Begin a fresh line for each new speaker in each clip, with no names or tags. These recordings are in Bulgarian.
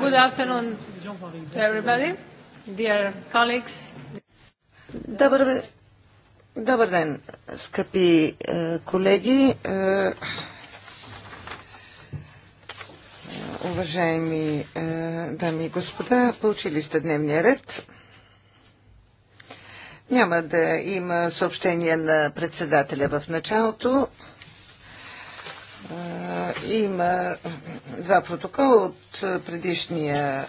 Good afternoon, everybody, dear colleagues.
Добър, добър ден, скъпи е, колеги, е, уважаеми е, дами и господа, получили сте дневния ред. Няма да има съобщение на председателя в началото е, има два протокола от предишния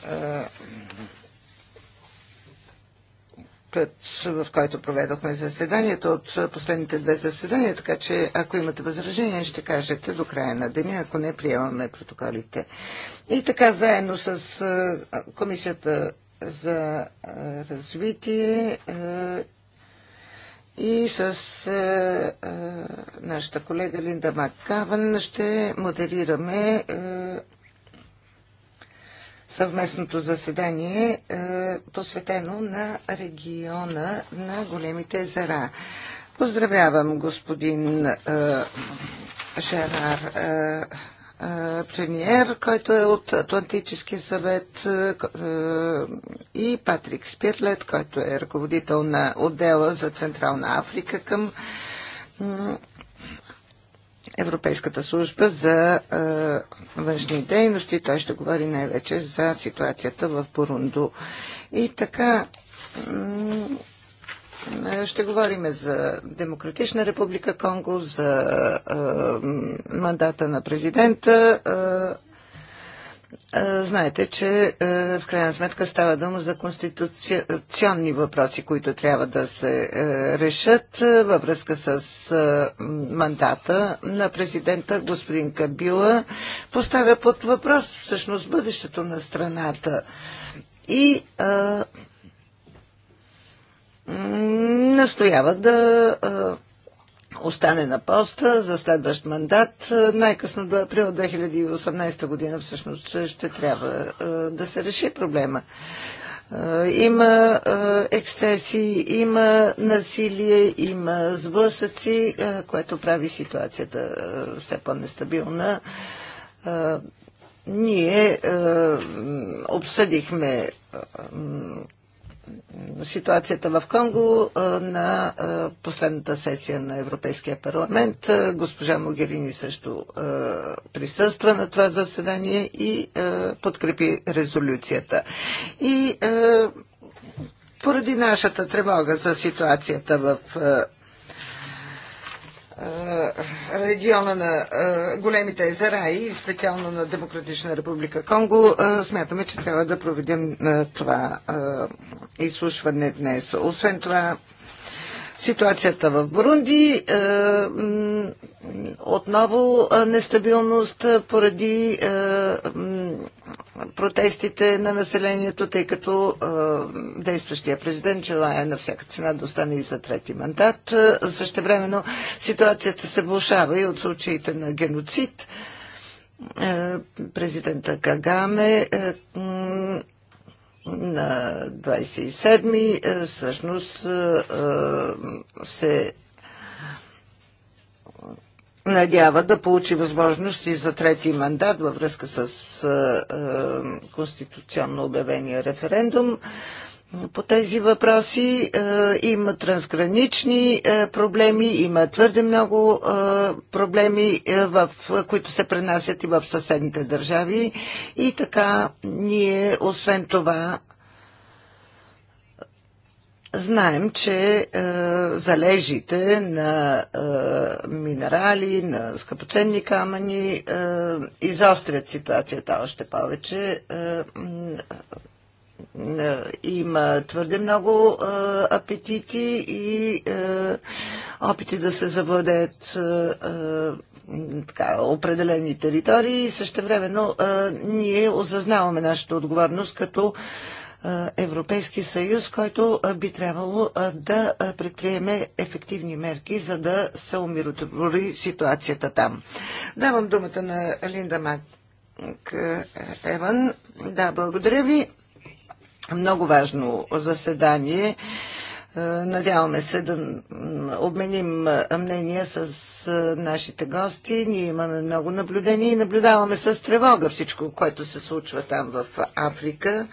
път, в който проведохме заседанието от последните две заседания, така че ако имате възражение, ще кажете до края на деня, ако не приемаме протоколите. И така, заедно с Комисията за развитие и с а, е, а, е, нашата колега Линда Маккаван ще модерираме а, е, съвместното заседание, а, посветено на региона на големите езера. Поздравявам господин а, Жерар. А, премиер, който е от Атлантическия съвет и Патрик Спирлет, който е ръководител на отдела за Централна Африка към Европейската служба за външни дейности. Той ще говори най-вече за ситуацията в Бурунду. И така, е, ще говорим за Демократична република Конго, за е, мандата на президента. Е, знаете, че в крайна сметка става дума за конституционни въпроси, които трябва да се решат във връзка с мандата на президента господин Кабила. Поставя под въпрос всъщност бъдещето на страната. И настоява да остане на поста за следващ мандат. Най-късно до април 2018 година всъщност ще трябва да се реши проблема. Има ексцеси, има насилие, има сблъсъци, което прави ситуацията все по-нестабилна. Ние обсъдихме ситуацията в Конго на последната сесия на Европейския парламент. Госпожа Могерини също присъства на това заседание и подкрепи резолюцията. И поради нашата тревога за ситуацията в региона на големите езера и специално на Демократична република Конго, смятаме, че трябва да проведем това изслушване днес. Освен това, ситуацията в Бурунди, отново нестабилност поради протестите на населението, тъй като а, действащия президент желая на всяка цена да остане и за трети мандат. времено ситуацията се влушава и от случаите на геноцид. президента Кагаме на 27-ми всъщност се надява да получи възможности за трети мандат във връзка с конституционно обявения референдум по тези въпроси. Има трансгранични проблеми, има твърде много проблеми, в, които се пренасят и в съседните държави. И така ние, освен това, Знаем, че е, залежите на е, минерали, на скъпоценни камъни е, изострят ситуацията още повече. Е, е, има твърде много е, апетити и е, опити да се завладеят е, е така, определени територии и същевременно е, ние осъзнаваме нашата отговорност като е, е, Европейски съюз, който е, би трябвало е, да предприеме ефективни мерки, за да се умиротвори ситуацията там. Давам думата на Линда Мак Еван. Да, благодаря ви. Много важно заседание е, надяваме се да обменим е, мнения с е, нашите гости. Ние имаме много наблюдения и наблюдаваме с тревога всичко, което се случва там в Африка.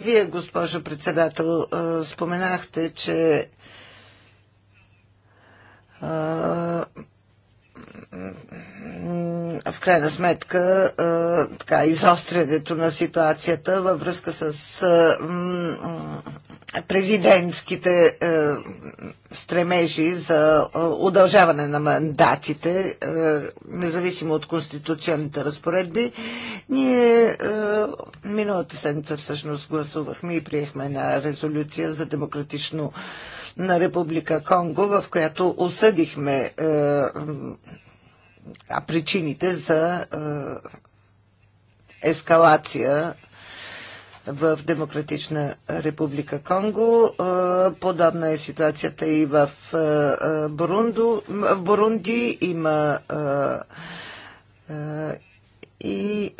Вие, госпожо председател, споменахте, че в крайна сметка така, изострянето на ситуацията във връзка с президентските е, стремежи за е, удължаване на мандатите, е, независимо от конституционните разпоредби. Ние е, миналата седмица всъщност гласувахме и приехме на резолюция за демократично на Република Конго, в която осъдихме е, причините за е, ескалация в Демократична република Конго. Е, подобна е ситуацията и в е, е, Бурунду. В Бурунди има и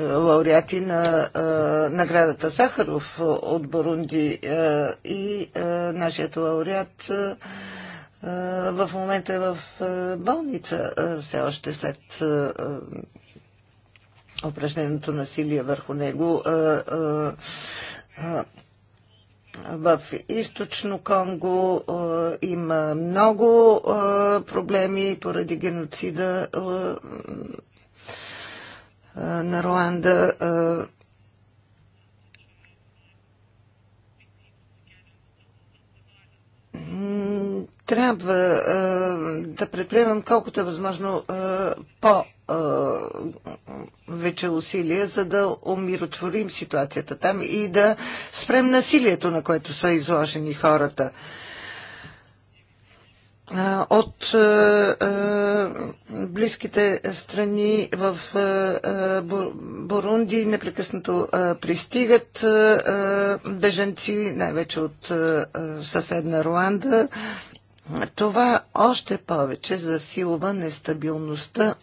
лауреати на а, наградата Сахаров от Бурунди а, и а, нашият лауреат а, в момента е в болница все още след упражненото насилие върху него. В източно Конго има много проблеми поради геноцида на Руанда трябва а, да предприемам колкото е възможно а, по а, вече усилия, за да умиротворим ситуацията там и да спрем насилието, на което са изложени хората. А, от близките страни в Бурунди непрекъснато пристигат беженци, най-вече от съседна Руанда. Това още повече засилва нестабилността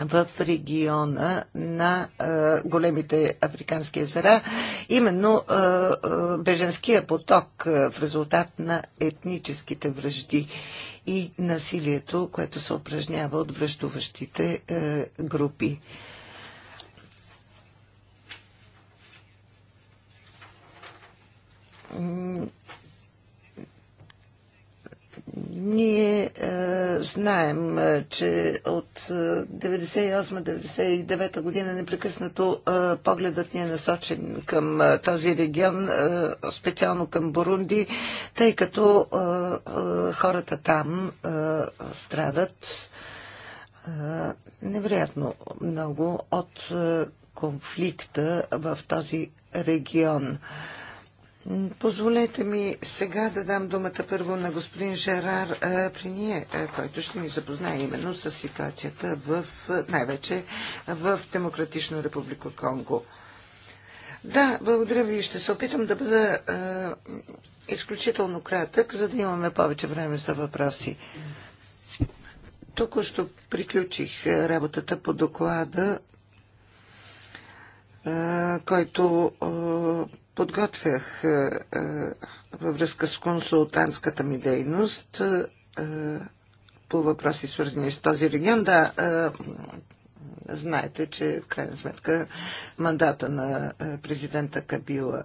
в региона на а, е, големите африкански езера. Именно а, е, а, е, беженския поток а, в резултат на етническите връжди и насилието, което се упражнява от връщуващите а, групи. Ние е, знаем, е, че от 1998 е, 99 година непрекъснато е, погледът ни е насочен към е, този регион, е, специално към Бурунди, тъй като е, е, хората там е, страдат е, невероятно много от е, конфликта в този регион. Е, Позволете ми сега да дам думата първо на господин Жерар Приние, който ще ни запознае именно с ситуацията в, най-вече в Демократична република Конго. Да, благодаря ви. Ще се опитам да бъда е, изключително кратък, за да имаме повече време за въпроси. Току-що приключих работата по доклада, е, който е, подготвях е, е, във връзка с консултантската ми дейност е, по въпроси свързани с този регион. Да, знаете, че в крайна сметка мандата на президента Кабила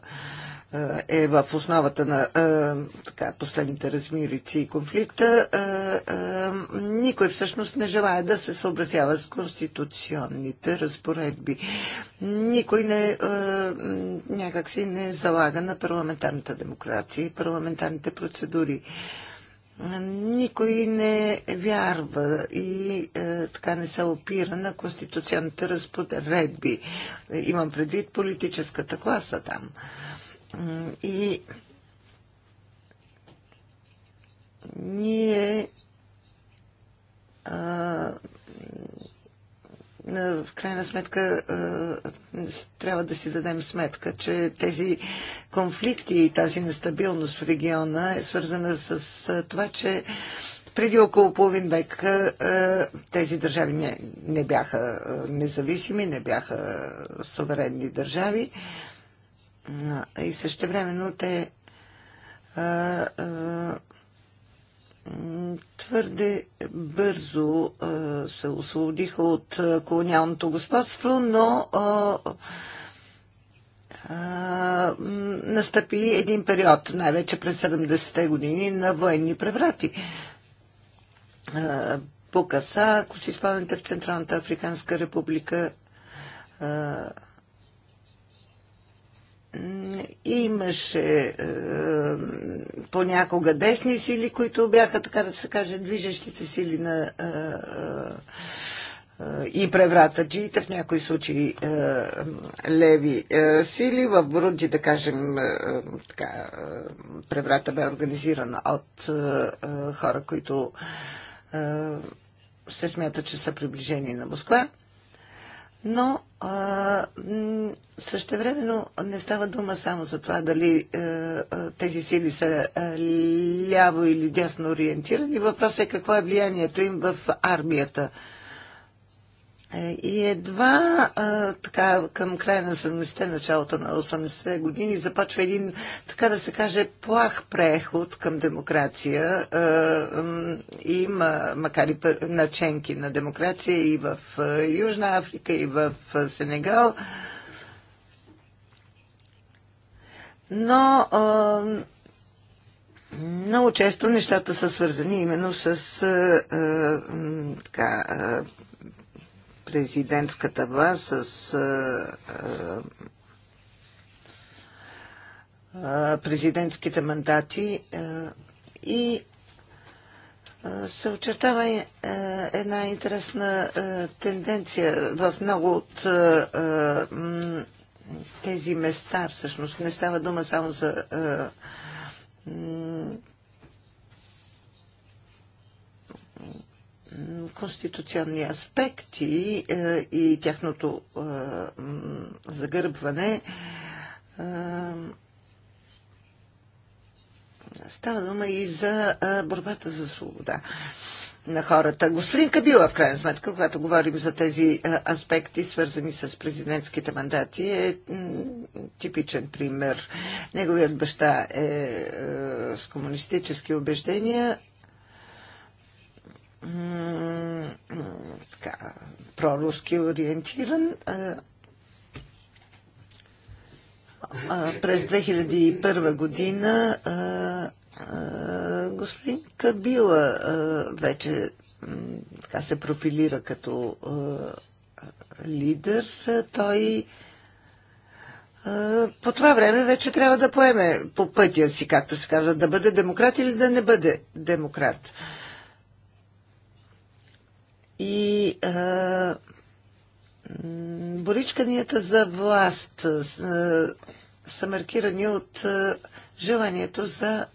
е в основата на е, така, последните размирици и конфликта, е, е, никой всъщност не желая да се съобразява с конституционните разпоредби. Никой не, някакси не залага на парламентарната демокрация и парламентарните процедури. Никой не вярва и е, така не се опира на конституционните разпоредби. Имам предвид политическата класа там. Е, и ние а, в крайна сметка трябва да си дадем сметка, че тези конфликти и тази нестабилност в региона е свързана с това, че преди около половин век тези държави не, не бяха независими, не бяха суверенни държави. И също времено те а, а, твърде бързо а, се освободиха от колониалното господство, но а, а, настъпи един период, най-вече през 70-те години, на военни преврати. А, Покаса, ако си спомняте, в Централната Африканска република а, имаше е, понякога десни сили, които бяха, така да се каже, движещите сили на е, е, е и джиите, в някои случаи е, леви е, сили. В Бурунди, да кажем, е, е, така, е, преврата бе организирана от е, е, хора, които е, се смятат, че са приближени на Москва. Е, но а, същевременно не става дума само за това дали а, е, е, тези сили са а, е, ляво или дясно ориентирани. Въпросът е какво е влиянието им в армията. А, и едва а, така към края на 70-те, началото на 80-те години започва един, така да се каже, плах преход към демокрация. А, има, макар и наченки на демокрация и в Южна Африка, и в Сенегал. Но а, много често нещата са свързани именно с а, а, така, президентската власт с президентските мандати и се очертава е, една интересна тенденция в много от тези места. Всъщност не става дума само за конституционни аспекти е, и тяхното е, загърбване е, става дума и за борбата за свобода на хората. Господин Кабила, в крайна сметка, когато говорим за тези аспекти, свързани с президентските мандати, е типичен пример. Неговият баща е с комунистически убеждения, така, проруски ориентиран. През 2001 година господин Кабила вече така се профилира като лидер. Той по това време вече трябва да поеме по пътя си, както се казва, да бъде демократ или да не бъде демократ и а, боричканията за власт а, са маркирани от а, желанието за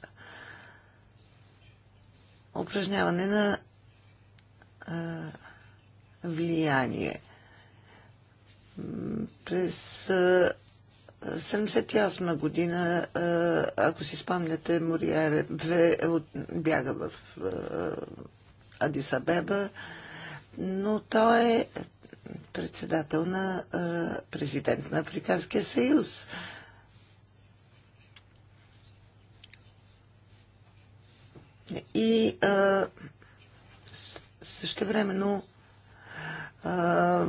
упражняване на а, влияние. През а, 78 година, ако си спомняте, Мориаре бяга в Адисабеба. Абеба но той е председател на президент на Африканския съюз. И а, също времено а,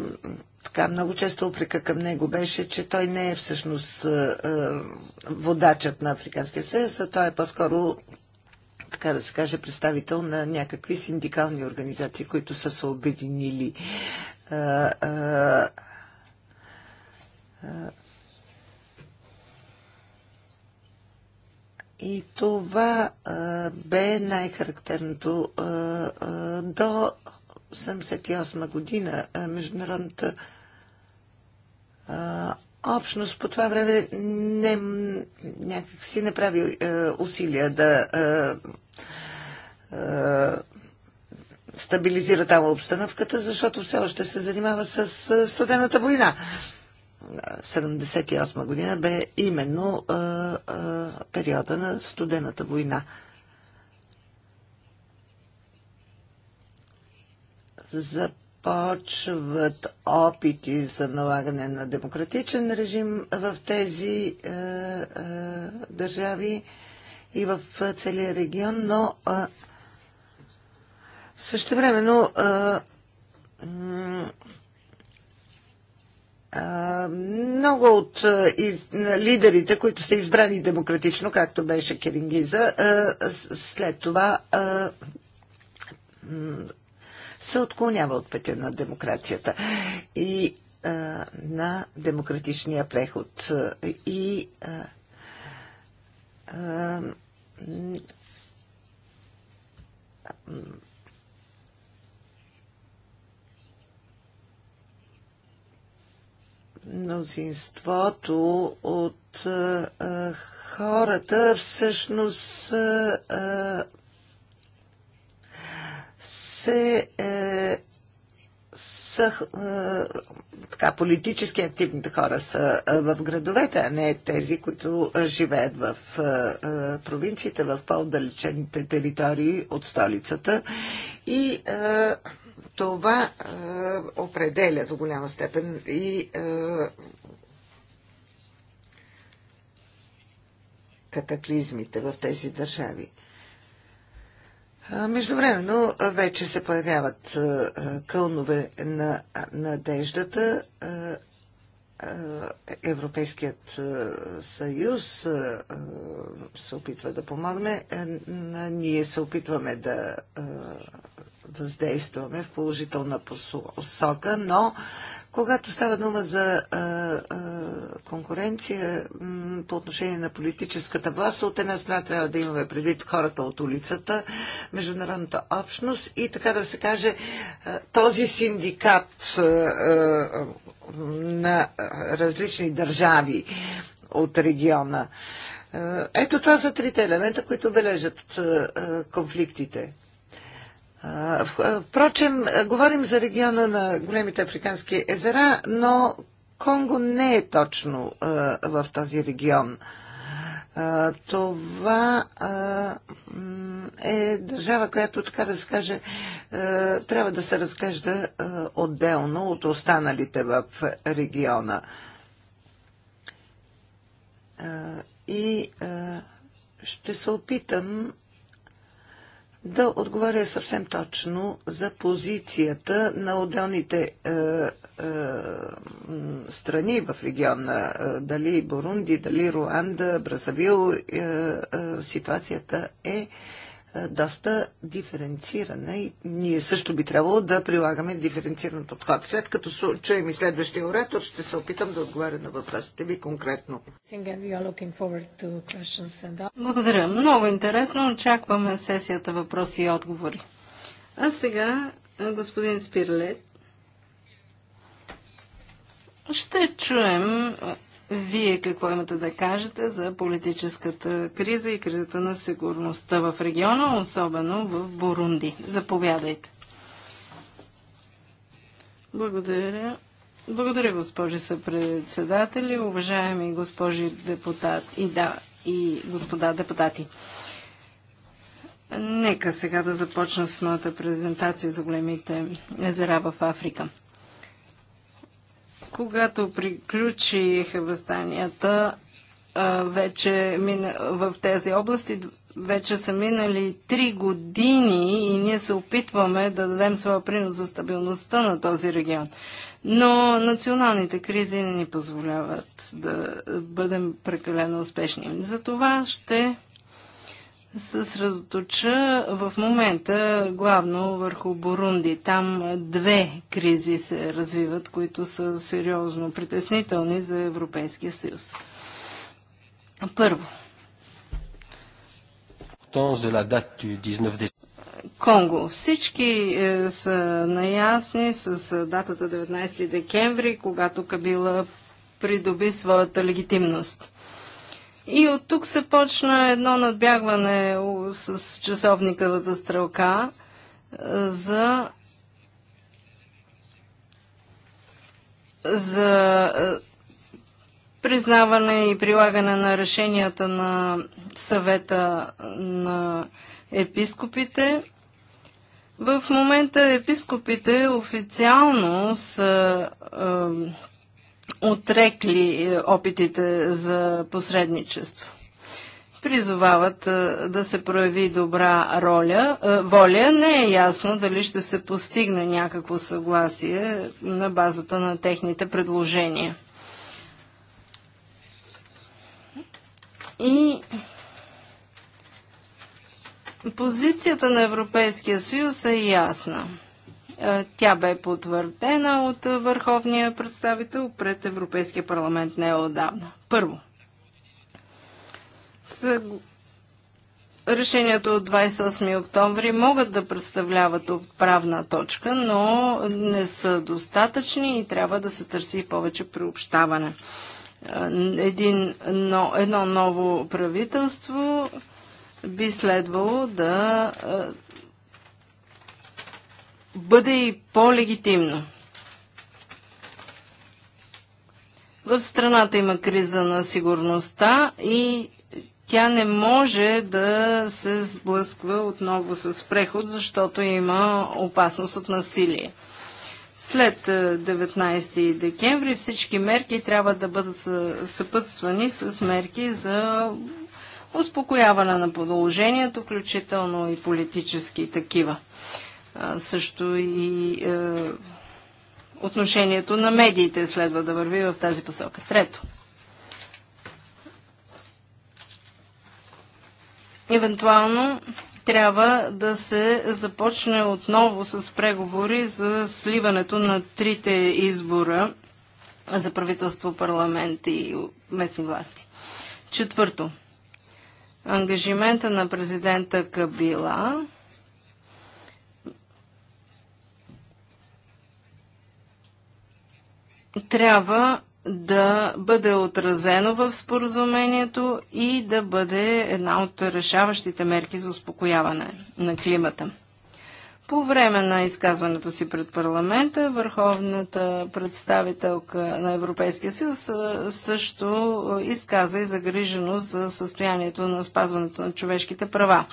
така много често упрека към него беше, че той не е всъщност водачът на Африканския съюз, а той е по-скоро така да се каже, представител на някакви синдикални организации, които са се обединили. И това бе най-характерното до 1978 година. международната общност по това време не, някак си не прави е, усилия да е, е, стабилизира там обстановката, защото все още се занимава с е, студената война. 78 година бе именно е, е, периода на студената война. За започват опити за налагане на демократичен режим в тези е, е, държави и в целия регион, но е, също времено е, е, много от е, лидерите, които са избрани демократично, както беше Керингиза, е, след това се отклонява от пътя на демокрацията и а, на демократичния преход. И мнозинството от а, хората всъщност а, се е, са е, така, политически активните хора са е, в градовете, а не тези, които е, живеят в е, е провинциите, в по-отдалечените територии от столицата. И е, това е, определя до голяма степен и е, катаклизмите в тези държави. Междувременно вече се появяват кълнове на надеждата. Европейският съюз се опитва да помогне. Ние се опитваме да въздействаме в положителна посока, но когато става дума за а, а, конкуренция м, по отношение на политическата власт, от една страна трябва да имаме предвид хората от улицата, международната общност и така да се каже а, този синдикат а, а, на различни държави от региона. Ето това са трите елемента, които бележат конфликтите. Впрочем, говорим за региона на големите африкански езера, но Конго не е точно в този регион. Това е държава, която, така да се каже, трябва да се разглежда отделно от останалите в региона. И ще се опитам да отговаря съвсем точно за позицията на отделните е, е, страни в региона. Е, дали Бурунди, дали Руанда, Бразавил, е, е, ситуацията е е, доста диференцирана и ние също би трябвало да прилагаме диференциран подход. След като чуем и следващия оратор, ще се опитам да отговаря на въпросите ви конкретно.
Благодаря. Много интересно. Очакваме сесията въпроси и отговори. А сега е, господин Спирлет. Ще чуем е, вие какво имате да кажете за политическата криза и кризата на сигурността в региона, особено в Бурунди? Заповядайте. Благодаря. Благодаря, госпожи съпредседатели, уважаеми госпожи депутати и, да, и господа депутати. Нека сега да започна с моята презентация за големите езера в Африка. Когато приключиха възстанията, вече в тези области вече са минали три години и ние се опитваме да дадем своя принос за стабилността на този регион. Но националните кризи не ни позволяват да бъдем прекалено успешни. Затова ще съсредоточа в момента главно върху Бурунди. Там две кризи се развиват, които са сериозно притеснителни за Европейския съюз. Първо. Конго. Всички е, са наясни с е, датата 19 декември, когато Кабила придоби своята легитимност. И от тук се почна едно надбягване с часовниковата стрелка е, за за е, признаване и прилагане на решенията на съвета на епископите. В момента епископите официално са отрекли е, опитите за посредничество. Призовават е, да се прояви добра роля, е, воля. Не е ясно дали ще се постигне някакво съгласие на базата на техните предложения. И позицията на Европейския съюз е ясна. Е, тя бе потвърдена от върховния представител пред Европейския парламент не отдавна. Първо, с решението от 28 октомври могат да представляват правна точка, но не са достатъчни и трябва да се търси повече приобщаване. Е, един, но, едно ново правителство би следвало да е, бъде и по-легитимно. В страната има криза на сигурността и тя не може да се сблъсква отново с преход, защото има опасност от насилие. След 19 е, декември всички мерки трябва да бъдат съпътствани с мерки за успокояване на положението, включително и политически такива също и е, отношението на медиите следва да върви в тази посока. Трето. Евентуално трябва да се започне отново с преговори за сливането на трите избора за правителство, парламент и местни власти. Четвърто. Ангажимента на президента Кабила трябва да бъде отразено в споразумението и да бъде една от решаващите мерки за успокояване на климата. По време на изказването си пред парламента, върховната представителка на Европейския съюз също изказа и загриженост за състоянието на спазването на човешките права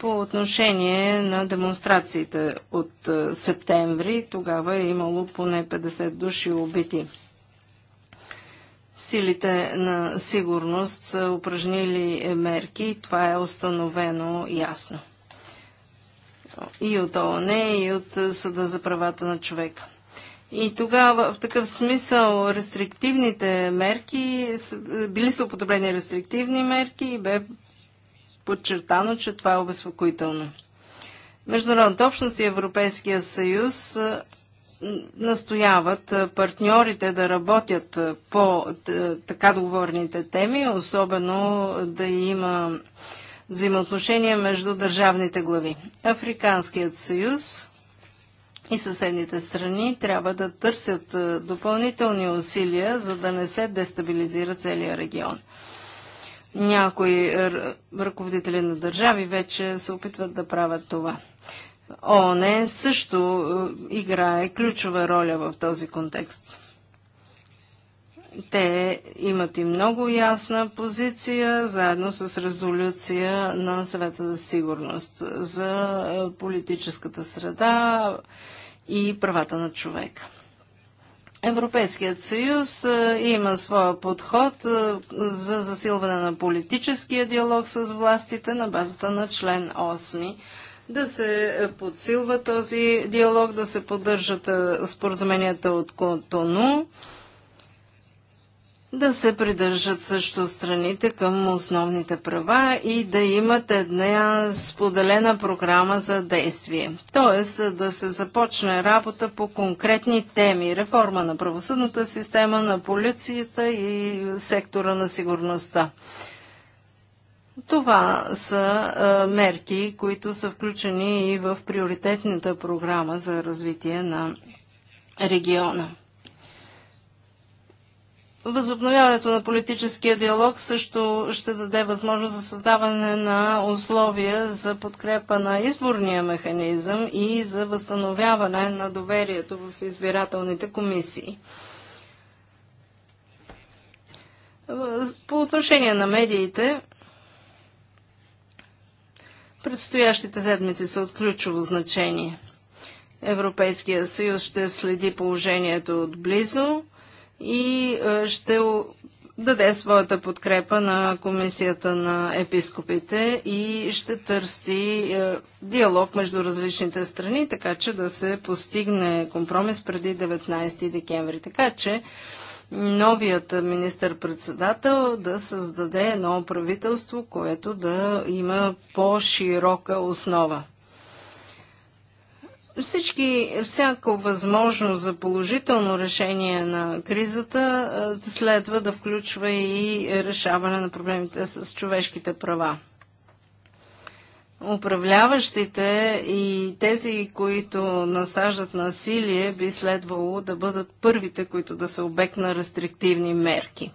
по отношение на демонстрациите от е, септември. Тогава е имало поне 50 души убити. Силите на сигурност са упражнили мерки. Това е установено ясно. И от ООН, и от Съда за правата на човека. И тогава, в такъв смисъл, рестриктивните мерки, били са употребени рестриктивни мерки и бе подчертано, че това е обезпокоително. Международната общност и Европейския съюз настояват партньорите да работят по така договорните теми, особено да има взаимоотношения между държавните глави. Африканският съюз и съседните страни трябва да търсят допълнителни усилия, за да не се дестабилизира целият регион. Някои ръководители на държави вече се опитват да правят това. ООН също е, играе ключова роля в този контекст. Те имат и много ясна позиция, заедно с резолюция на съвета за сигурност за е, политическата среда и правата на човека. Европейският съюз е, има своя подход е, за засилване на политическия диалог с властите на базата на член 8 да се подсилва този диалог, да се поддържат е, споразуменията от Котону, да се придържат също страните към основните права и да имат една споделена програма за действие. Тоест да се започне работа по конкретни теми. Реформа на правосъдната система, на полицията и сектора на сигурността. Това са мерки, които са включени и в приоритетната програма за развитие на региона. Възобновяването на политическия диалог също ще даде възможност за създаване на условия за подкрепа на изборния механизъм и за възстановяване на доверието в избирателните комисии. По отношение на медиите, предстоящите седмици са от ключово значение. Европейския съюз ще следи положението отблизо и е, ще даде своята подкрепа на Комисията на епископите и ще търси е, диалог между различните страни, така че да се постигне компромис преди 19 декември. Така че новият министър-председател да създаде едно правителство, което да има по-широка основа всички, всяко възможно за положително решение на кризата следва да включва и решаване на проблемите с човешките права. Управляващите и тези, които насаждат насилие, би следвало да бъдат първите, които да са обект на рестриктивни мерки.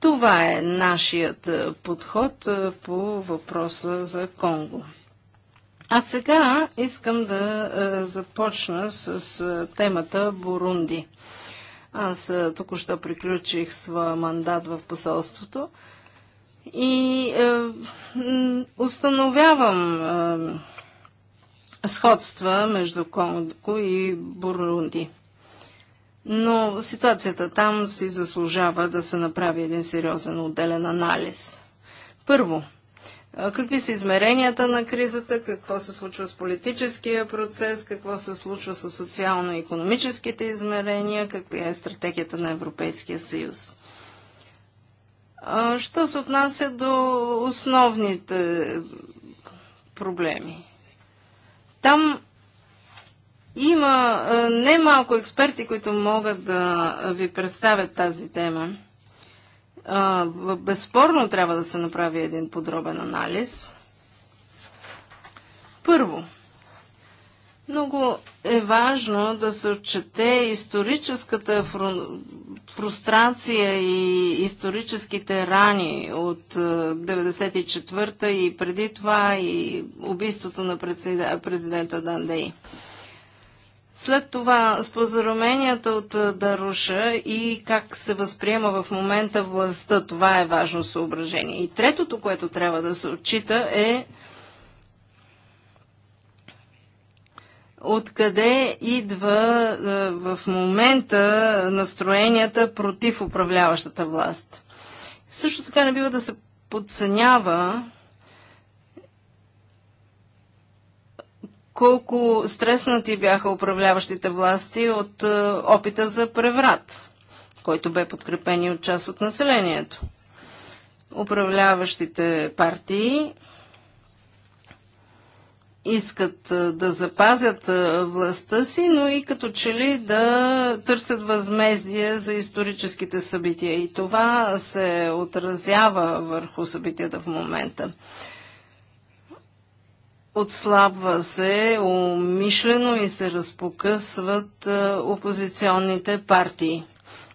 Това е нашият подход по въпроса за Конго. А сега искам да е, започна с е, темата Бурунди. Аз е, току-що приключих своя мандат в посолството и установявам сходства между Конго и Бурунди. Но ситуацията там си заслужава да се направи един сериозен отделен анализ. Първо, Какви са измеренията на кризата, какво се случва с политическия процес, какво се случва с социално-економическите измерения, какви е стратегията на Европейския съюз. Що се отнася до основните проблеми? Там има немалко експерти, които могат да ви представят тази тема безспорно трябва да се направи един подробен анализ. Първо, много е важно да се отчете историческата фру... фрустрация и историческите рани от 94-та и преди това и убийството на президента Дандей. След това споразуменията от Даруша и как се възприема в момента властта, това е важно съображение. И третото, което трябва да се отчита е откъде идва в момента настроенията против управляващата власт. Също така не бива да се подценява колко стреснати бяха управляващите власти от е, опита за преврат, който бе подкрепен и от част от населението. Управляващите партии искат е, да запазят е, властта си, но и като че ли да търсят възмездие за историческите събития. И това се отразява върху събитията в момента. Отслабва се умишлено и се разпокъсват е, опозиционните партии,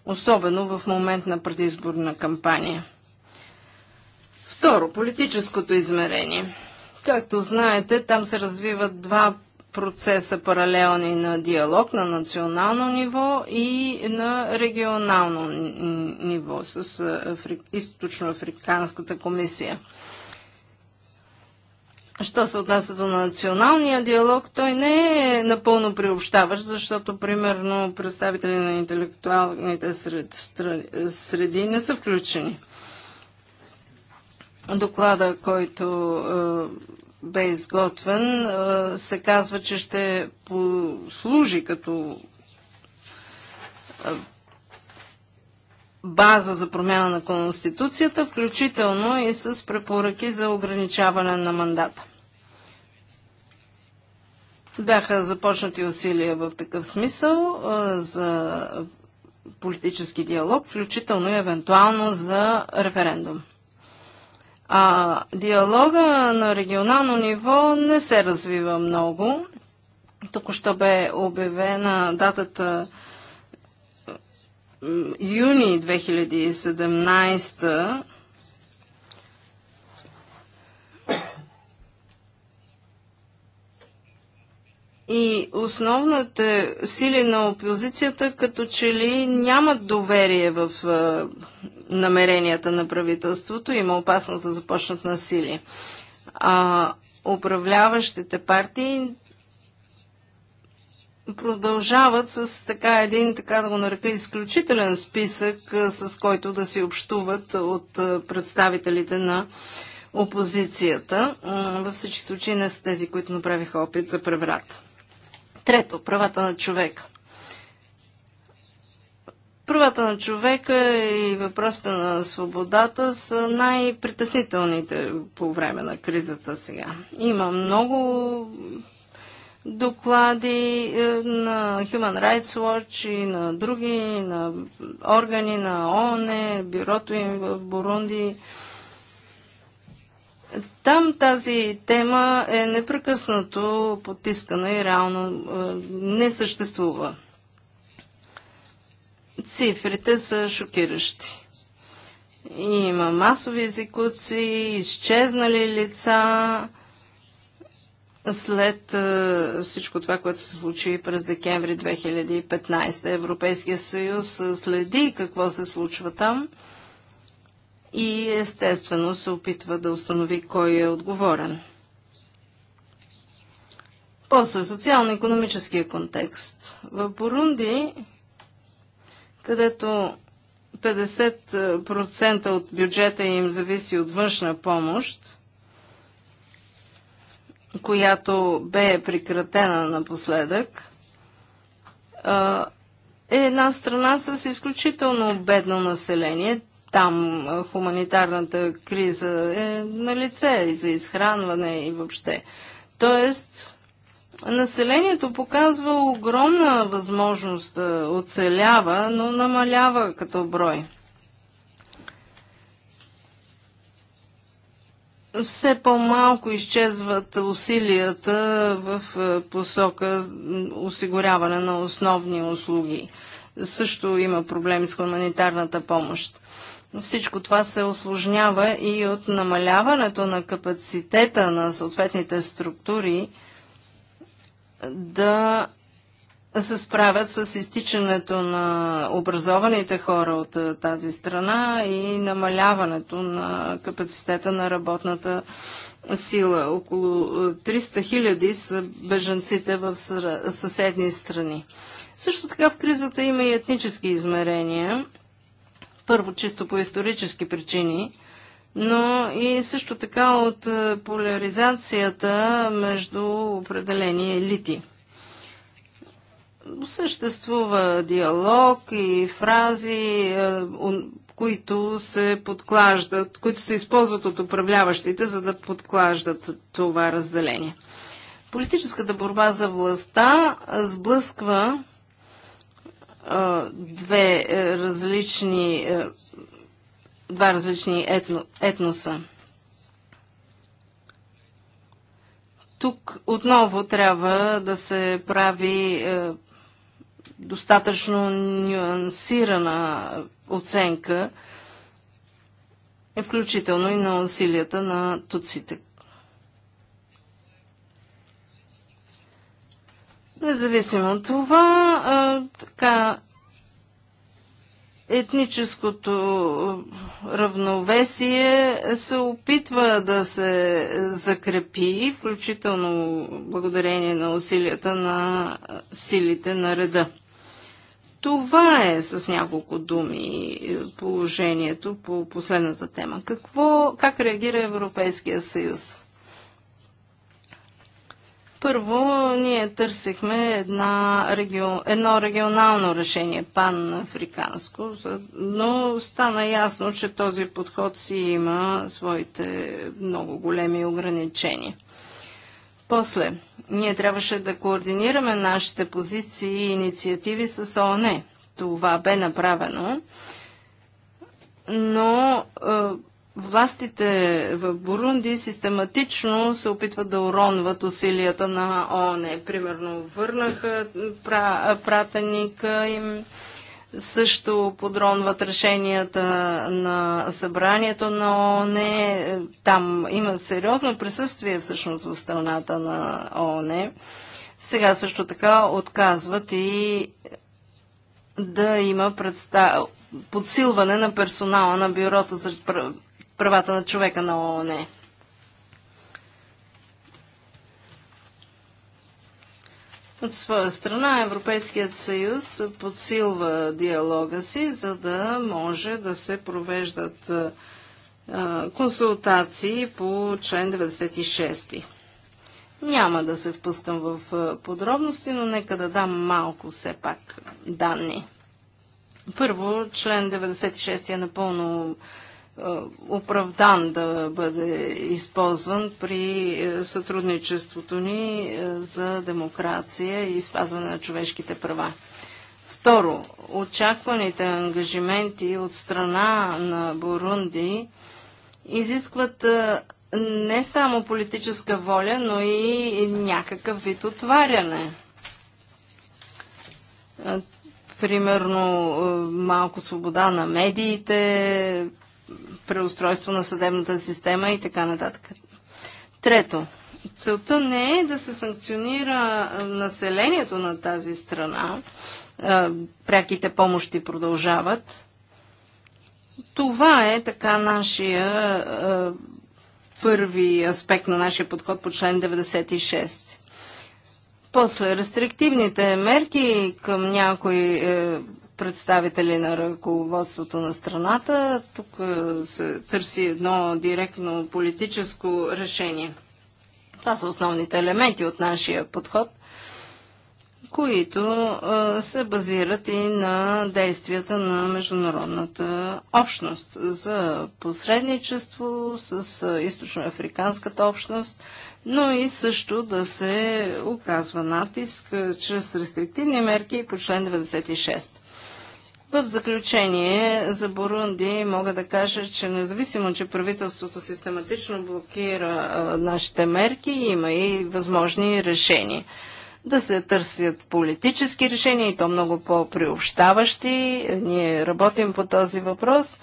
особено в момент на предизборна кампания. Второ, политическото измерение. Както знаете, там се развиват два процеса паралелни на диалог на национално ниво и на регионално ниво с е, Източноафриканската комисия. Що се отнася до националния диалог, той не е напълно приобщаващ, защото, примерно, представители на интелектуалните среди не са включени. Доклада, който е, бе изготвен, е, се казва, че ще послужи като е, база за промяна на Конституцията, включително и с препоръки за ограничаване на мандата. Бяха започнати усилия в такъв смисъл за политически диалог, включително и евентуално за референдум. А диалога на регионално ниво не се развива много. Току-що бе обявена датата юни 2017 и основната сили на опозицията като че ли нямат доверие в намеренията на правителството, има опасност да започнат насилие. А управляващите партии продължават с така един, така да го нарека, изключителен списък, с който да си общуват от представителите на опозицията. Във всички случаи не са тези, които направиха опит за преврат. Трето, правата на човека. Правата на човека и въпросите на свободата са най-притеснителните по време на кризата сега. Има много доклади е, на Human Rights Watch и на други, на органи на ООН, бюрото им в Бурунди. Там тази тема е непрекъснато потискана и реално е, не съществува. Цифрите са шокиращи. Има масови езикуци, изчезнали лица, след е, всичко това, което се случи през декември 2015. Европейския съюз е, следи какво се случва там и естествено се опитва да установи кой е отговорен. После социално-економическия контекст. В Бурунди, където 50% е, от бюджета им зависи от външна помощ, която бе прекратена напоследък, е една страна с изключително бедно население. Там хуманитарната криза е на лице и за изхранване и въобще. Тоест, населението показва огромна възможност да оцелява, но намалява като брой. все по-малко изчезват усилията в е, посока осигуряване на основни услуги. Също има проблеми с хуманитарната помощ. Всичко това се осложнява и от намаляването на капацитета на съответните структури да се справят с изтичането на образованите хора от е, тази страна и намаляването на капацитета на работната сила. Около 300 е, хиляди са бежанците в съседни страни. Също така в кризата има и етнически измерения. Първо, чисто по исторически причини, но и също така от е, поляризацията между определени елити – съществува диалог и фрази, е, които се подклаждат, които се използват от управляващите, за да подклаждат това разделение. Политическата борба за властта сблъсква е, две е, различни, два различни етно, етноса. Тук отново трябва да се прави е, достатъчно нюансирана оценка, е включително и на усилията на туците. Независимо от това, а, така, етническото равновесие се опитва да се закрепи, включително благодарение на усилията на силите на реда. Това е с няколко думи положението по последната тема. Какво, как реагира Европейския съюз? Първо, ние търсихме една регион, едно регионално решение, панафриканско, но стана ясно, че този подход си има своите много големи ограничения. После, ние трябваше да координираме нашите позиции и инициативи с ООН. Това бе направено, но е, властите в Бурунди систематично се опитват да уронват усилията на ООН. Примерно върнаха пра, пратеника им също подронват решенията на събранието, но не там има сериозно присъствие всъщност в страната на ООН. Сега също така отказват и да има представ... подсилване на персонала на Бюрото за правата на човека на ООН. От своя страна Европейският съюз подсилва диалога си, за да може да се провеждат консултации по член 96. Няма да се впускам в подробности, но нека да дам малко все пак данни. Първо, член 96 е напълно е, оправдан да бъде използван при е, сътрудничеството ни е, за демокрация и спазване на човешките права. Второ, очакваните ангажименти от страна на Бурунди изискват не само политическа воля, но и някакъв вид отваряне. Примерно малко свобода на медиите, преустройство на съдебната система и така нататък. Трето, целта не е да се санкционира населението на тази страна. Пряките помощи продължават. Това е така нашия първи аспект на нашия подход по член 96. После рестриктивните мерки към някои е, представители на ръководството на страната. Тук е, се търси едно директно политическо решение. Това са основните елементи от нашия подход, които е, се базират и на действията на международната общност за посредничество с е, източноафриканската общност, но и също да се оказва натиск чрез рестриктивни мерки по член 96. В заключение за Бурунди мога да кажа, че независимо, че правителството систематично блокира нашите мерки, има и възможни решения. Да се търсят политически решения и то много по-приобщаващи. Ние работим по този въпрос,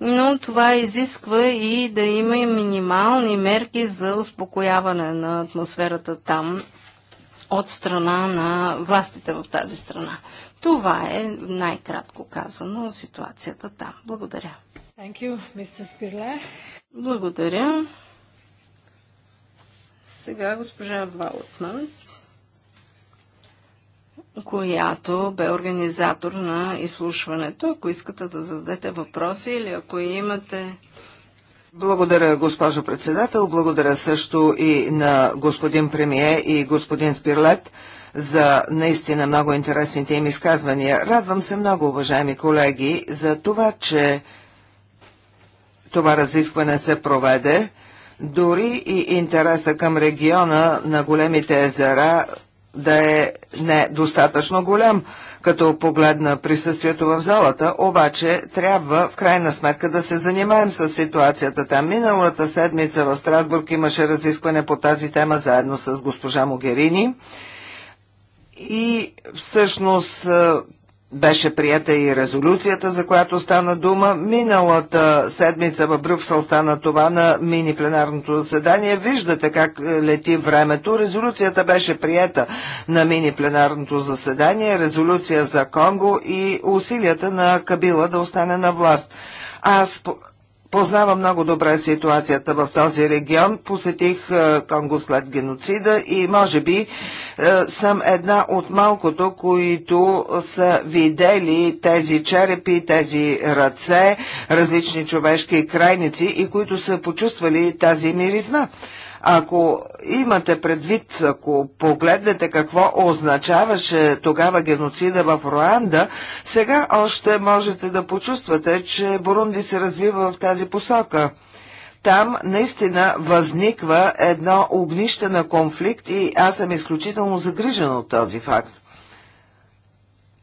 но това изисква и да има и минимални мерки за успокояване на атмосферата там от страна на властите в тази страна. Това е най-кратко казано ситуацията там. Благодаря. Thank you, Mr. Spirle. Благодаря. Сега госпожа Ваутманс, която бе организатор на изслушването. Ако искате да зададете въпроси или ако имате
благодаря, госпожо председател. Благодаря също и на господин премие и господин Спирлет за наистина много интересните им изказвания. Радвам се много, уважаеми колеги, за това, че това разискване се проведе. Дори и интереса към региона на големите езера да е недостатъчно голям, като погледна присъствието в залата, обаче трябва в крайна сметка да се занимаем с ситуацията там. Миналата седмица в Страсбург имаше разискване по тази тема заедно с госпожа Могерини и всъщност е, беше прията и резолюцията, за която стана дума. Миналата седмица в Брюксел стана това на мини пленарното заседание. Виждате как е, лети времето. Резолюцията беше прията на мини пленарното заседание, резолюция за Конго и усилията на Кабила да остане на власт. Аз Познавам много добре ситуацията в този регион. Посетих е, Конго след геноцида и може би е, съм една от малкото, които са видели тези черепи, тези ръце, различни човешки крайници и които са почувствали тази миризма. Ако имате предвид, ако погледнете какво означаваше тогава геноцида в Руанда, сега още можете да почувствате, че Бурунди се развива в тази посока. Там наистина възниква едно огнище на конфликт и аз съм изключително загрижен от този факт.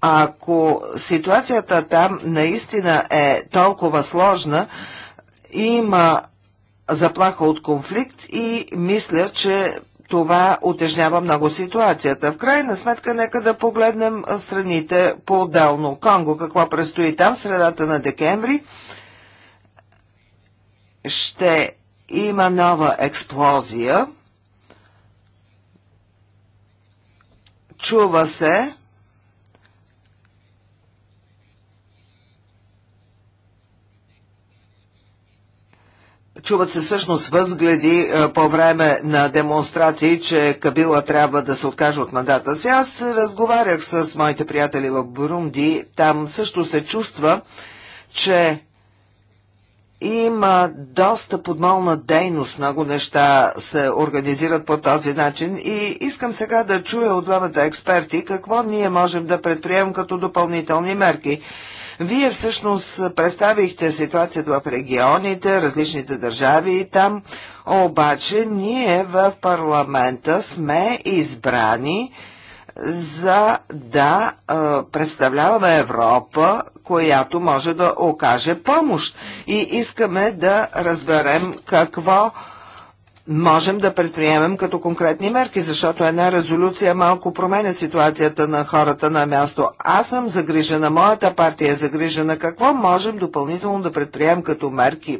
Ако ситуацията там наистина е толкова сложна, има заплаха от конфликт и мисля, че това отежнява много ситуацията. В крайна сметка, нека да погледнем страните по-отделно. Конго, какво предстои там, в средата на декември, ще има нова експлозия. Чува се, Чуват се всъщност възгледи е, по време на демонстрации, че Кабила трябва да се откаже от мандата си. Аз разговарях с моите приятели в Бурунди. Там също се чувства, че има доста подмолна дейност, много неща се организират по този начин и искам сега да чуя от двамата експерти какво ние можем да предприемем като допълнителни мерки. Вие всъщност представихте ситуацията в регионите, различните държави и там, обаче ние в парламента сме избрани за да представляваме Европа, която може да окаже помощ. И искаме да разберем какво можем да предприемем като конкретни мерки, защото една резолюция малко променя ситуацията на хората на място. Аз съм загрижена, моята партия е загрижена. Какво можем допълнително да предприемем като мерки?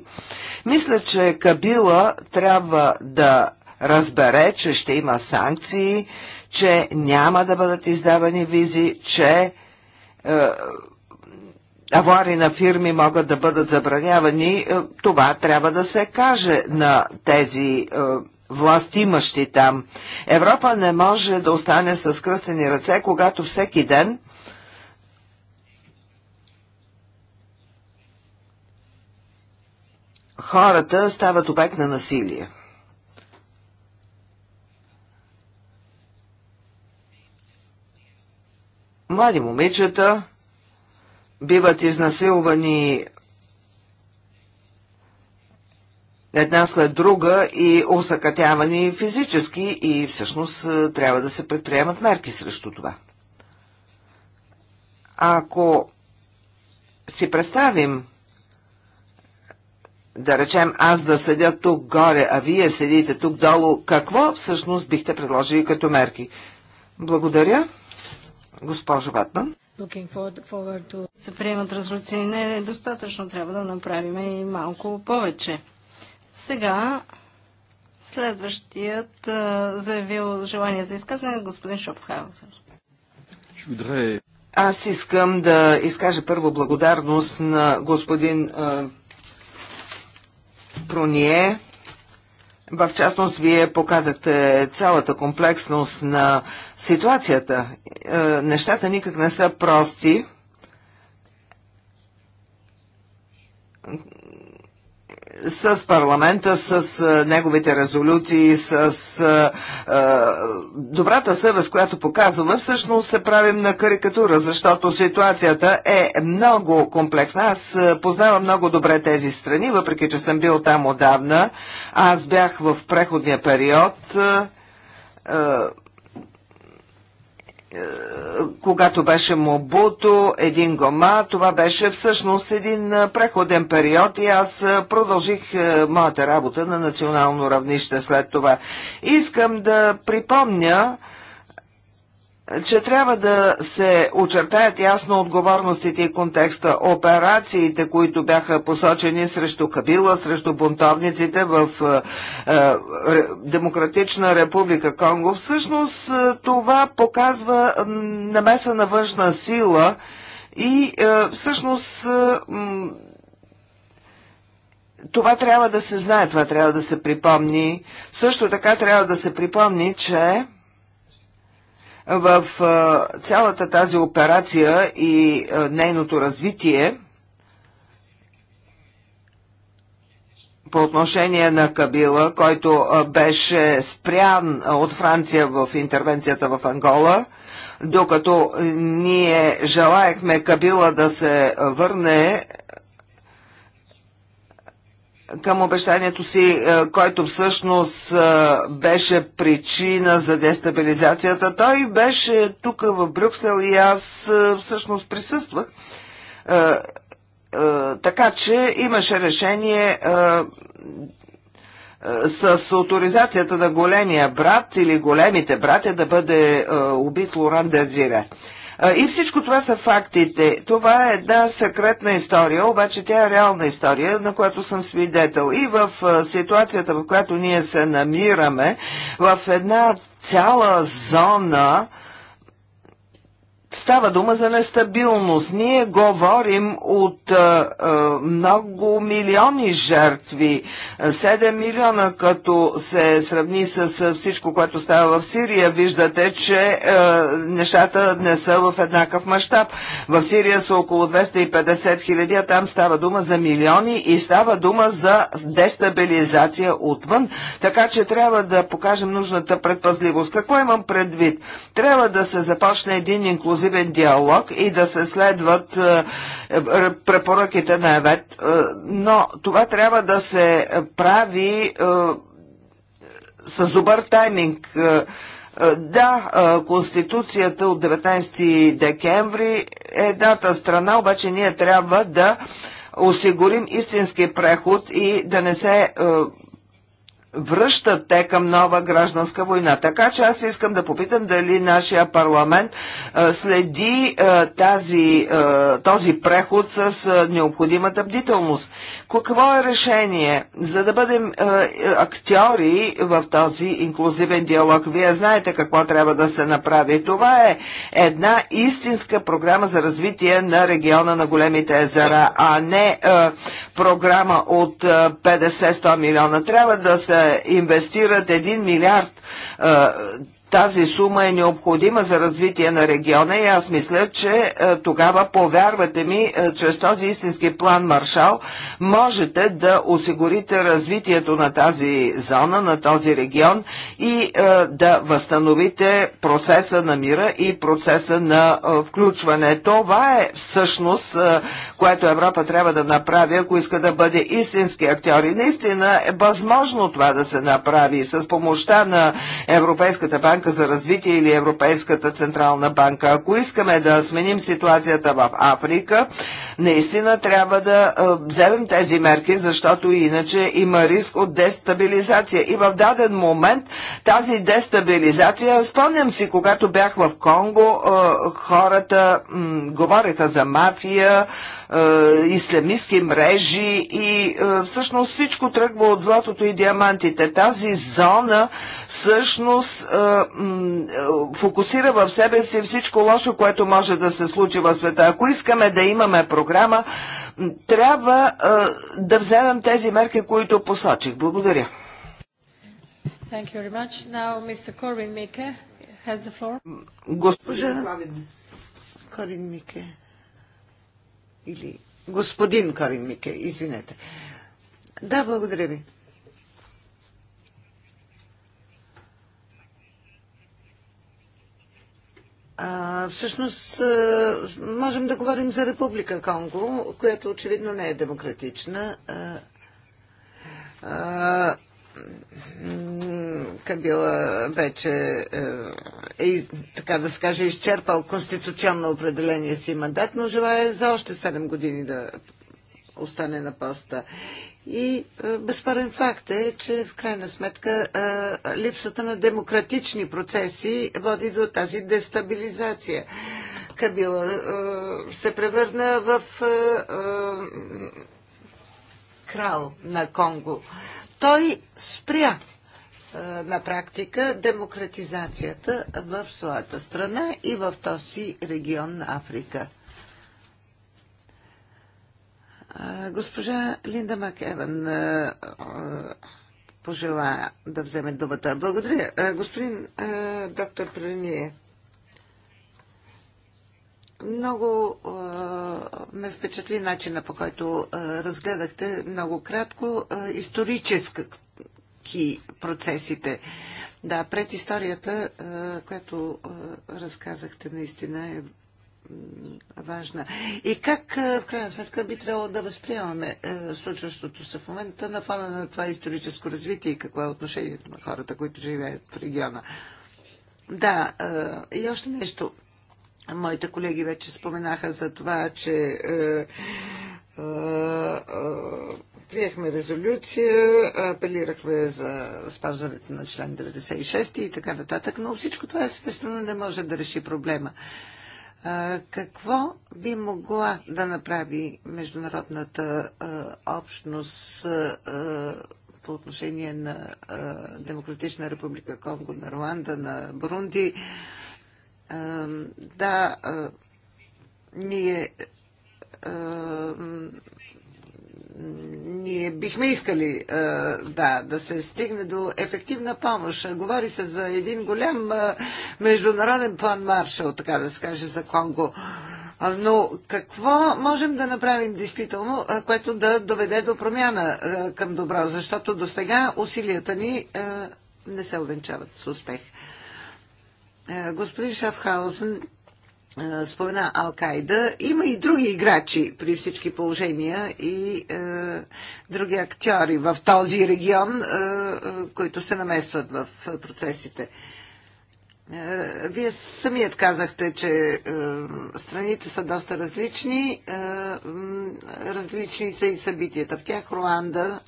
Мисля, че Кабила трябва да разбере, че ще има санкции, че няма да бъдат издавани визи, че е, Авари на фирми могат да бъдат забранявани, е, това трябва да се каже на тези е, властимащи там. Европа не може да остане с кръстени ръце, когато всеки ден хората стават обект на насилие. Млади момичета, биват изнасилвани една след друга и усъкътявани физически и всъщност е, трябва да се предприемат мерки срещу това. Ако си представим, да речем аз да седя тук горе, а вие седите тук долу, какво всъщност бихте предложили като мерки? Благодаря, госпожо Батнан.
To... Се приемат резолюции. Не е достатъчно. Трябва да направим и малко повече. Сега следващият заявил желание за изказване е господин Шопхаузер.
Аз искам да изкажа първо благодарност на господин Проние в частност, вие показахте цялата комплексност на ситуацията. Е, нещата никак не са прости. с парламента, с неговите резолюции, с е, добрата съвест, която показваме, всъщност се правим на карикатура, защото ситуацията е много комплексна. Аз познавам много добре тези страни, въпреки че съм бил там отдавна. Аз бях в преходния период. Е, е, когато беше Мобуто, един Гома, това беше всъщност един преходен период и аз продължих моята работа на национално равнище след това. Искам да припомня, че трябва да се очертаят ясно отговорностите и контекста. Операциите, които бяха посочени срещу Кабила, срещу бунтовниците в е, е, Демократична република Конго, всъщност е, това показва намеса на външна сила и е, всъщност е, това трябва да се знае, това трябва да се припомни. Също така трябва да се припомни, че в цялата тази операция и нейното развитие по отношение на Кабила, който беше спрян от Франция в интервенцията в Ангола, докато ние желаехме Кабила да се върне към обещанието си, е, който всъщност е, беше причина за дестабилизацията. Той беше тук в Брюксел и аз е, всъщност присъствах. Така че имаше решение с авторизацията на големия брат или големите братя да бъде убит Лоран Дезире. И всичко това са фактите. Това е една секретна история, обаче тя е реална история, на която съм свидетел. И в ситуацията, в която ние се намираме, в една цяла зона, Става дума за нестабилност. Ние говорим от а, а, много милиони жертви. 7 милиона, като се сравни с всичко, което става в Сирия, виждате, че а, нещата не са в еднакъв мащаб. В Сирия са около 250 хиляди, а там става дума за милиони и става дума за дестабилизация отвън. Така че трябва да покажем нужната предпазливост. Какво имам предвид? Трябва да се започне един инклюзив инклюзивен диалог и да се следват е, е, препоръките на ЕВЕТ, е, но това трябва да се прави с добър тайминг. Да, Конституцията от 19 декември е едната страна, обаче ние трябва да осигурим истински преход и да не се връщат те към нова гражданска война. Така че аз искам да попитам дали нашия парламент следи тази, този преход с необходимата бдителност. Какво е решение, за да бъдем актьори в този инклюзивен диалог? Вие знаете какво трябва да се направи. Това е една истинска програма за развитие на региона на големите езера, а не програма от 50-100 милиона. Трябва да се инвестират 1 милиард тази сума е необходима за развитие на региона и аз мисля, че е, тогава, повярвате ми, е, чрез този истински план Маршал, можете да осигурите развитието на тази зона, на този регион и е, да възстановите процеса на мира и процеса на включване. Това е всъщност, което Европа трябва да направи, ако иска да бъде истински актьор. И наистина е възможно това да се направи с помощта на Европейската банка банка за развитие или Европейската централна банка. Ако искаме да сменим ситуацията в Африка, наистина трябва да е, вземем тези мерки, защото иначе има риск от дестабилизация. И в даден момент тази дестабилизация, спомням си, когато бях в Конго, е, хората говореха за мафия, е, ислямистски мрежи и всъщност всичко тръгва от златото и диамантите. Тази зона всъщност фокусира в себе си всичко лошо, което може да се случи в света. Ако искаме да имаме програма, трябва да вземем тези мерки, които посочих. Благодаря.
Now, Госпожа Корин Мике или господин Корин Мике, извинете. Да, благодаря ви. А, всъщност можем да говорим за Република Конго, която очевидно не е демократична. А, а, Кабила вече е, така да се каже, изчерпал конституционно определение си мандат, но желая за още 7 години да остане на поста. И е, безспорен факт е, че в крайна сметка е, липсата на демократични процеси води до тази дестабилизация. Кабила е, се превърна в крал на Конго. Той спря на практика демократизацията в своята страна и в този регион на Африка. Госпожа Линда Макеван пожела да вземе думата. Благодаря. Господин доктор Пролиние, много ме впечатли начина по който разгледахте много кратко исторически процесите. Да, пред историята, която разказахте, наистина е важна. И как, в крайна сметка, би трябвало да възприемаме случващото се в момента на фона на това историческо развитие и какво е отношението на хората, които живеят в региона? Да, и още нещо. Моите колеги вече споменаха за това, че е, е, приехме резолюция, апелирахме за спазването на член 96 и така нататък, но всичко това естествено не може да реши проблема. Какво би могла да направи международната общност по отношение на Демократична република Конго, на Руанда, на Бурунди? Да, ние ние бихме искали да, да се стигне до ефективна помощ. Говори се за един голям международен план Маршал, така да се каже, за Конго. Но какво можем да направим действително, което да доведе до промяна към добро? Защото до сега усилията ни не се увенчават с успех. Господин Шафхаузен е, спомена Ал-Кайда, има и други играчи при всички положения и е, други актьори в този регион, е, е които се наместват в процесите. Е, вие самият казахте, че е, страните са доста различни. Е, различни са и събитията в тях. Руанда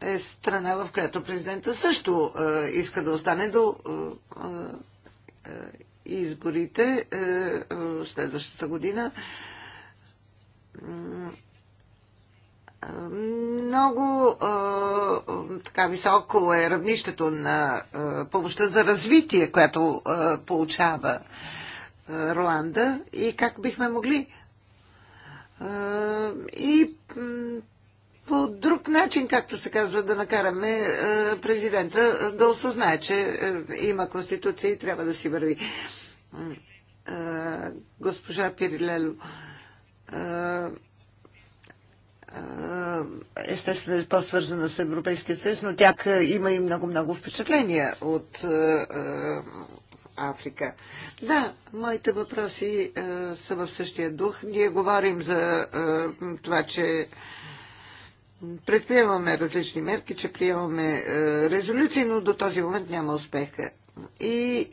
е, е страна, в която президента също иска да остане до е, изборите е, е, следващата година. Много така високо е равнището на помощта за развитие, която получава Руанда и как бихме могли и по друг начин, както се казва, да накараме е, президента е, да осъзнае, че е, има конституция и трябва да си върви. Госпожа Пирилело, естествено е по-свързана с Европейския съюз, но тя има и много-много впечатления от Африка. Да, моите въпроси са в същия дух. Ние говорим за това, че предприемаме различни мерки, че приемаме е, резолюции, но до този момент няма успеха. И е,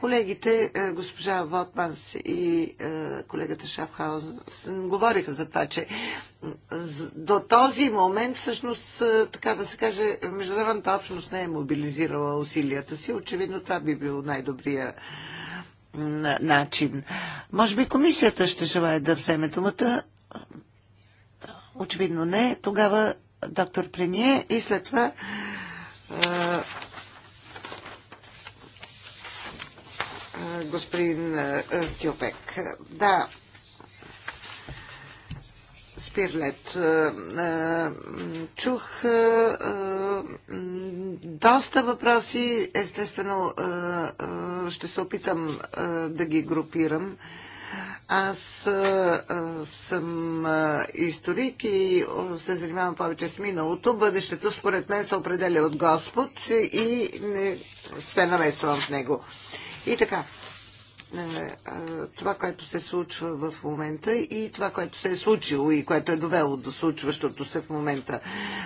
колегите, е, госпожа Вотманс и колегата Шафхаус, говориха за това, че до този момент, всъщност, така да се каже, международната общност не е мобилизирала усилията си. Очевидно това би било най-добрия начин. Може би комисията ще желая да вземе думата. Очевидно не. Тогава доктор премие и след това господин Стилпек. Да, Спирлет. Чух доста въпроси. Естествено, ще се опитам да ги групирам. Аз а, съм а, историк и се занимавам повече с миналото. Бъдещето според мен се определя от Господ и не се намесвам в него. И така, това, което се случва в момента и това, което се е случило и което е довело до случващото се в момента.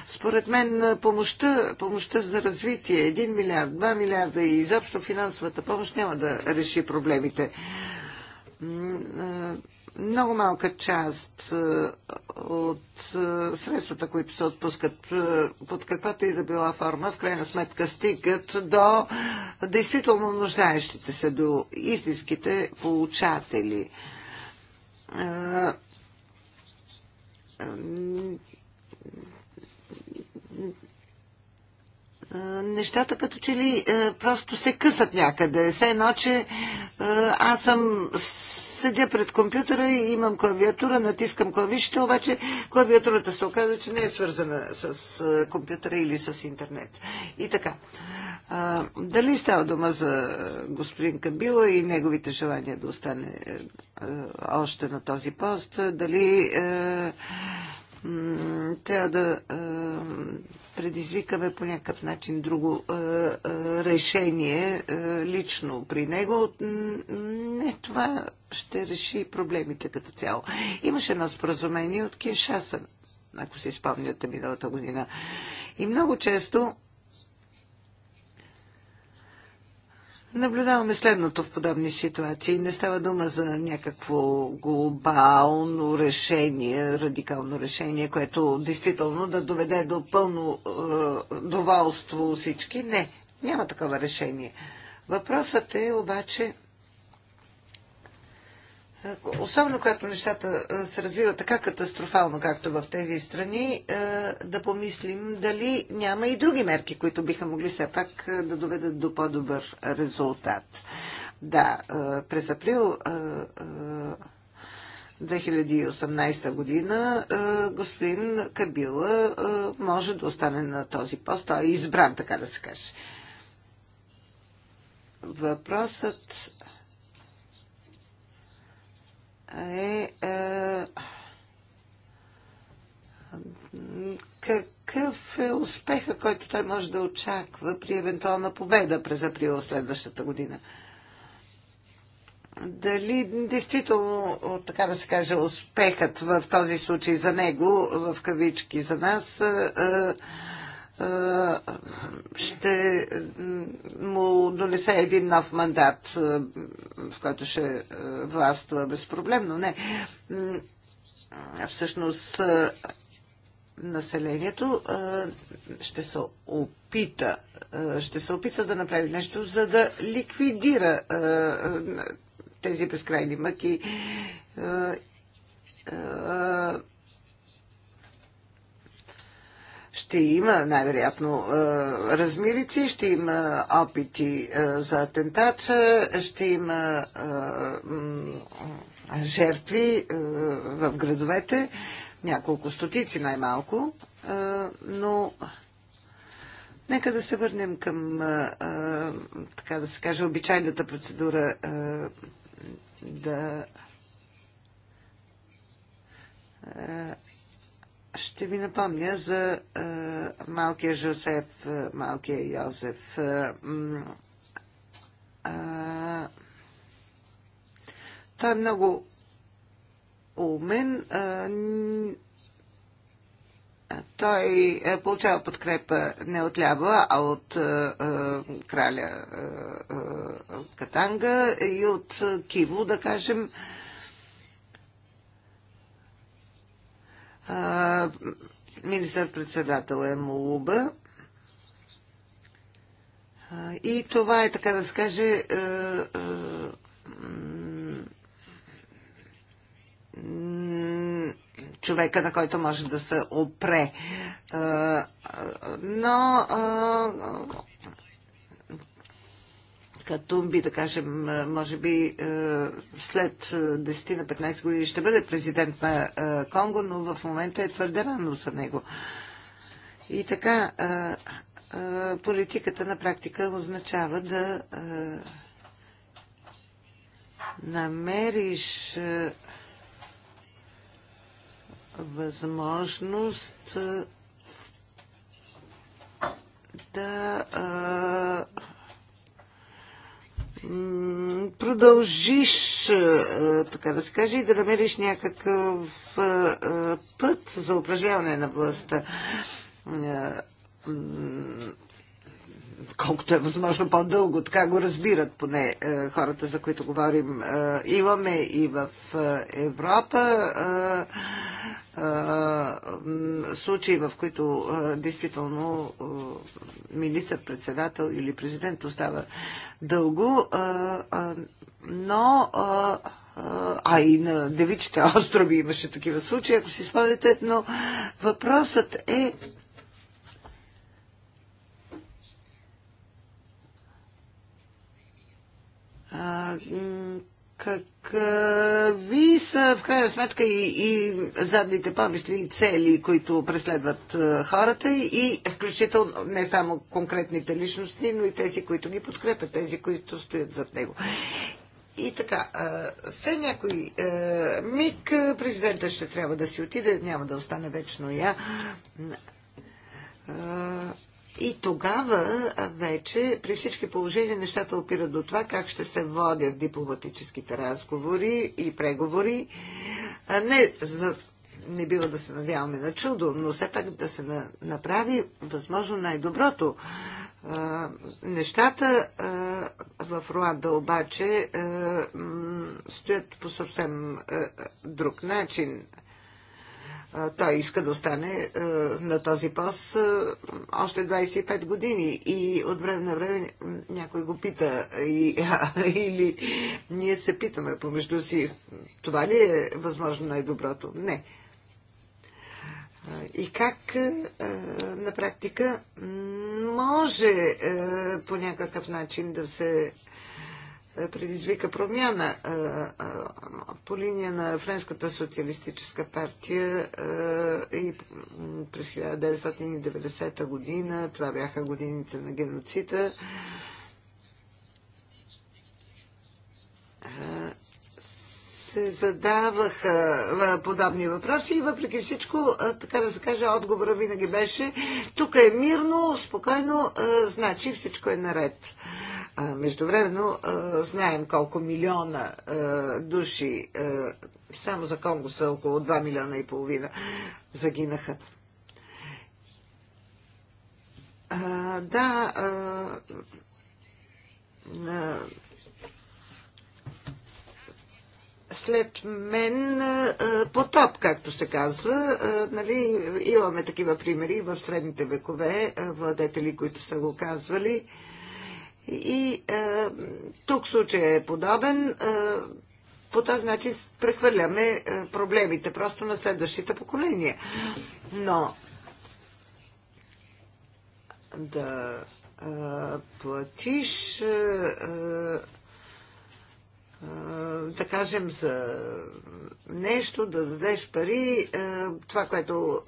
Според мен помощта, помощта за развитие 1 милиард, 2 милиарда и изобщо финансовата помощ няма да реши проблемите много малка част е, от е, средствата, които се отпускат е, под каквато и да била форма, в крайна сметка стигат до действително нуждаещите се, до истинските получатели нещата като че ли просто се късат някъде. Все едно, че аз съм седя пред компютъра и имам клавиатура, натискам клавишите, обаче клавиатурата се оказва, че не е свързана с компютъра или с интернет. И така. А, дали става дума за господин Кабила и неговите желания да остане а, още на този пост, дали а, трябва да а, предизвикаме по някакъв начин друго е, е решение е, лично при него. Не, това ще реши проблемите като цяло. Имаше едно споразумение от Киншаса, ако си спомняте миналата година. И много често Наблюдаваме следното в подобни ситуации. Не става дума за някакво глобално решение, радикално решение, което действително да доведе до пълно е, доволство всички. Не, няма такова решение. Въпросът е обаче особено когато нещата се развиват така катастрофално, както в тези страни, да помислим дали няма и други мерки, които биха могли все пак да доведат до по-добър резултат. Да, през април 2018 година господин Кабила може да остане на този пост. Той е избран, така да се каже. Въпросът е, е какъв е успеха, който той може да очаква при евентуална победа през април следващата година? Дали действително, така да се каже, успехът в този случай за него, в кавички за нас, е, е, ще му донесе един нов мандат, в който ще властва безпроблемно. Не. Всъщност населението ще се опита ще се опита да направи нещо, за да ликвидира тези безкрайни мъки ще има най-вероятно е, размивици, ще има опити е, за атентат, ще има е, жертви в градовете, няколко стотици най-малко, но нека да се върнем към, така да се каже, обичайната процедура да ще ви напомня за е, малкия Жозеф, е, малкия Йозеф. Е, е, той е много умен. Е, той е получава подкрепа не от ляво, а от е, е краля е, е, Катанга и от Киво, да кажем. Е, Министър-председател е Молуба. И това е, така да се каже, е, е, човека, на който може да се опре. Но Катумби, да кажем, може би след 10 на 15 години ще бъде президент на Конго, но в момента е твърде рано за него. И така, политиката на практика означава да намериш възможност да а, продължиш, така да се каже, и да намериш някакъв път за упражняване на властта колкото е възможно по-дълго. Така го разбират поне е, хората, за които говорим. Е, имаме и в е, Европа случаи, в които действително министър-председател или президент остава дълго, но а и на девичите острови имаше такива случаи, ако си спомняте, но въпросът е Какви са в крайна сметка и, и задните помисли и цели, които преследват хората и включително не само конкретните личности, но и тези, които ги подкрепят, тези, които стоят зад него. И така, все някой миг президента ще трябва да си отиде, няма да остане вечно я. И тогава вече при всички положения нещата опират до това как ще се водят дипломатическите разговори и преговори. Не, за, не бива да се надяваме на чудо, но все пак да се на, направи възможно най-доброто. Нещата в Руанда обаче стоят по съвсем друг начин. Той иска да остане е, на този пост е, още 25 години и от време на време някой го пита и, или ние се питаме помежду си, това ли е възможно най-доброто? Не. И как е, на практика може по някакъв начин да се е, предизвика промяна е, е, по линия на Френската социалистическа партия и през 1990 година. Това бяха годините на геноцида. се задаваха подобни въпроси и въпреки всичко, така да се каже, отговора винаги беше тук е мирно, спокойно, значи всичко е наред. Междувременно знаем колко милиона души, само за Конго са около 2 милиона и половина, загинаха. Да, след мен потоп, както се казва. Нали, имаме такива примери в средните векове, владетели, които са го казвали. И е, тук случай е подобен. Е, по този начин прехвърляме е, проблемите просто на следващите поколения. Но да е, платиш, е, е, е да кажем, за нещо, да дадеш пари, е, това, което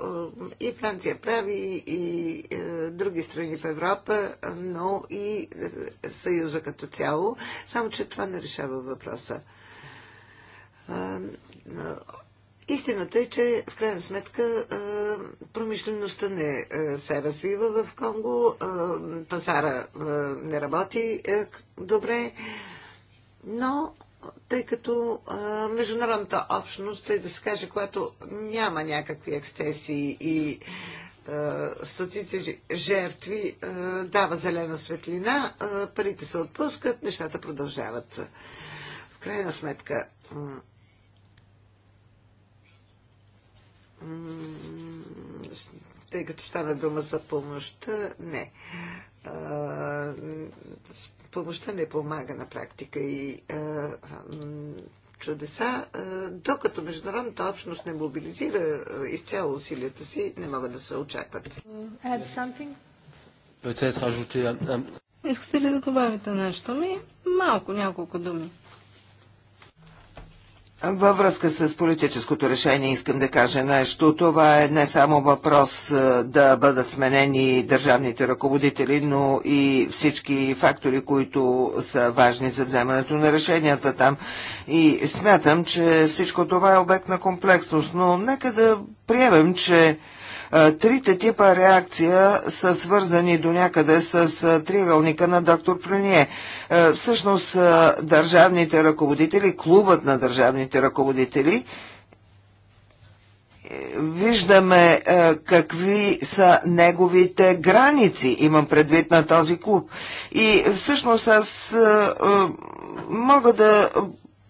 е, и Франция прави, и е, други страни в Европа, но и Съюза като цяло. Само, че това не решава въпроса. Истината е, че в крайна сметка промишлеността не се развива в Конго, пазара не работи добре, но тъй като а, международната общност, тъй да се каже, която няма някакви ексцесии и а, стотици жертви, а, дава зелена светлина, а, парите се отпускат, нещата продължават. В крайна сметка. тъй като стана дума за помощта, не. А, помощта не помага на практика и чудеса, докато международната общност не мобилизира изцяло усилията си, не могат да се очакват.
Е, Искате
ли да добавите нещо ми? Малко, няколко думи.
Във връзка с политическото решение искам да кажа нещо. Това е не само въпрос е, да бъдат сменени държавните ръководители, но и всички фактори, които са важни за вземането на решенията там. И смятам, че всичко това е обект на комплексност, но нека да приемем, че Трите типа реакция са свързани до някъде с триъгълника на доктор Пруние. Всъщност държавните ръководители, клубът на държавните ръководители, е, виждаме е, какви са неговите граници, имам предвид на този клуб. И всъщност аз е, мога да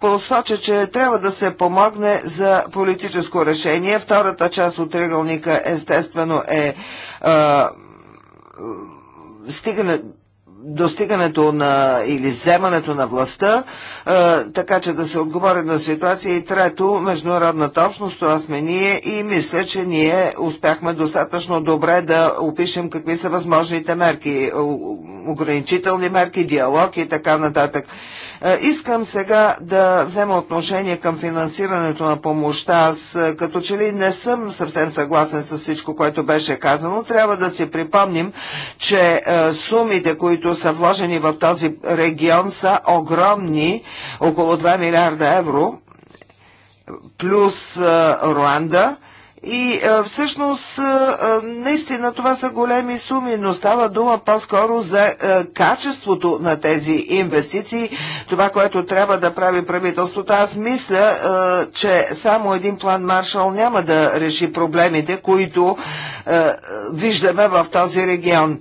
посоча, че трябва да се помогне за политическо решение. Втората част от триъгълника естествено е а, стигане, достигането на или вземането на властта, а, така че да се отговори на ситуация. И трето, международната общност, това сме ние и мисля, че ние успяхме достатъчно добре да опишем какви са възможните мерки, ограничителни мерки, диалог и така нататък. Е, искам сега да взема отношение към финансирането на помощта. Аз е, като че ли не съм съвсем съгласен с всичко, което беше казано. Трябва да си припомним, че е, сумите, които са вложени в този регион са огромни, около 2 милиарда евро, плюс Руанда и а, всъщност, а, наистина това са големи суми, но става дума по-скоро за а, качеството на тези инвестиции, това, което трябва да прави правителството. Аз мисля, а, че само един план Маршал няма да реши проблемите, които а, виждаме в този регион.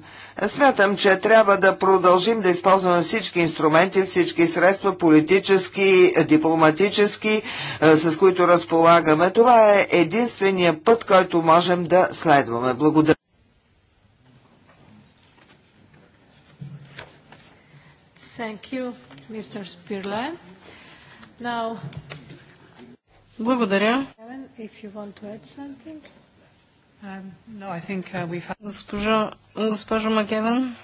Смятам, че трябва да продължим да използваме всички инструменти, всички средства, политически, дипломатически, е, с които разполагаме. Това е единствения път, който можем да следваме. Благодаря.
Благодаря. Um, uh, госпожо, госпожо Макеван,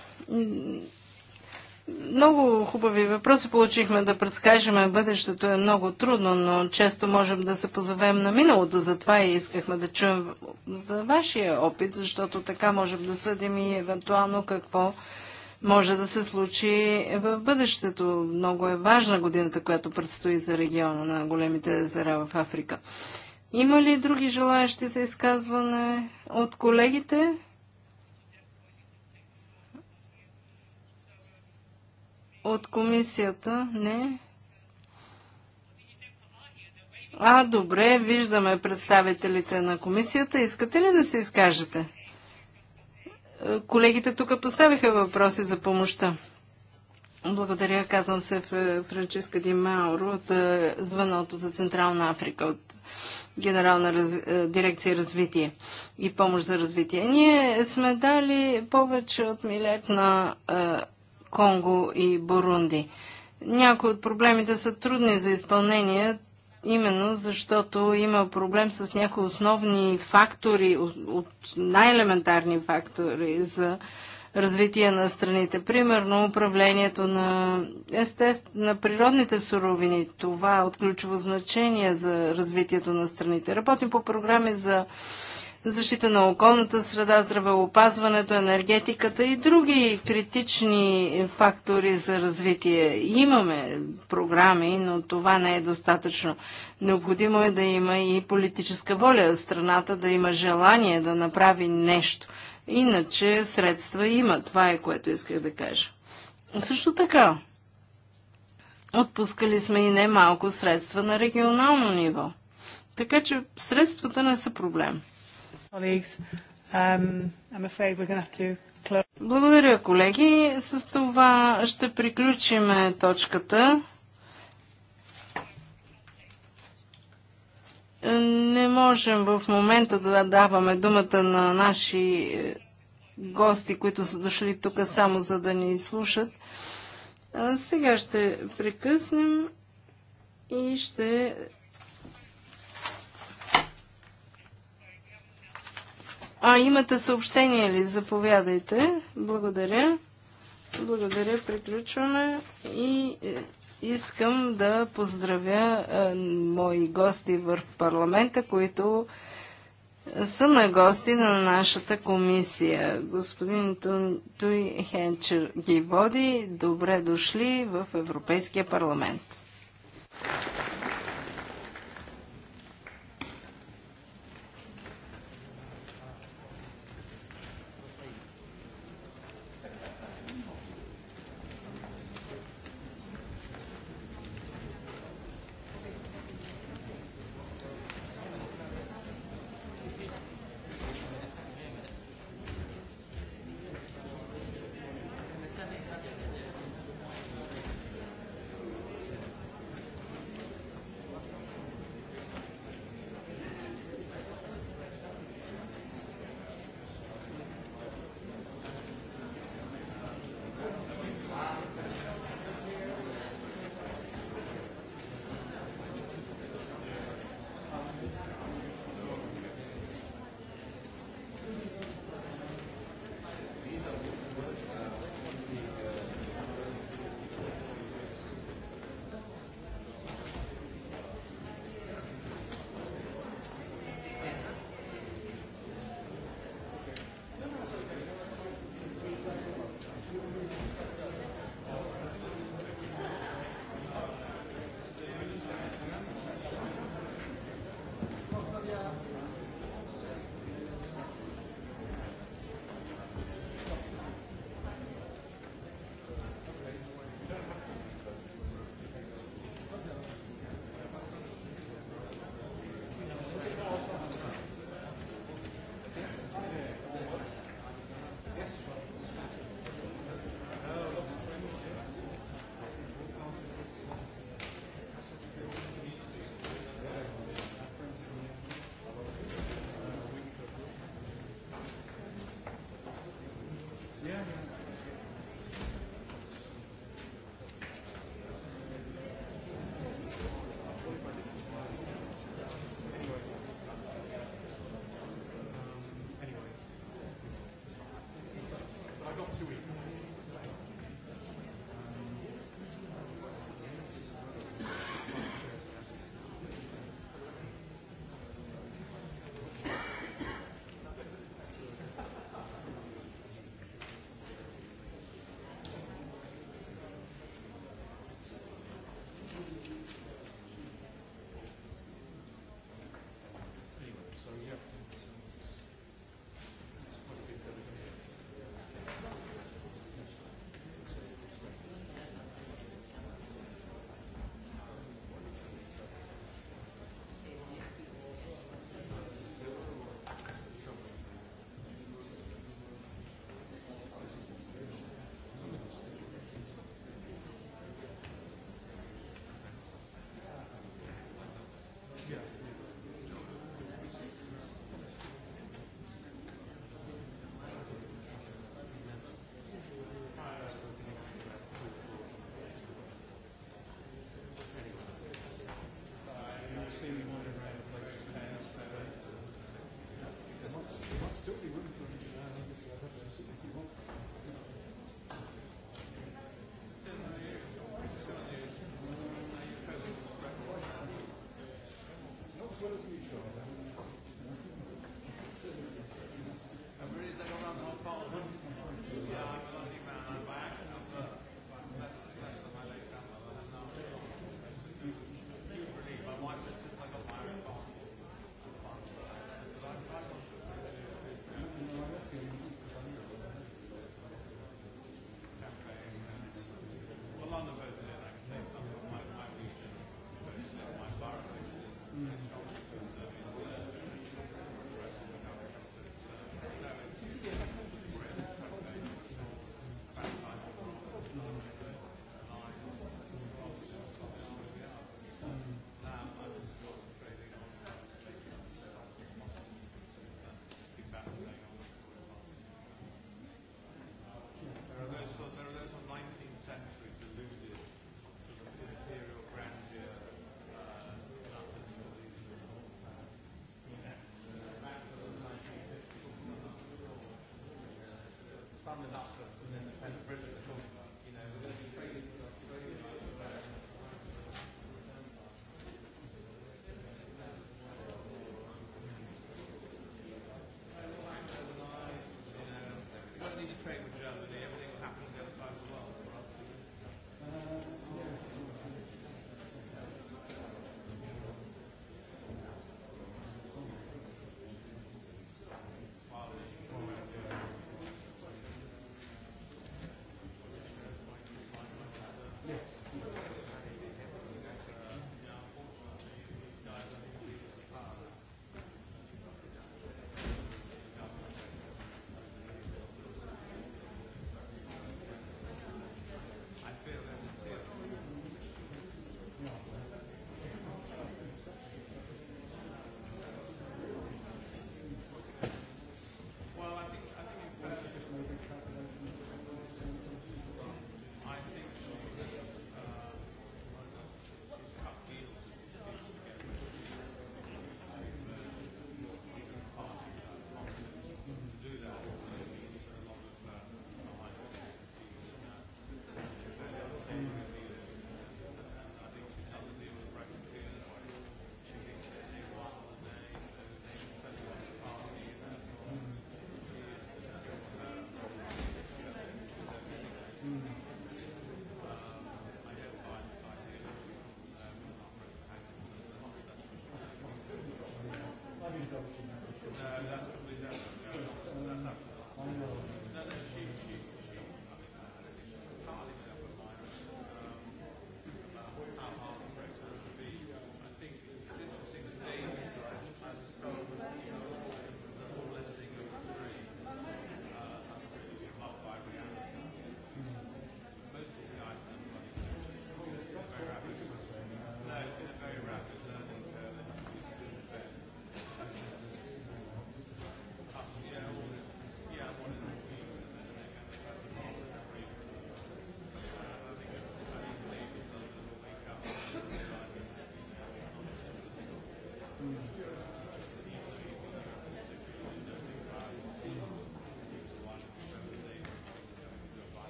много хубави въпроси получихме да предскажем. Бъдещето е много трудно, но често можем да се позовем на миналото. Затова и искахме да чуем за вашия опит, защото така можем да съдим и евентуално какво може да се случи в бъдещето. Много е важна годината, която предстои за региона на големите езера в Африка. Има ли други желаящи за изказване от колегите? От комисията? Не. А, добре, виждаме представителите на комисията. Искате ли да се изкажете? Колегите тук поставиха въпроси за помощта. Благодаря, казвам се Франческа Ди Мауро от е, Звъното за Централна Африка от Генерална раз... Е, дирекция развитие и помощ за развитие. Ние сме дали повече от Милет на е, Конго и Бурунди. Някои от проблемите са трудни за изпълнение, именно защото има проблем с някои основни фактори, от най-елементарни фактори за развитие на страните. Примерно управлението на, естест, на природните суровини. Това е от ключово значение за развитието на страните. Работим по програми за защита на околната среда, здравеопазването, енергетиката и други критични фактори за развитие. Имаме програми, но това не е достатъчно. Необходимо е да има и политическа воля, страната да има желание да направи нещо – Иначе средства има. Това е което исках да кажа. Също така, отпускали сме и немалко средства на регионално ниво. Така че средствата не са проблем. Um, Благодаря, колеги. С това ще приключим точката. Не можем в момента да даваме думата на наши е, гости, които са дошли тук само за да ни слушат. сега ще прекъснем и ще А, имате съобщение ли? Заповядайте. Благодаря. Благодаря, приключваме и е, Искам да поздравя е, мои гости в парламента, които са на гости на нашата комисия. Господин Тун, Туй Хенчер ги води. Добре дошли в Европейския парламент.
standing up and then the President, of course,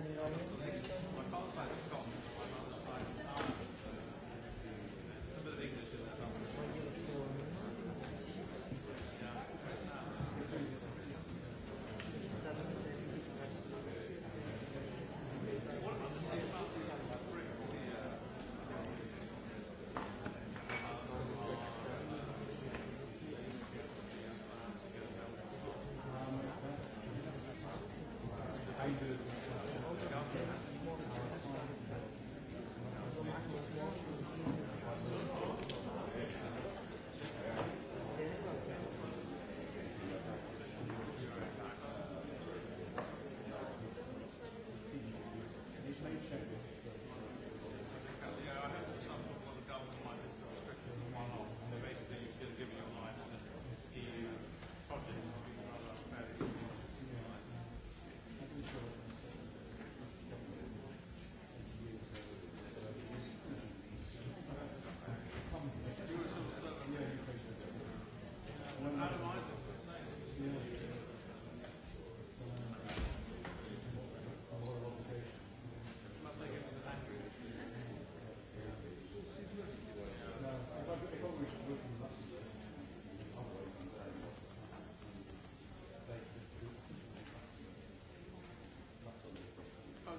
Ferdinand.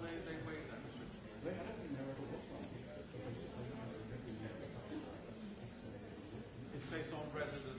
based on precedent.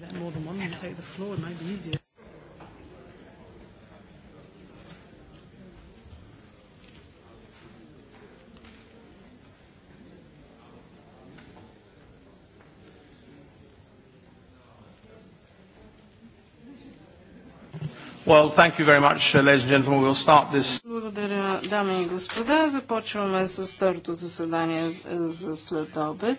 let more than one take the floor. It might be easier.
Well, thank you very much, ladies and gentlemen. We'll start this.
Благодаря, дами и господа. Започваме с второто заседание за след обед.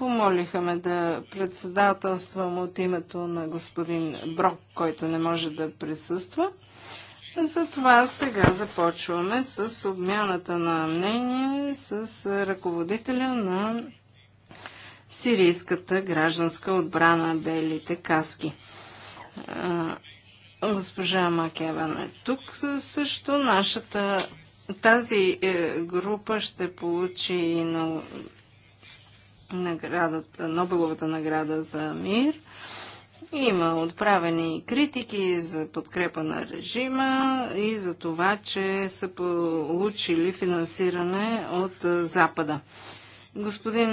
Помолиха ме да председателствам от името на господин Брок, който не може да присъства. Затова сега започваме с обмяната на мнение с ръководителя на сирийската гражданска отбрана Белите каски. Госпожа Макеван е тук също. Нашата тази е, група ще получи и наградата, Нобеловата награда за мир. Има отправени критики за подкрепа на режима и за това, че са получили финансиране от Запада. Господин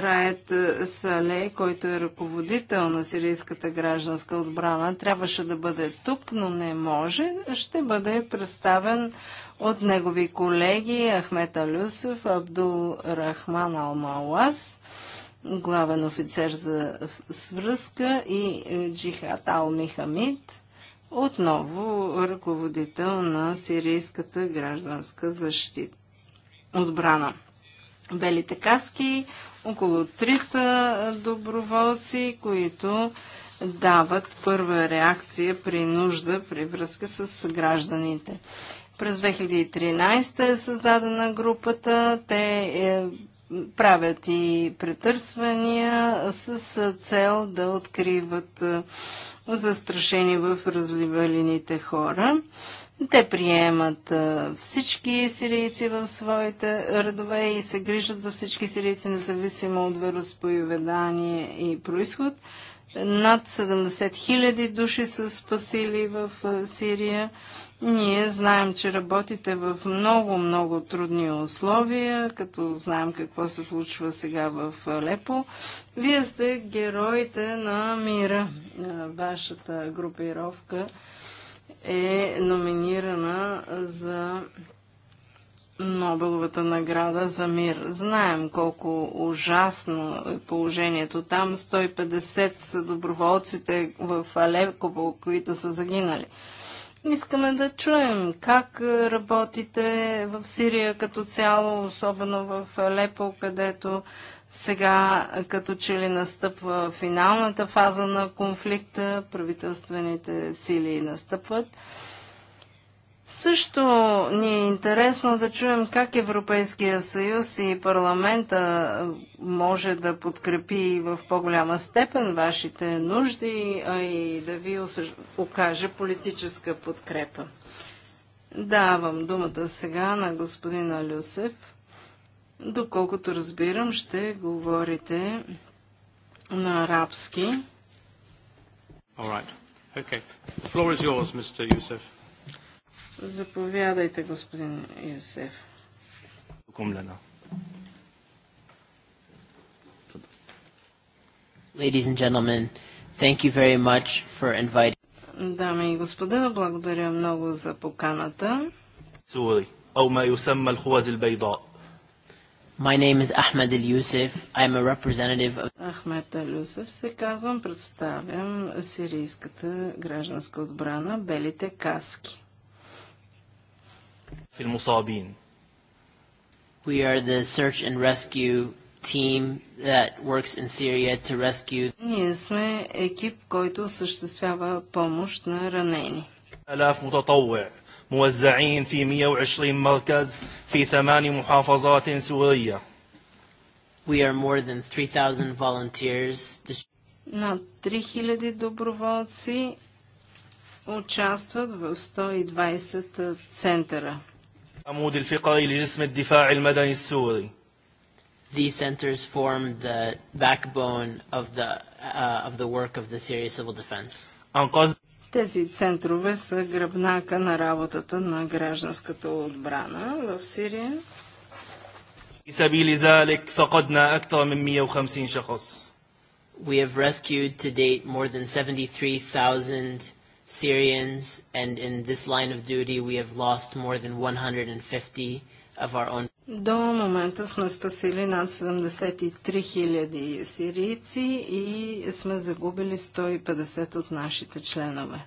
Раят Сале, който е ръководител на Сирийската гражданска отбрана, трябваше да бъде тук, но не може. Ще бъде представен от негови колеги Ахмет Алюсов, Абдул Рахман Алмауаз, главен офицер за свръзка и е, Джихат Ал Михамид, отново ръководител на Сирийската гражданска защита отбрана белите каски, около 300 доброволци, които дават първа реакция при нужда при връзка с гражданите. През 2013 е създадена групата. Те е, правят и претърсвания с цел да откриват застрашени в разливалините хора. Те приемат всички сирийци в своите редове и се грижат за всички сирийци, независимо от вероисповедание и происход. Над 70 хиляди души са спасили в Сирия. Ние знаем, че работите в много-много трудни условия, като знаем какво се случва сега в Лепо. Вие сте героите на мира, вашата групировка е номинирана за Нобеловата награда за мир. Знаем колко ужасно е положението там. 150 са доброволците в Алепко, които са загинали. Искаме да чуем как работите в Сирия като цяло, особено в Алепо, където сега, като че ли настъпва финалната фаза на конфликта, правителствените сили настъпват. Също ни е интересно да чуем как Европейския съюз и парламента може да подкрепи в по-голяма степен вашите нужди, а и да ви окаже политическа подкрепа. Давам думата сега на господина Люсев доколкото разбирам, ще говорите на арабски. Заповядайте, господин Юсеф.
Ladies and gentlemen, thank you very much for inviting.
Дами и господа, благодаря много за поканата.
Сури. أو ما يسمى الخوذ البيضاء. My name is Ahmed El I am a representative of...
Ahmed Ал Yusuf. се казвам, представям сирийската гражданска отбрана Белите каски.
في المصابين. We are the search and rescue team that works in Syria to rescue.
Ние сме екип, който осъществява
помощ на ранени. Алаф متطوع موزعين في 120 مركز في ثمان محافظات سورية. We are more than 3,000 volunteers.
Над 3000 доброволци участват в 120 центъра.
عمود الفقري لجسم الدفاع المدني السوري. These centers form the backbone of the uh, of the work of the Syrian civil defense. أنقذ
тези центрове са гръбнака на работата на гражданската отбрана
в Сирия. We have rescued to date more than 73,000 Syrians, and in this line of duty we have lost more than 150
до момента сме спасили над 73 000 сирийци и сме загубили 150 от нашите членове.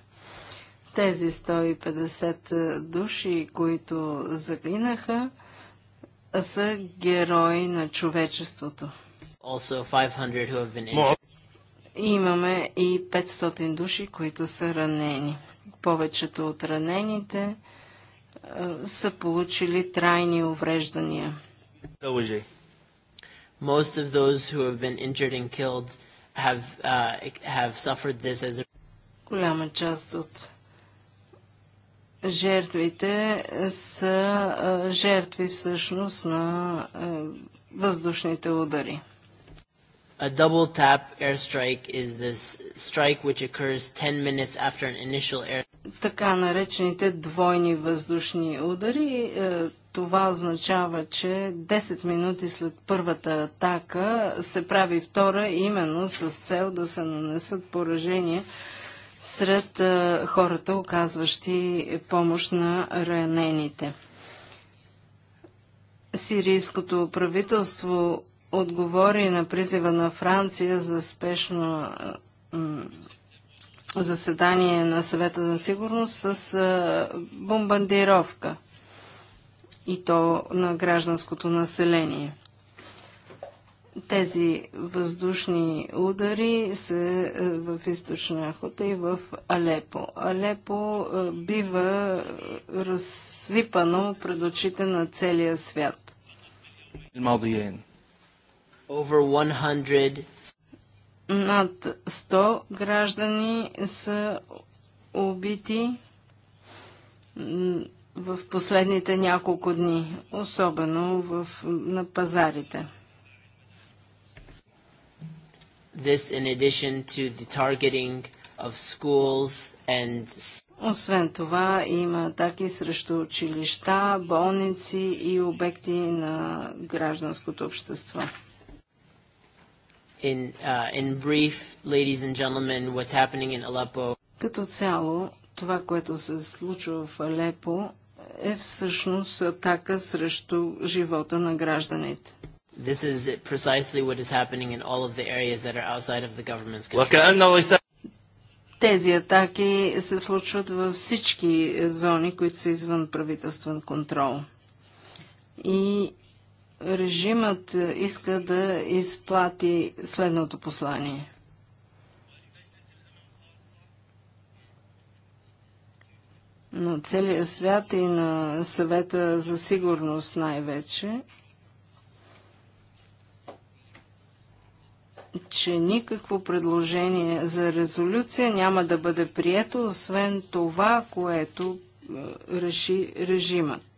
Тези 150 души, които загинаха, са герои на човечеството. Имаме и 500 души, които са ранени. Повечето от ранените са получили трайни увреждания.
Most of those who have been injured and killed have, uh, have suffered this as a... Голяма част от жертвите са жертви всъщност на въздушните удари. A double tap airstrike is this strike which occurs 10 minutes after an initial airstrike
така наречените двойни въздушни удари. Е, това означава, че 10 минути след първата атака се прави втора, именно с цел да се нанесат поражения сред е, хората, оказващи помощ на ранените. Сирийското правителство отговори на призива на Франция за спешно заседание на съвета за сигурност с а, бомбардировка и то на гражданското население. Тези въздушни удари са в източна Хота и в Алепо. Алепо бива разсипано пред очите на целия свят.
100
над 100 граждани са убити в последните няколко дни, особено в, на пазарите.
This in addition to the targeting of schools and...
Освен това има атаки срещу училища, болници
и обекти на гражданското общество in, uh, in brief, ladies and gentlemen, what's happening in Aleppo. Като
цяло, това, което се случва в Алепо, е всъщност
атака срещу живота на гражданите. This is precisely what is happening in all of the areas that are outside of the government's
control. Тези атаки се случват във всички зони, които са извън правителствен контрол. И режимът е, иска да изплати следното послание. На целия свят и на съвета за сигурност най-вече, че никакво предложение за резолюция няма да бъде прието, освен това, което е, реши режимът.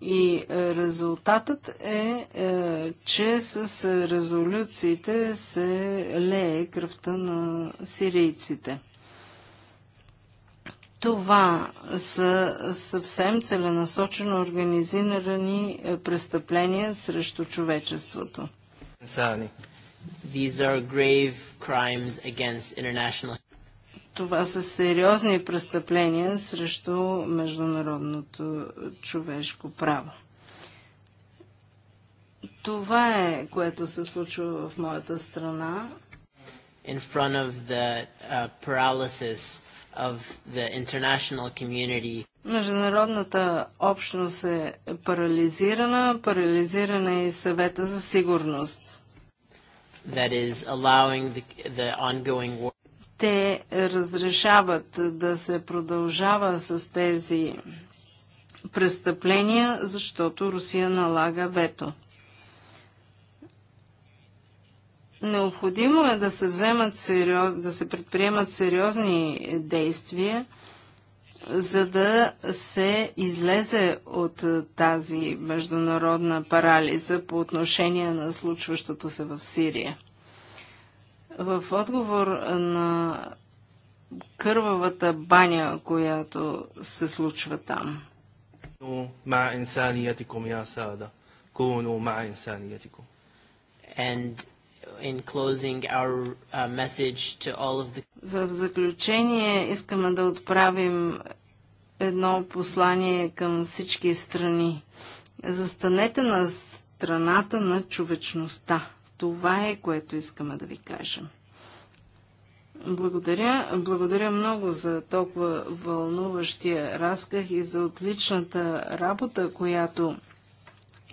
И е, резултатът е, е, че с резолюциите се лее кръвта на сирийците. Това са съвсем целенасочено организирани е, престъпления срещу човечеството.
These are grave crimes against international
това са сериозни престъпления срещу международното човешко право.
Това е, което се случва в моята страна. In front of the uh, paralysis of the international community.
Международната общност е парализирана, парализирана е и съвета за сигурност. That is allowing the, the ongoing war те разрешават да се продължава с тези престъпления, защото Русия налага вето. Необходимо е да се, вземат сериоз, да се предприемат сериозни действия, за да се излезе от тази международна парализа по отношение на случващото се в Сирия. В отговор на кървавата баня, която се случва там.
Uh, В заключение искаме
да отправим едно послание към всички страни. Застанете на страната на човечността. Това е, което искаме да ви кажем. Благодаря. Благодаря много за толкова вълнуващия разках и за отличната работа, която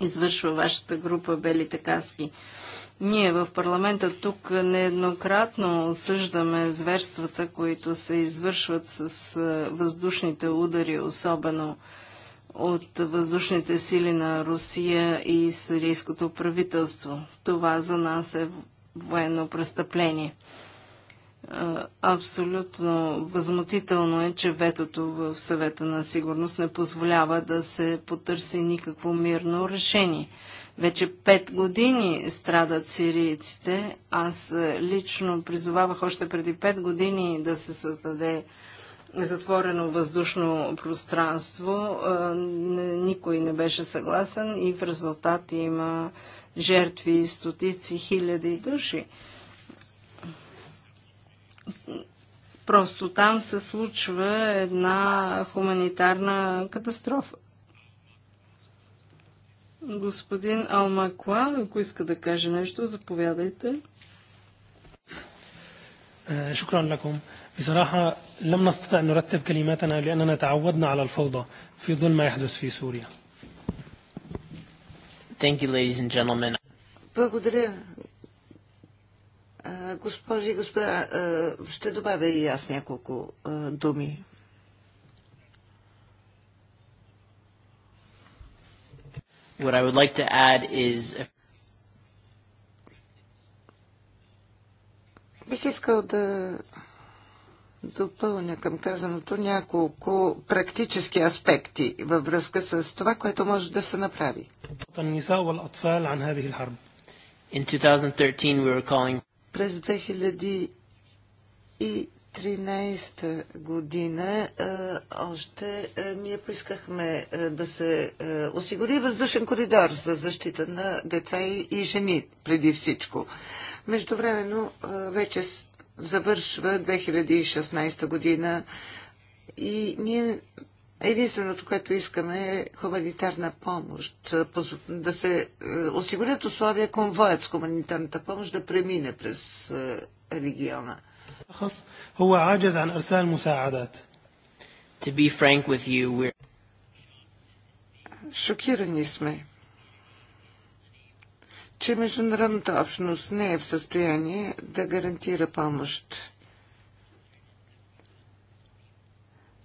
извършва вашата група Белите каски. Ние в парламента тук нееднократно осъждаме зверствата, които се извършват с въздушните удари, особено от въздушните сили на Русия и сирийското правителство. Това за нас е военно престъпление. Абсолютно възмутително е, че ветото в съвета на сигурност не позволява да се потърси никакво мирно решение. Вече пет години страдат сирийците. Аз лично призовавах още преди пет години да се създаде затворено въздушно пространство. Никой не беше съгласен и в резултат има жертви, стотици, хиляди души. Просто там се случва една хуманитарна катастрофа. Господин Алмакла, ако иска да каже нещо, заповядайте. Е, Шукран лакум. بصراحة لم نستطع
أن نرتب كلماتنا لأننا تعودنا على الفوضى في ظل ما يحدث في سوريا Thank you, ladies and gentlemen.
Благодаря. Госпожи и господа, ще добавя и аз няколко думи.
What I would like to add is...
Бих искал да допълня към казаното няколко практически аспекти във връзка с това, което може да се направи. През 2013 година още ние поискахме да се осигури въздушен коридор за защита на деца и жени преди всичко. Междувременно вече завършва 2016 година и ние единственото, което искаме е хуманитарна помощ, да се е, осигурят условия конвоят с хуманитарната помощ да премине през е, региона. To be frank with you, we're... Шокирани сме че международната общност не е в състояние да гарантира помощ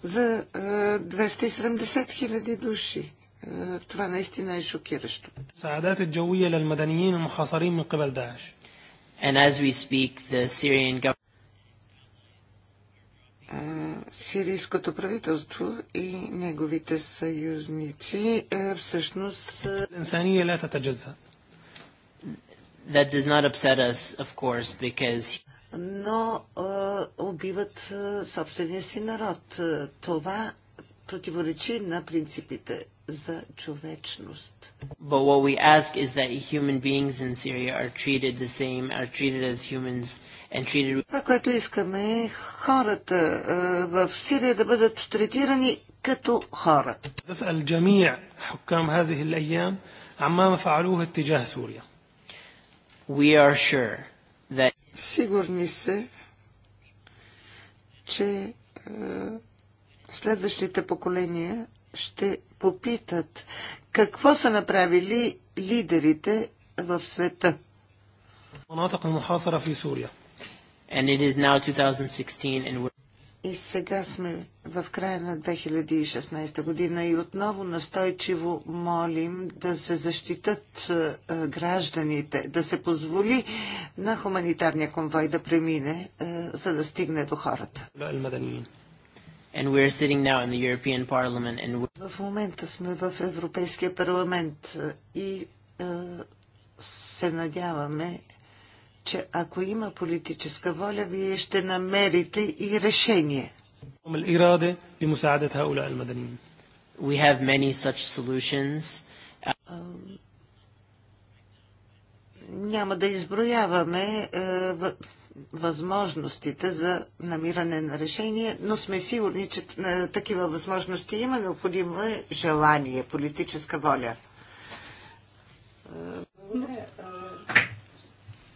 за 270 хиляди души. Това наистина е шокиращо.
And
as we speak, the Syrian
Сирийското правителство и неговите съюзници всъщност... That does not upset us,
of course, because...
Но uh, убиват uh, собствения си народ. Uh, Това противоречи на принципите за човечност.
But what we ask is that human beings in Syria are treated the same, are treated as humans and treated... Това, което искаме
е хората uh, в Сирия да бъдат третирани като хора. نسأل الجميع حكام هذه
الأيام عما فعلوه اتجاه سوريا. We are sure
that... Сигурни се, че е, следващите поколения ще попитат какво са направили лидерите в света.
And it is now 2016 and we're...
И сега сме в края на 2016 година и отново настойчиво молим да се защитат е, е, гражданите, да се позволи на хуманитарния конвой да премине, е, за да стигне до хората. And... В момента сме в Европейския парламент и се надяваме че ако има политическа воля, вие ще намерите и решение.
We have many such solutions.
Няма да изброяваме е, възможностите за намиране на решение, но сме сигурни, че е, такива възможности има. Необходимо е желание, политическа воля. Благодаря.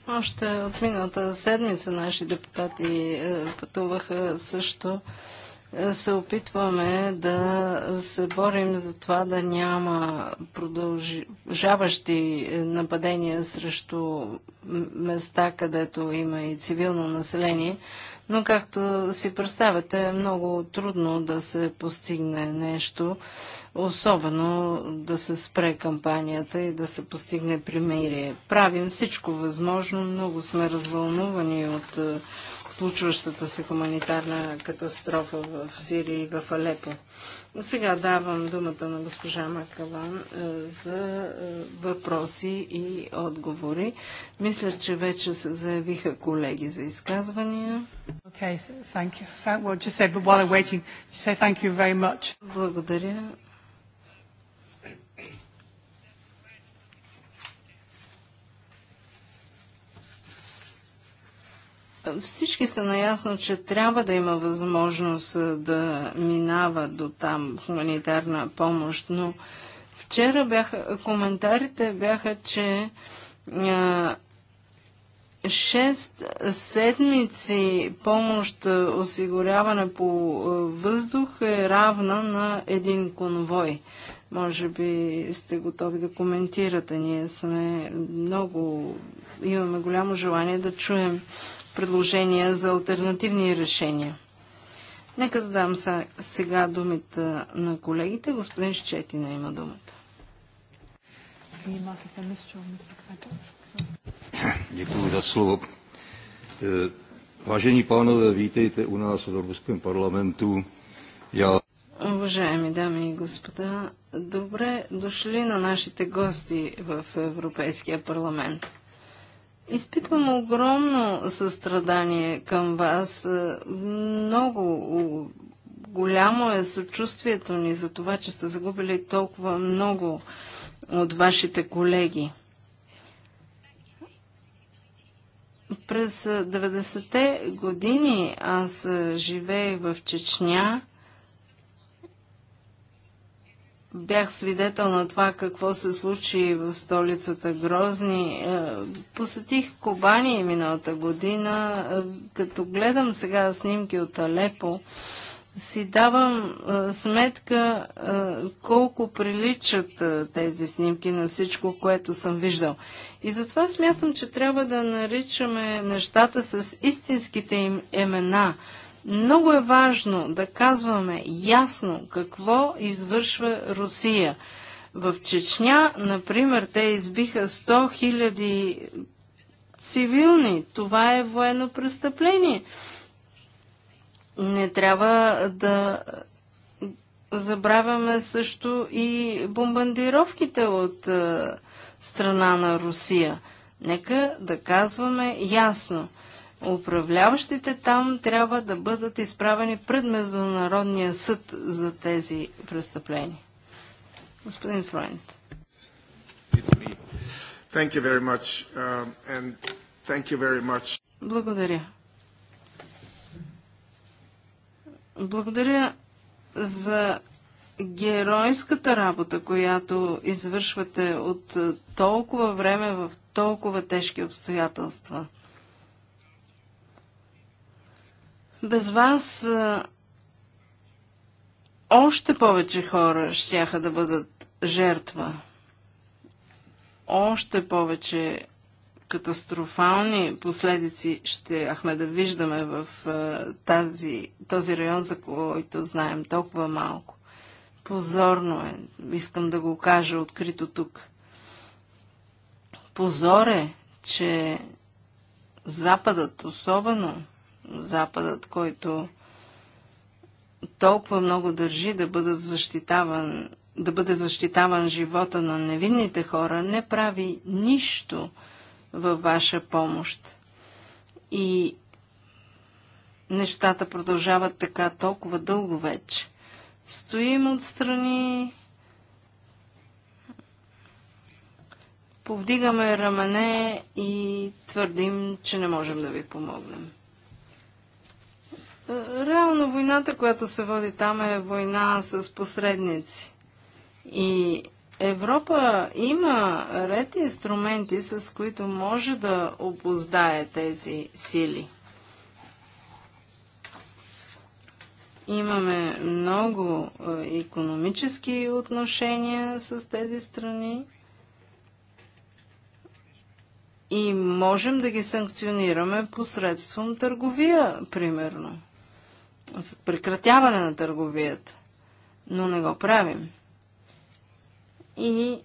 Още от миналата седмица наши депутати е, пътуваха също. Е, се опитваме да се борим за това да няма продължаващи е, нападения срещу места, където има и цивилно население, но както си представяте, е много трудно да се постигне нещо, особено да се спре кампанията и да се постигне примирие. Правим всичко възможно, много сме развълнувани от е, случващата се хуманитарна катастрофа в Сирия и в Алепо. Сега давам думата на госпожа Макалан е, за е, въпроси и отговори. Мисля, че вече се заявиха колеги за изказвания.
Okay, thank you. Well, just but while I'm waiting, say thank you very much. Благодаря.
Всички са наясно, че трябва да има възможност да минава до там хуманитарна помощ, но вчера бяха, коментарите бяха, че а, 6 седмици помощ осигуряване по въздух е равна на един конвой. Може би сте готови да коментирате. Ние сме много, имаме голямо желание да чуем предложения за альтернативни решения. Нека да дам сега думата на колегите. Господин Щетина има думата.
Děkuji za slovo. Eh, vážení pánové, vítejte u nás v Evropském parlamentu. Já...
Уважаеми дами и господа, добре дошли на нашите гости в Европейския парламент. Изпитвам огромно състрадание към вас. Е, много голямо е съчувствието ни за това, че сте загубили толкова много от вашите колеги. През 90-те е, години аз е, живеех в Чечня бях свидетел на това какво се случи в столицата Грозни. Е, посетих Кобани миналата година. Е, като гледам сега снимки от Алепо, си давам е, сметка колко приличат тези снимки на всичко, което съм виждал. И затова смятам, че трябва да наричаме нещата с истинските им имена – много е важно да казваме ясно какво извършва Русия. В Чечня, например, те избиха 100 000 цивилни. Това е военно престъпление. Не трябва да забравяме също и бомбардировките от е, страна на Русия. Нека да казваме ясно – управляващите там трябва да бъдат изправени пред Международния съд за тези престъпления. Господин Фройнт.
Um,
Благодаря. Благодаря за геройската работа, която извършвате от толкова време в толкова тежки обстоятелства. Без вас още повече хора щяха да бъдат жертва. Още повече катастрофални последици ще ахме да виждаме в тази, този район, за който знаем толкова малко. Позорно е, искам да го кажа открито тук. Позор е, че Западът особено Западът, който толкова много държи да, бъдат защитаван, да бъде защитаван живота на невинните хора, не прави нищо във ваша помощ. И нещата продължават така толкова дълго вече. Стоим отстрани, повдигаме рамене и твърдим, че не можем да ви помогнем. Реално войната, която се води там е война с посредници. И Европа има ред инструменти, с които може да опоздае тези сили. Имаме много економически отношения с тези страни и можем да ги санкционираме посредством търговия, примерно за прекратяване на търговията, но не го правим. И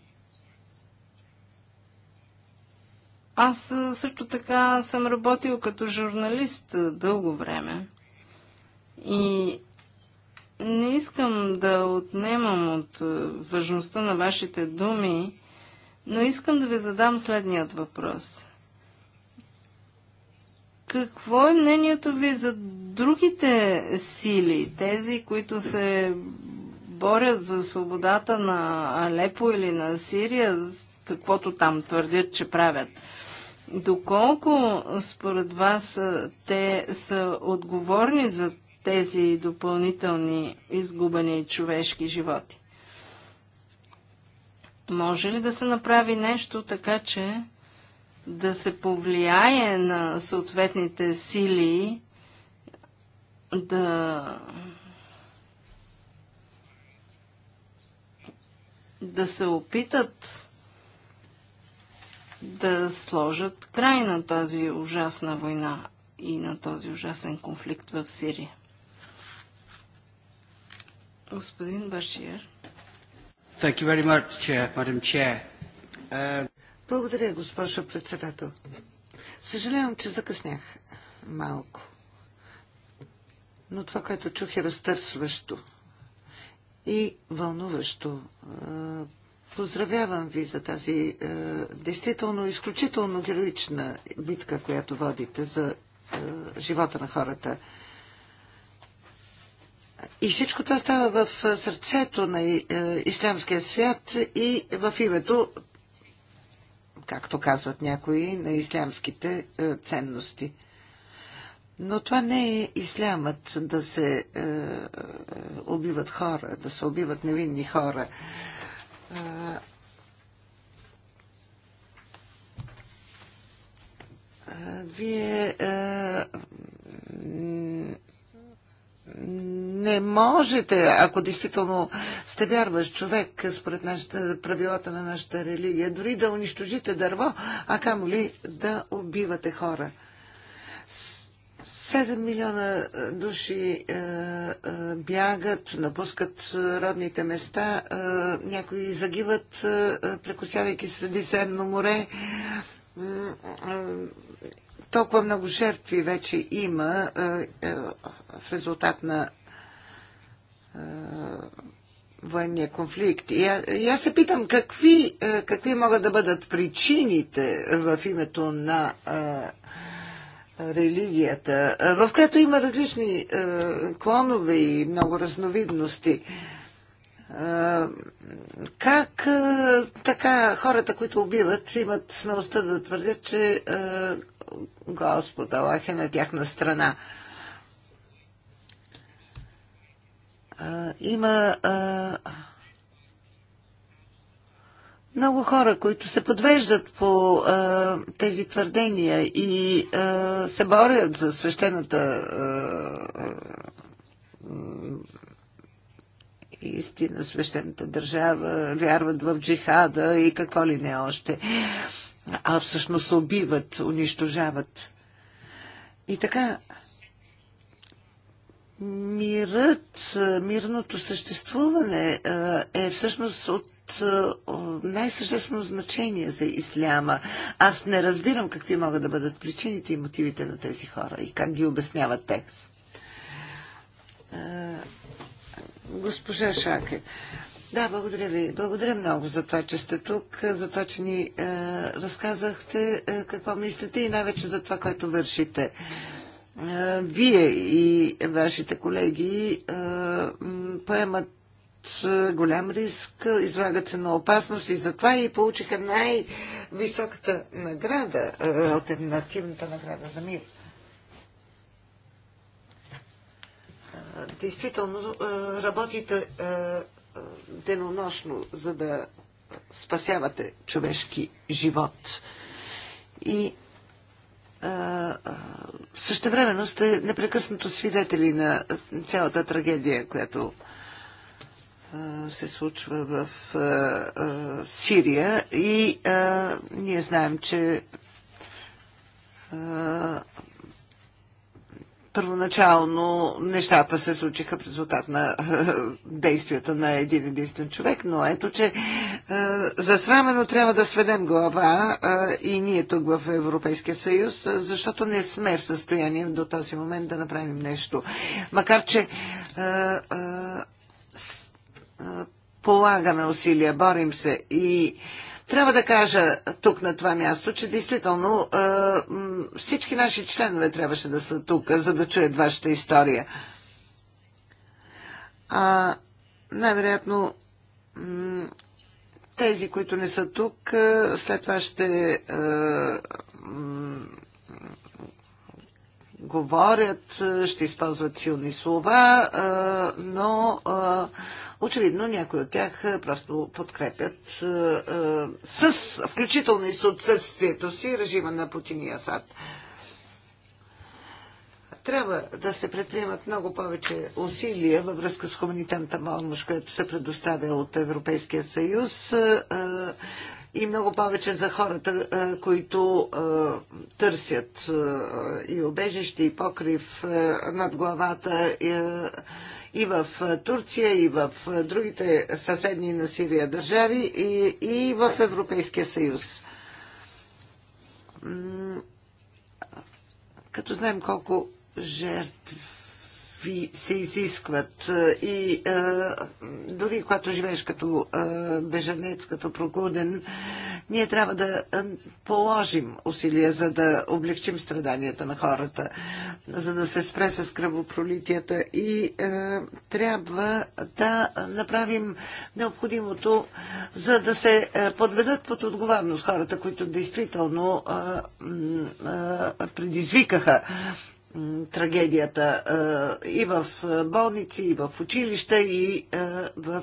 аз също така съм работил като журналист дълго време. И не искам да отнемам от важността на вашите думи, но искам да ви задам следният въпрос. Какво е мнението ви за другите сили, тези, които се борят за свободата на Алепо или на Сирия, каквото там твърдят, че правят? Доколко според вас те са отговорни за тези допълнителни изгубени човешки животи? Може ли да се направи нещо така, че да се повлияе на съответните сили да да се опитат да сложат край на тази ужасна война и на този ужасен конфликт в Сирия.
Господин Башир.
Thank you very much, Chair, Madam Chair.
Uh... Благодаря, госпожо председател. Съжалявам, че закъснях малко. Но това, което чух е разтърсващо и вълнуващо. Поздравявам ви за тази е, действително изключително героична битка, която водите за е, живота на хората. И всичко това става в сърцето на е, ислямския свят и в името както казват някои, на ислямските е, ценности. Но това не е ислямът да се е, е убиват хора, да се убиват невинни хора. Е, вие е, не можете, ако действително сте вярваш човек, според нашата, правилата на нашата религия, дори да унищожите дърво, а камо ли да убивате хора. 7 милиона е, души е, е, бягат, напускат родните места, е, някои загиват, е, прекусявайки Средиземно море. Е, е, толкова много жертви вече има е, е, в резултат на е, военния конфликт. И, а, и аз се питам какви, какви могат да бъдат причините в името на а, религията, в която има различни а, клонове и много разновидности. А, как а, така хората, които убиват, имат смелостта да твърдят, че а, Господ Аллах е на тяхна страна. Има много хора, които се подвеждат по а, тези твърдения и а, се борят за свещената а, истина, свещената държава, вярват в джихада и какво ли не още а всъщност убиват, унищожават. И така, мирът, мирното съществуване е всъщност от най-съществено значение за исляма. Аз не разбирам какви могат да бъдат причините и мотивите на тези хора и как ги обясняват те. Госпожа Шаке, да, благодаря ви. Благодаря много за това, че сте тук, за това, че ни е, разказахте е, какво мислите и най-вече за това, което вършите. Е, вие и вашите колеги е, поемат е, голям риск, излагат се на опасност и затова и получиха най-високата награда, е, альтернативната награда за мир. Е, действително, е, работите денонощно, за да спасявате човешки живот. И същевременно сте непрекъснато свидетели на цялата трагедия, която се случва в Сирия и ние знаем, че Първоначално нещата се случиха в резултат на действията на един единствен човек, но ето, че е, засрамено трябва да сведем глава е, и ние тук в Европейския съюз, е, защото не сме в състояние до този момент да направим нещо. Макар, че полагаме усилия, борим се и трябва да кажа тук на това място, че действително всички наши членове трябваше да са тук, за да чуят вашата история. А най-вероятно тези, които не са тук, след това ще говорят, е, ще използват силни слова, е, но е, очевидно някои от тях просто подкрепят с, включително и с отсъствието си, режима на Путин и Асад. Трябва да се предприемат много повече усилия във връзка с хуманитарната помощ, която се предоставя от Европейския съюз и много повече за хората, които търсят и обежище, и покрив над главата и в Турция, и в другите съседни на Сирия държави, и, в Европейския съюз. Като знаем колко жертв ви се изискват е, и е, дори когато живееш като е, бежанец, като прогуден, ние трябва да положим усилия, за да облегчим страданията на хората, за да се спре с кръвопролитията и трябва да направим необходимото, за да се подведат под отговорност хората, които действително предизвикаха трагедията и в болници, и в училища, и в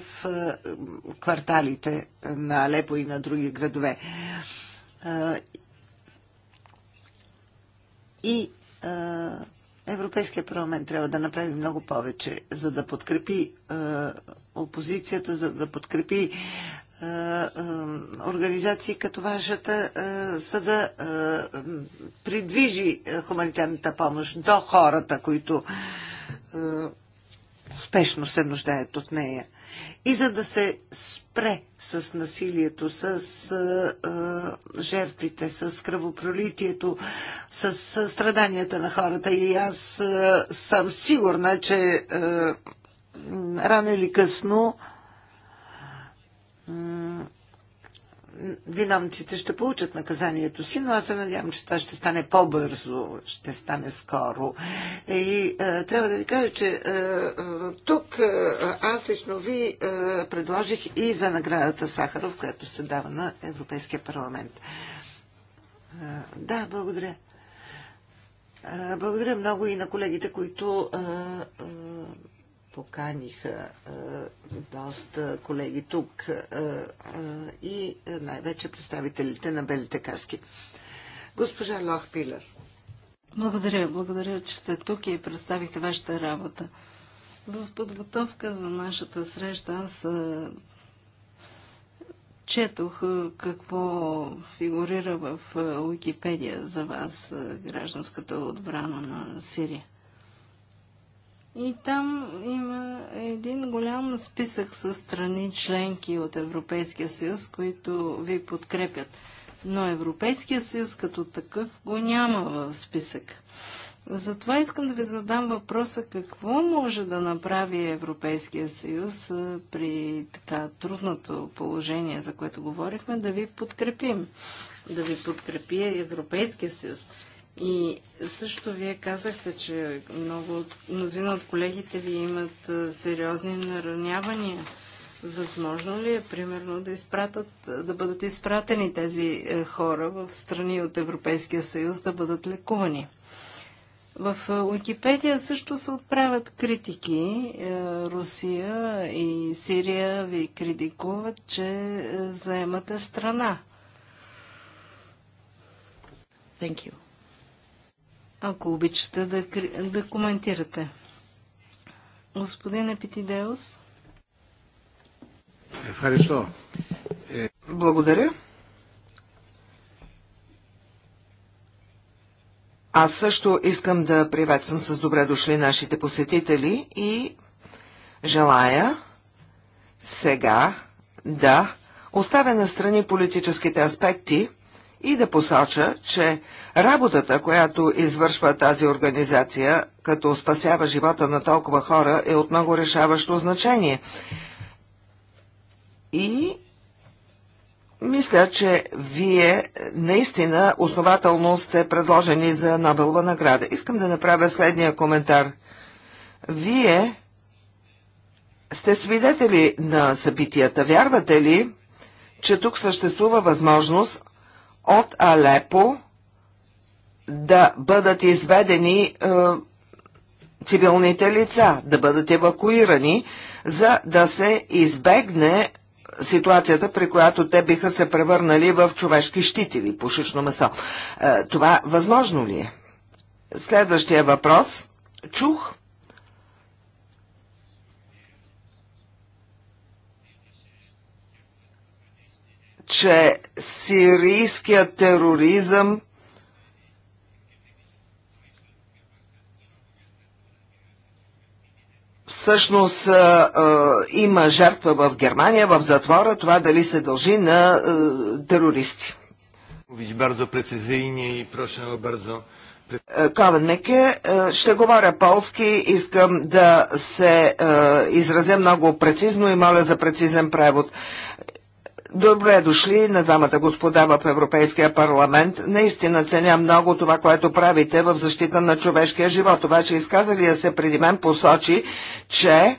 кварталите на Алепо и на други градове. И Европейския парламент трябва да направи много повече, за да подкрепи опозицията, за да подкрепи организации като вашата, за да придвижи хуманитарната помощ до хората, които спешно се нуждаят от нея. И за да се спре с насилието, с жертвите, с кръвопролитието, с, страданията на хората. И аз съм сигурна, че рано или късно виновниците ще получат наказанието си, но аз се надявам, че това ще стане по-бързо, ще стане скоро. И е, трябва да ви кажа, че е, е тук е, аз лично ви е, предложих и за наградата Сахаров, която се дава на Европейския парламент. Е, да, благодаря. Е, благодаря много и на колегите, които. Е, е, поканиха а, доста колеги тук а, а, и най-вече представителите на белите каски. Госпожа Лох Пилер. Благодаря, благодаря, че сте тук и представихте вашата работа. В подготовка
за нашата среща аз а, четох какво фигурира в Уикипедия за вас гражданската отбрана на Сирия. И там има един голям списък с страни членки от Европейския съюз, които ви подкрепят. Но Европейския съюз като такъв го няма в списък. Затова искам да ви задам въпроса какво може да направи Европейския съюз при така трудното положение, за което говорихме, да ви подкрепим. Да ви подкрепи Европейския съюз. И също вие казахте, че много от, мнозина от колегите ви имат сериозни наранявания. Възможно ли е, примерно, да, изпратат, да бъдат изпратени тези е, хора в страни от Европейския съюз да бъдат лекувани? В е, Уикипедия също се отправят критики. Е, Русия и Сирия ви критикуват, че заемате страна. Thank you. Ако обичате да, да коментирате. Господин Епитидеус.
Ευχαριστώ. Е, благодаря. Аз също искам да приветствам с добре дошли нашите посетители и желая сега да оставя на страни политическите аспекти и да посоча, че работата, която извършва тази организация, като спасява живота на толкова хора, е от много решаващо значение. И мисля, че вие наистина основателно сте предложени за Нобелова награда. Искам да направя следния коментар. Вие сте свидетели на събитията. Вярвате ли, че тук съществува възможност от Алепо да бъдат изведени е, цивилните лица, да бъдат евакуирани, за да се избегне ситуацията, при която те биха се превърнали в човешки щити по пушечно месо. Е, това възможно ли е? Следващия въпрос. Чух че сирийският тероризъм всъщност а, а, има жертва в Германия, в затвора, това дали се дължи на а, терористи. Mówić ще говоря полски, искам да се изразя много прецизно и моля за прецизен превод. Добре дошли на двамата господа в Европейския парламент. Наистина ценя много това, което правите в защита на човешкия живот. Това, че изказалия се преди мен посочи, че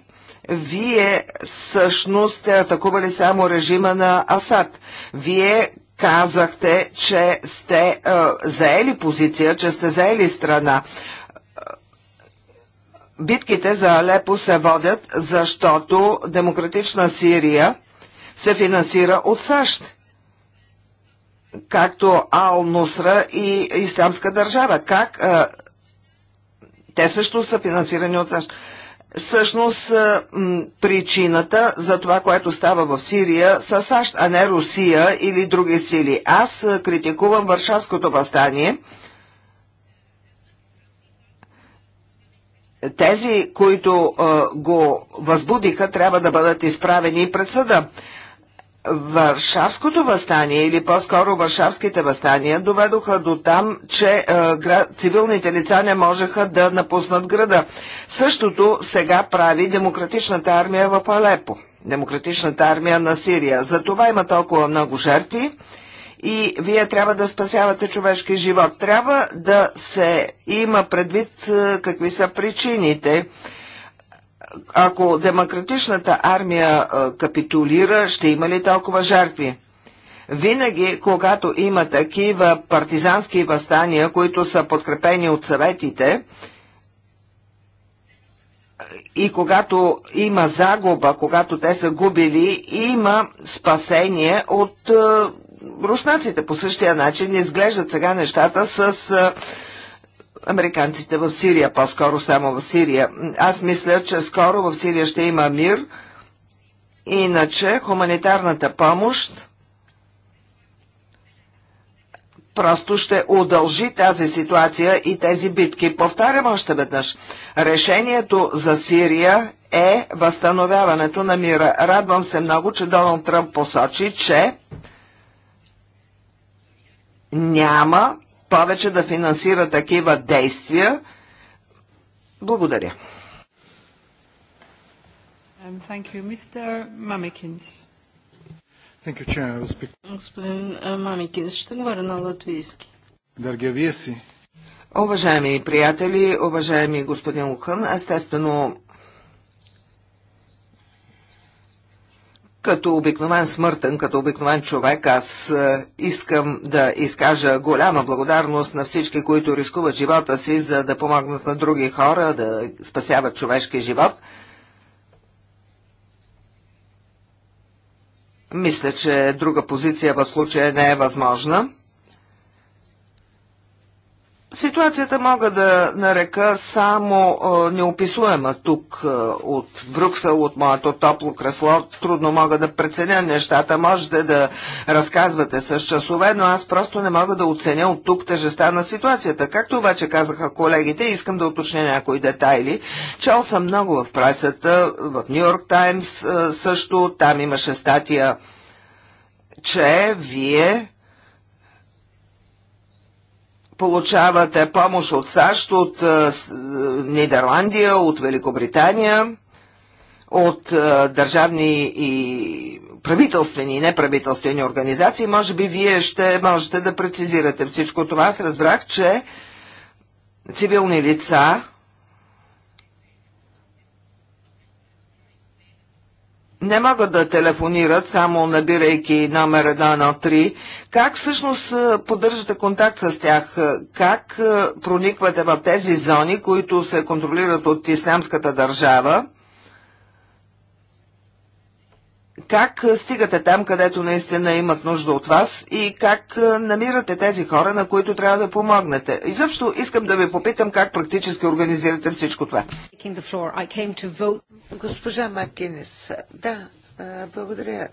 вие всъщност сте атакували само режима на Асад. Вие казахте, че сте е, заели позиция, че сте заели страна. Битките за Алепо се водят, защото демократична Сирия се финансира от САЩ, както Ал-Нусра и Исламска държава. Как? те също са финансирани от САЩ. Всъщност причината за това, което става в Сирия са САЩ, а не Русия или други сили. Аз критикувам Варшавското въстание. Тези, които го възбудиха, трябва да бъдат изправени пред съда. Варшавското възстание или по-скоро Варшавските възстания доведоха до там, че е, цивилните лица не можеха да напуснат града. Същото сега прави демократичната армия в Алепо, демократичната армия на Сирия. За това има толкова много жертви и вие трябва да спасявате човешки живот. Трябва да се има предвид е, какви са причините ако демократичната армия капитулира, ще има ли толкова жертви? Винаги, когато има такива партизански възстания, които са подкрепени от съветите, и когато има загуба, когато те са губили, има спасение от руснаците. По същия начин изглеждат сега нещата с американците в Сирия, по-скоро само в Сирия. Аз мисля, че скоро в Сирия ще има мир, иначе хуманитарната помощ просто ще удължи тази ситуация и тези битки. Повтарям още веднъж. Решението за Сирия е възстановяването на мира. Радвам се много, че Доналд Тръмп посочи, че няма повече да финансира такива действия. Благодаря.
Господин
Мамикинс, ще говоря на латвийски. Дорогие си. Уважаеми приятели, уважаеми господин Лухън, естествено Като обикновен смъртен, като обикновен човек, аз е, искам да изкажа голяма благодарност на всички, които рискуват живота си, за да помогнат на други хора, да спасяват човешки живот. Мисля, че друга позиция в случая не е възможна. Ситуацията мога да нарека само неописуема тук от Брюксел, от моето топло кресло. Трудно мога да преценя нещата. Можете да разказвате с часове, но аз просто не мога да оценя от тук тежеста на ситуацията. Както обаче казаха колегите, искам да уточня някои детайли. Чел съм много в пресата, в Нью Йорк Таймс също. Там имаше статия, че вие получавате помощ от САЩ, от е, е, Нидерландия, от Великобритания, от е, държавни и правителствени и неправителствени организации. Може би вие ще можете да прецизирате всичко това. Аз разбрах, че цивилни лица не могат да телефонират, само набирайки номер 113. Как всъщност поддържате контакт с тях? Как прониквате в тези зони, които се контролират от ислямската държава? как стигате там, където наистина имат нужда от вас и как намирате тези хора, на които трябва да помогнете. И защо искам да ви попитам как практически организирате всичко това.
Госпожа Макинес, да, благодаря,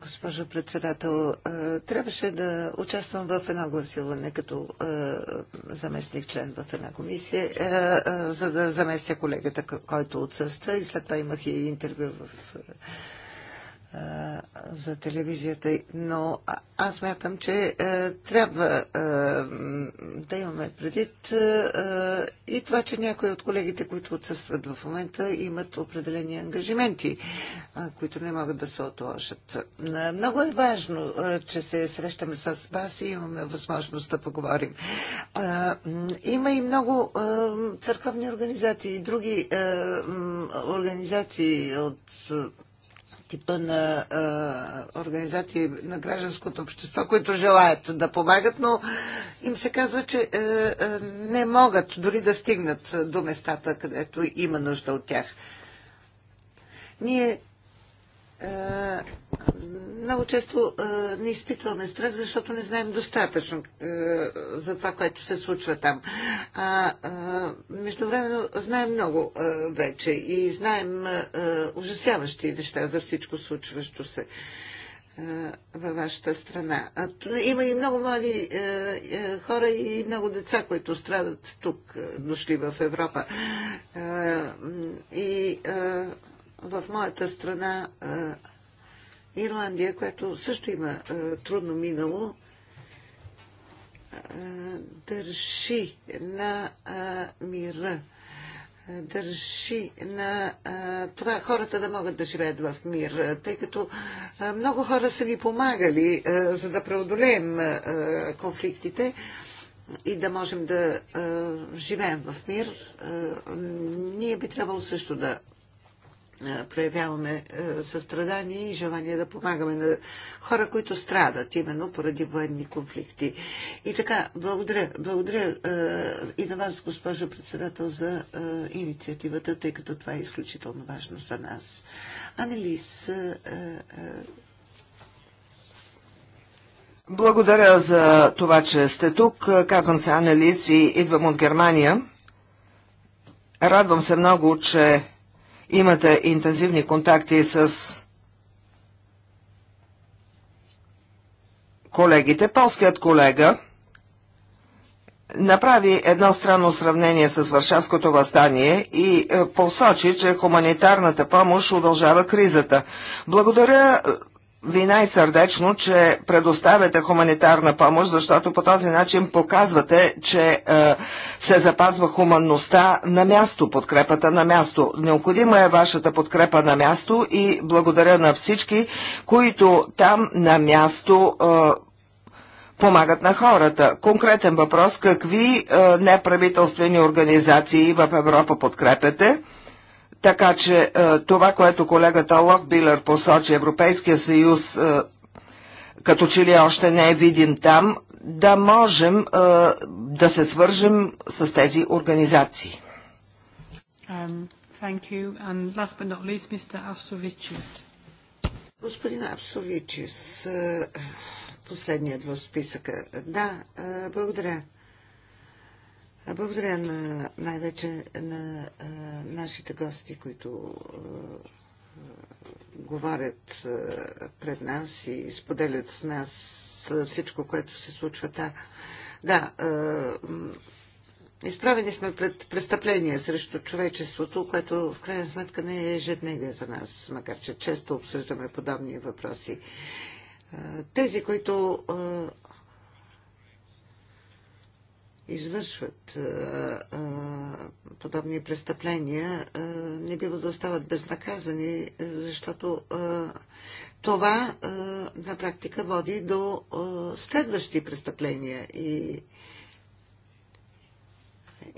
госпожо председател. Трябваше да участвам в едно гласуване като заместник член в една комисия, за да заместя колегата, който отсъства и след това имах и интервю в за телевизията, но аз мятам, че е, трябва е, да имаме предвид е, и това, че някои от колегите, които отсъстват в момента, имат определени ангажименти, които не могат да се отложат. Много е важно, че се срещаме с вас и имаме възможност да поговорим. Има и много църковни организации и други организации от типа на а, организации на гражданското общество, които желаят да помагат, но им се казва, че а, е, а, е, не могат дори да стигнат до местата, където има нужда от тях. Ние е, много често е, не изпитваме страх, защото не знаем достатъчно е, за това, което се случва там. А, междувременно знаем много вече и знаем ужасяващи неща за всичко случващо се във вашата страна. има и много млади хора и много деца, които страдат тук, дошли в Европа. и в моята страна Ирландия, която също има трудно минало, държи на мира, държи на това хората да могат да живеят в мир, тъй като много хора са ни помагали за да преодолеем конфликтите и да можем да живеем в мир. Ние би трябвало също да проявяваме състрадание и желание да помагаме на хора, които страдат именно поради военни конфликти. И така, благодаря, благодаря и на вас, госпожо председател, за инициативата, тъй като това е изключително важно за нас. Анелис,
благодаря за това, че сте тук. Казвам се Анелис и идвам от Германия. Радвам се много, че Имате интензивни контакти с колегите. Полският колега направи едно странно сравнение с Варшавското възстание и е, посочи, че хуманитарната помощ удължава кризата. Благодаря е, ви най-сърдечно, че предоставяте хуманитарна помощ, защото по този начин показвате, че е, се запазва хуманността на място, подкрепата на място. Необходима е вашата подкрепа на място и благодаря на всички, които там на място е, помагат на хората. Конкретен въпрос, какви е, неправителствени организации в Европа подкрепяте? Така че е, това, което колегата Лох Билер посочи, Европейския съюз е, като че ли още не е видим там, да можем е, да се свържем с тези организации.
Um,
Господин Авсовичис, последният в списъка. Да, благодаря. Благодаря на, най-вече на а, нашите гости, които а, говорят а, пред нас и споделят с нас всичко, което се случва там. Да, а, изправени сме пред престъпление срещу човечеството, което в крайна сметка не е ежедневие за нас, макар че често обсъждаме подобни въпроси. А, тези, които а, извършват подобни престъпления, не бива да остават безнаказани, защото това на практика води до следващи престъпления и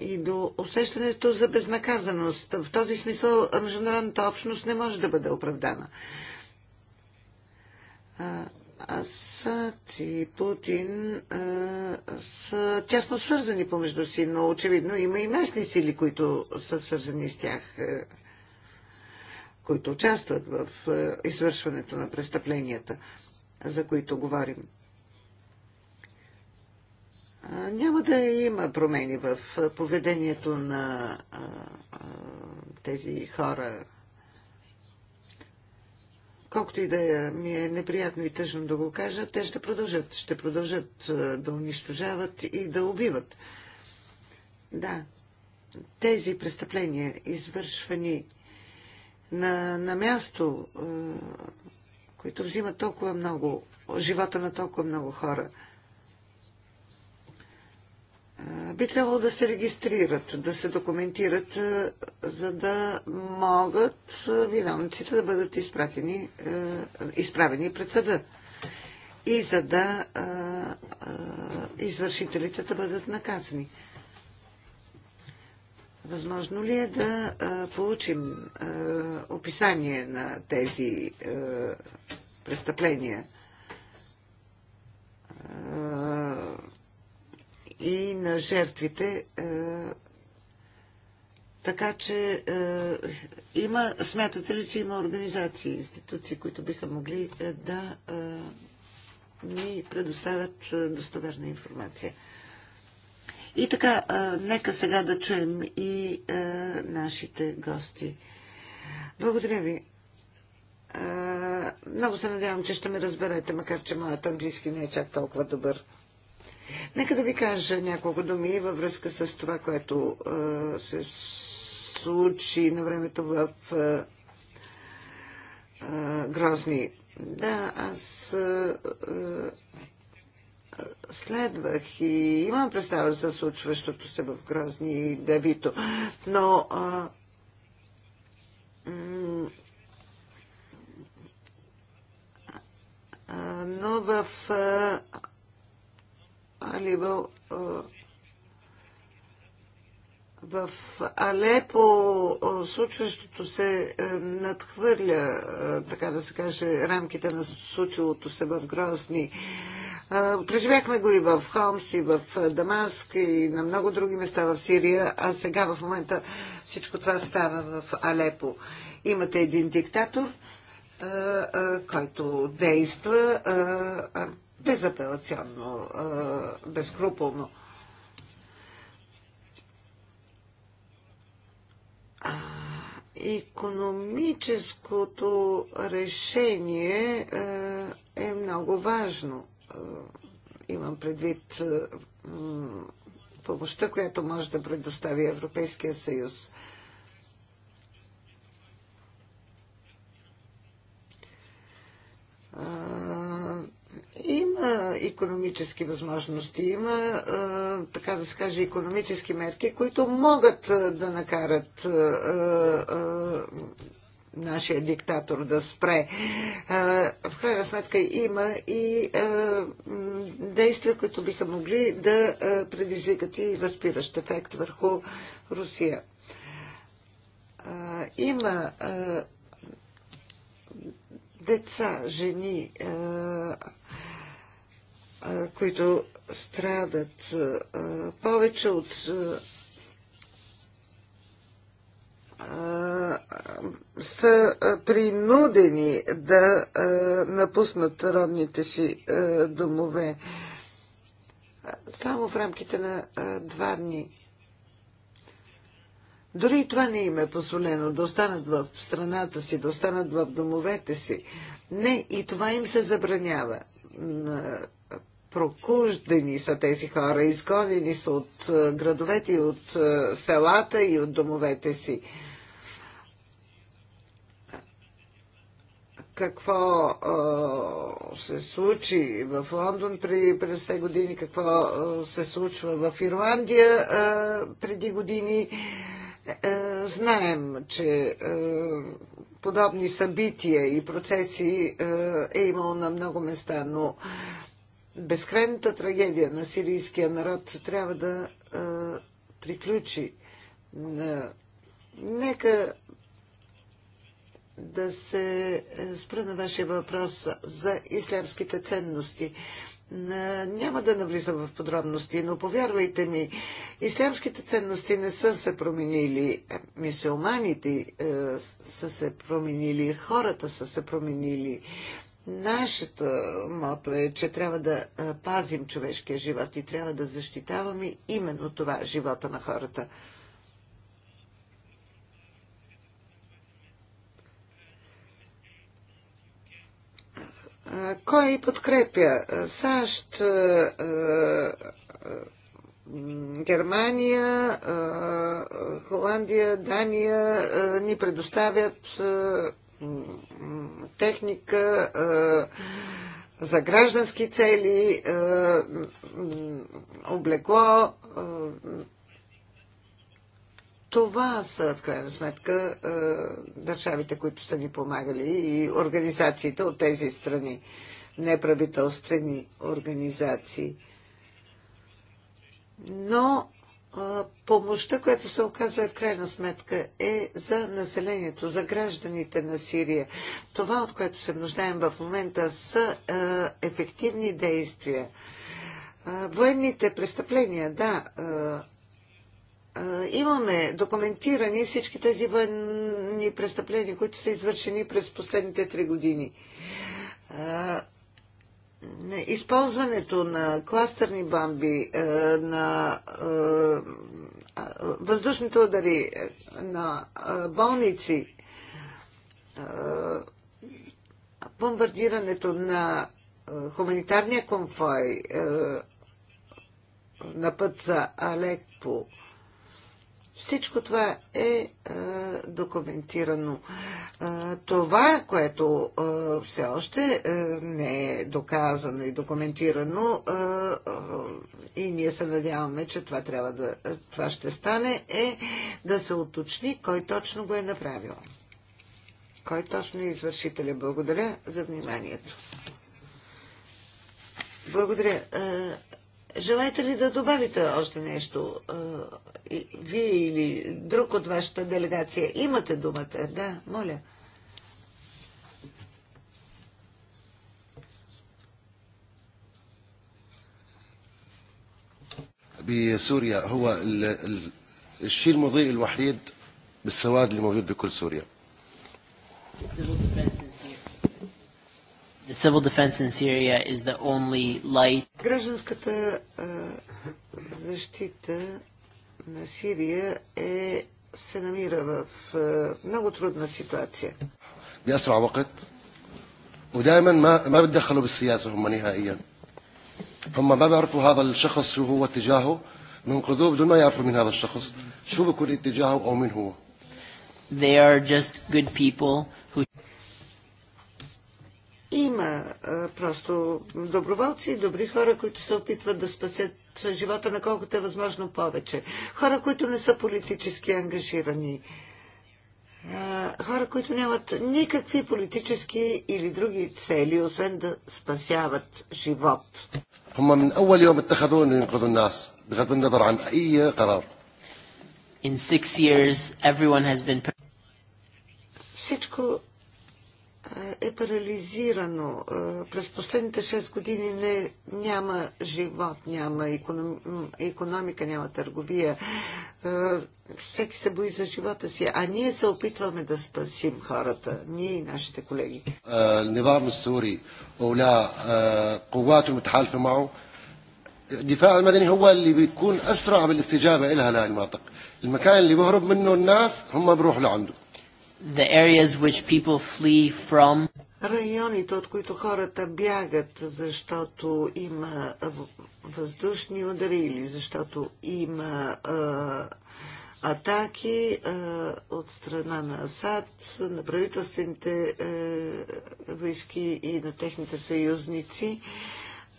и до усещането за безнаказаност. В този смисъл международната общност не може да бъде оправдана. Асад и Путин а, са тясно свързани помежду си, но очевидно има и местни сили, които са свързани с тях, е, които участват в е, извършването на престъпленията, за които говорим. Няма да има промени в поведението на тези хора, колкото и да е, ми е неприятно и тъжно да го кажа, те ще продължат. Ще продължат да унищожават и да убиват. Да, тези престъпления, извършвани на, на място, които взимат толкова много, живота на толкова много хора – би трябвало да се регистрират, да се документират, е, за да могат е, виновниците да бъдат изпратени, е, изправени пред съда и за да извършителите да бъдат наказани. Възможно ли е да получим описание на тези престъпления? и на жертвите. Е, така че е, има, смятате ли, че има организации, институции, които биха могли е, да ни предоставят достоверна информация? И така, нека сега да чуем и нашите гости. Благодаря ви. Много се надявам, че ще ме разберете, макар че моят английски не е чак толкова добър. Нека да ви кажа няколко думи във връзка с това, което а, се случи на времето в а, а, Грозни. Да, аз а, следвах и имам представа за случващото се в Грозни и Давито, но но в Алибъл в Алепо случващото се надхвърля, така да се каже, рамките на случилото се в Грозни. Преживяхме го и в Холмс, и в Дамаск, и на много други места в Сирия, а сега в момента всичко това става в Алепо. Имате един диктатор, който действа безапелационно, безкруполно. Економическото решение е много важно. Имам предвид помощта, която може да предостави Европейския съюз. А, има економически възможности, има, така да се каже, економически мерки, които могат да накарат нашия диктатор да спре. В крайна сметка има и действия, които биха могли да предизвикат и възпиращ ефект върху Русия. Има деца, жени, които страдат повече от са принудени да напуснат родните си домове само в рамките на два дни. Дори и това не им е позволено да останат в страната си, да останат в домовете си. Не, и това им се забранява прокуждени са тези хора, изгонени са от градовете и от селата и от домовете си. Какво а, се случи в Лондон преди 50 години, какво а, се случва в Ирландия а, преди години. А, знаем, че а, подобни събития и процеси е имало на много места, но безкрайната трагедия на сирийския народ трябва да а, приключи. А, нека да се е, спра на вашия въпрос за ислямските ценности. Няма да навлизам в подробности, но повярвайте ми, ислямските ценности не са се променили. Е, Мисулманите е, са се променили, хората са се променили. Нашето мото е, че трябва да пазим човешкия живот и трябва да защитаваме именно това живота на хората. Кой подкрепя? САЩ, Германия, Холандия, Дания ни предоставят техника за граждански цели, облекло. Това са, в крайна сметка, държавите, които са ни помагали и организациите от тези страни, неправителствени организации. Но помощта, която се оказва в крайна сметка е за населението, за гражданите на Сирия. Това, от което се нуждаем в момента, са ефективни действия. Военните престъпления, да, имаме документирани всички тези военни престъпления, които са извършени през последните три години използването на кластърни бомби, е, на е, въздушните удари, е, на болници, бомбардирането на хуманитарния конвой на път за Алекпо – всичко това е а, е, документирано. А, е, това, което а, е, все още а, не е доказано и документирано, а, а, и ние се надяваме, че това, трябва да, това ще стане, е да се уточни кой точно го е направил. Кой точно е извършителя. Благодаря за вниманието. Благодаря. Желаете ли да добавите още нещо? Вие или друг от вашата делегация? Имате думата. Да, моля.
بسوريا هو الشيء المضيء الوحيد بالسواد اللي موجود بكل سوريا.
The civil defense in Syria is the only
light. Гражданската а, защита на Сирия е, се намира в а, много трудна ситуация.
بأسرع وقت ودائما ما ما بتدخلوا بالسياسه هم نهائيا هم ما بيعرفوا هذا الشخص شو هو اتجاهه بينقذوه بدون ما يعرفوا مين هذا الشخص شو بيكون اتجاهه او مين هو
They are just good people
има просто доброволци и добри хора, които се опитват да спасят живота на колкото е възможно повече. Хора, които не са политически ангажирани. Хора, които нямат никакви политически или други цели, освен да спасяват живот. Всичко е парализирано. Е, през последните 6 години не, няма живот, няма економ, економика, няма търговия. Е, всеки се бои за живота си, а ние се опитваме да спасим хората, ние и нашите колеги.
Нивам Сури, أولى قواته المتحالفة معه الدفاع المدني هو اللي بيكون أسرع بالاستجابة لها لهذه المناطق
المكان اللي بهرب منه الناس هم بروح لعنده the areas which people flee from.
Районите, от които хората бягат, защото има въздушни удари или защото има а, атаки а, от страна на Асад, на правителствените а, войски и на техните съюзници.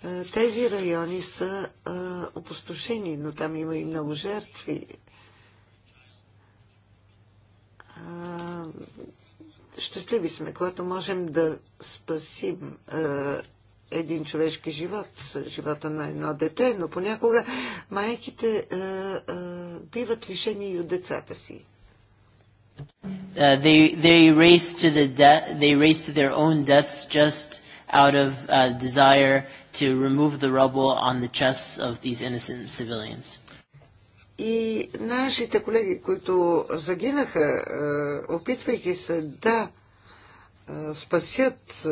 А, тези райони са а, опустошени, но там има и много жертви щастливи сме, когато можем да спасим един човешки живот, живота на едно дете, но понякога майките а, а, биват лишени и от децата си.
Uh, they they race to the de- they race to their own deaths just out of uh, desire to remove the rubble on the chests of these innocent civilians.
И нашите колеги, които загинаха, е, опитвайки се да е, спасят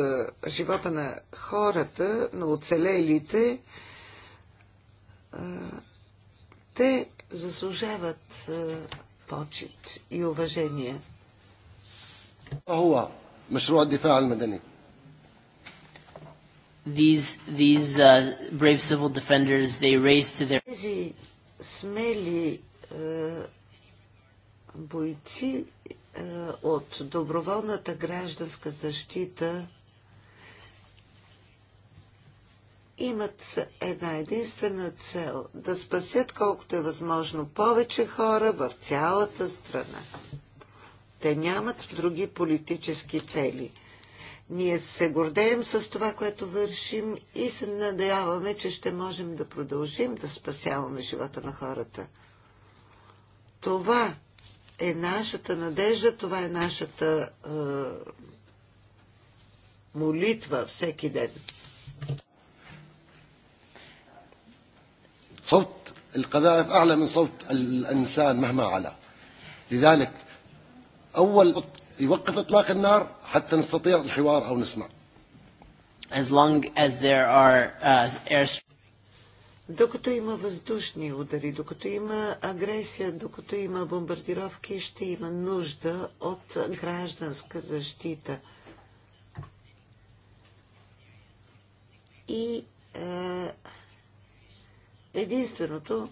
е, живота на хората, на оцелелите, те заслужават почет и уважение.
These these uh, brave civil defenders they to their
смели е, бойци е, от доброволната гражданска защита имат една единствена цел да спасят колкото е възможно повече хора в цялата страна. Те нямат други политически цели – ние се гордеем с това, което вършим и се надяваме, че ще можем да продължим да спасяваме живота на хората. Това е нашата надежда, това е нашата е, молитва всеки ден.
صوت القذائف من صوت مهما علا لذلك يوقف اطلاق النار
حتى نستطيع الحوار او نسمع as long as there are uh,
air докато има въздушни удари, докато има агресия, докато има бомбардировки, ще има нужда от гражданска защита. И е, единственото,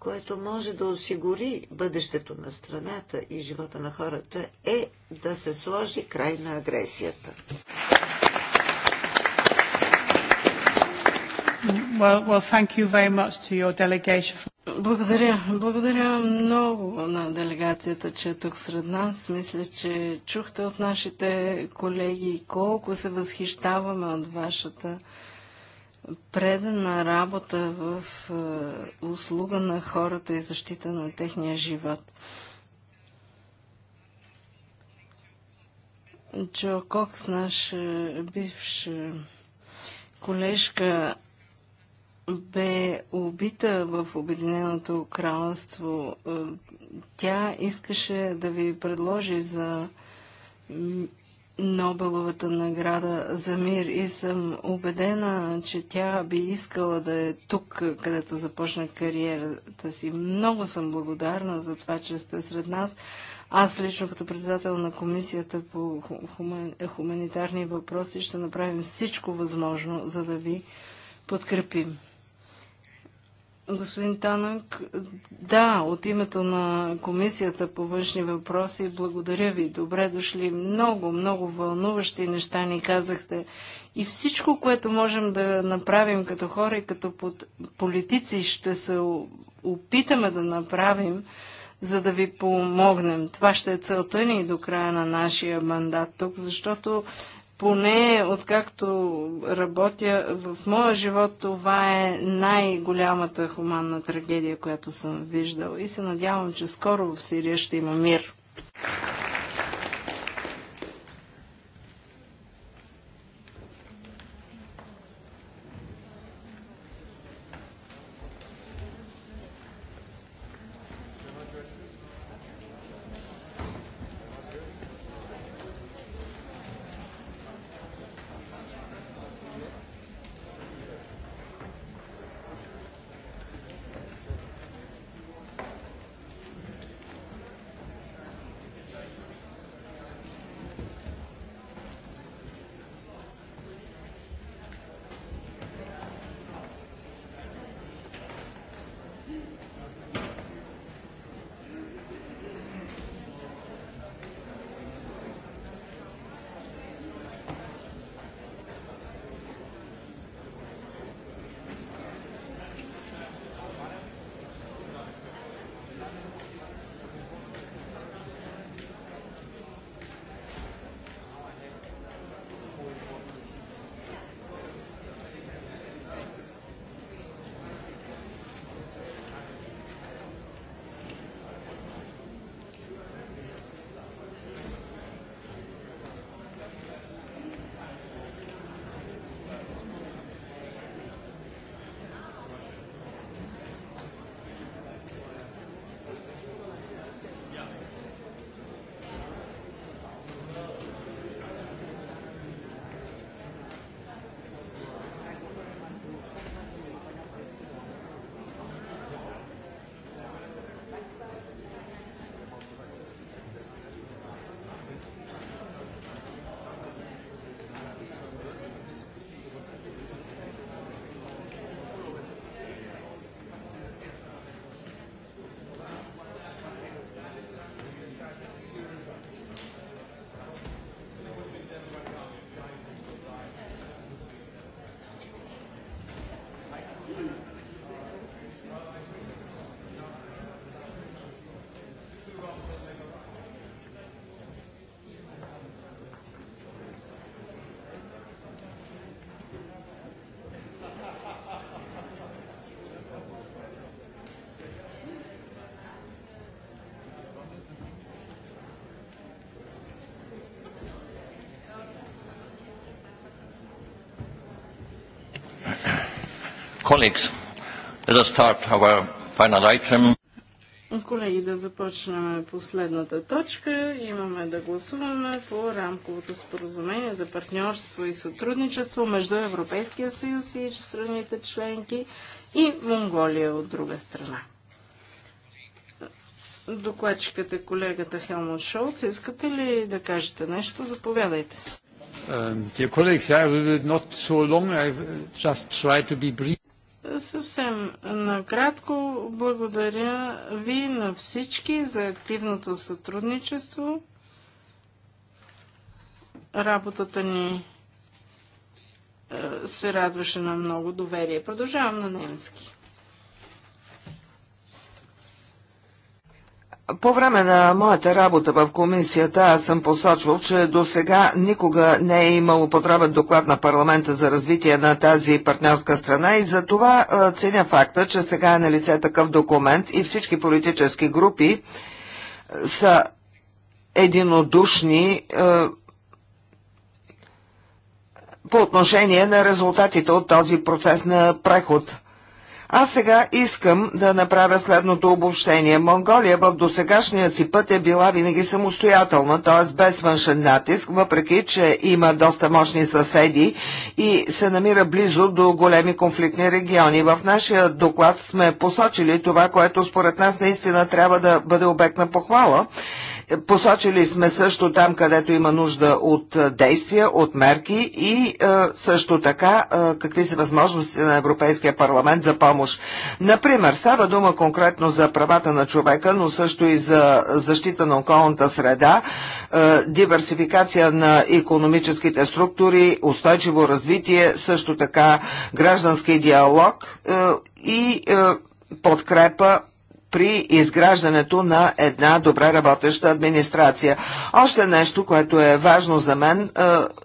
което може да осигури бъдещето на страната и живота на хората, е да се сложи край на агресията.
Well, well, thank you very much to your delegation. Благодаря. Благодаря
много на делегацията, че е тук сред нас. Мисля, че чухте от нашите колеги колко се възхищаваме от вашата предана работа в е, услуга на хората и защита на техния живот. Джо Кокс, наш е, бивш е, колежка, бе убита в Обединеното кралство. Тя искаше да ви предложи за Нобеловата награда за мир и съм убедена, че тя би искала да е тук, където започна кариерата си. Много съм благодарна за това, че сте сред нас. Аз лично като председател на комисията по хуманитарни въпроси ще направим всичко възможно, за да ви подкрепим. Господин Танък, да, от името на Комисията по външни въпроси, благодаря ви. Добре дошли. Много, много вълнуващи неща ни казахте. И всичко, което можем да направим като хора и като политици, ще се опитаме да направим, за да ви помогнем. Това ще е целта ни до края на нашия мандат тук, защото поне откакто работя в моя живот, това е най-голямата хуманна трагедия, която съм виждал. И се надявам, че скоро в Сирия ще има мир.
Colleagues, let us start our final item.
Колеги, да започнем последната точка. Имаме да гласуваме по рамковото споразумение за партньорство и сътрудничество между Европейския съюз и страните членки и Монголия от друга страна. Докладчикът е колегата Хелмут Шолц. Искате ли да кажете нещо? Заповядайте.
Um, dear colleagues, I will not so long. I just try to be brief.
Съвсем накратко благодаря ви на всички за активното сътрудничество. Работата ни е, се радваше на много доверие. Продължавам на немски.
По време на моята работа в комисията аз съм посочвал, че до сега никога не е имало подробен доклад на парламента за развитие на тази партньорска страна и за това ценя факта, че сега е на лице такъв документ и всички политически групи са единодушни по отношение на резултатите от този процес на преход – аз сега искам да направя следното обобщение. Монголия в досегашния си път е била винаги самостоятелна, т.е. без външен натиск, въпреки че има доста мощни съседи и се намира близо до големи конфликтни региони. В нашия доклад сме посочили това, което според нас наистина трябва да бъде обект на похвала Посочили сме също там, където има нужда от действия, от мерки и също така какви са възможности на Европейския парламент за помощ. Например, става дума конкретно за правата на човека, но също и за защита на околната среда, диверсификация на економическите структури, устойчиво развитие, също така граждански диалог и подкрепа при изграждането на една добре работеща администрация. Още нещо, което е важно за мен е,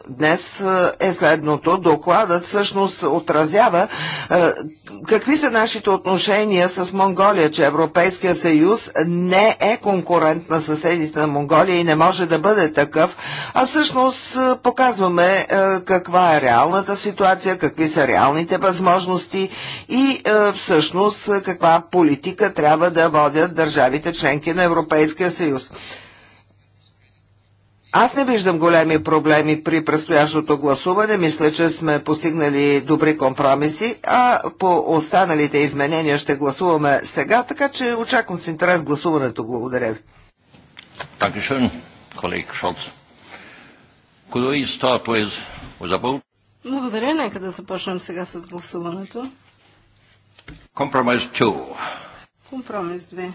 днес е следното. Докладът всъщност отразява е, какви са нашите отношения с Монголия, че Европейския съюз не е конкурент на съседите на Монголия и не може да бъде такъв, а всъщност е, показваме каква е реалната ситуация, какви са реалните възможности и всъщност каква политика трябва да водят държавите членки на Европейския съюз. Аз не виждам големи проблеми при предстоящото гласуване. Мисля, че сме постигнали добри компромиси, а по останалите изменения ще гласуваме сега, така че очаквам с интерес
гласуването. Благодаря ви. колег Шолц.
Благодаря. Нека да започнем сега с гласуването.
Компромис 2.
Компромис 2.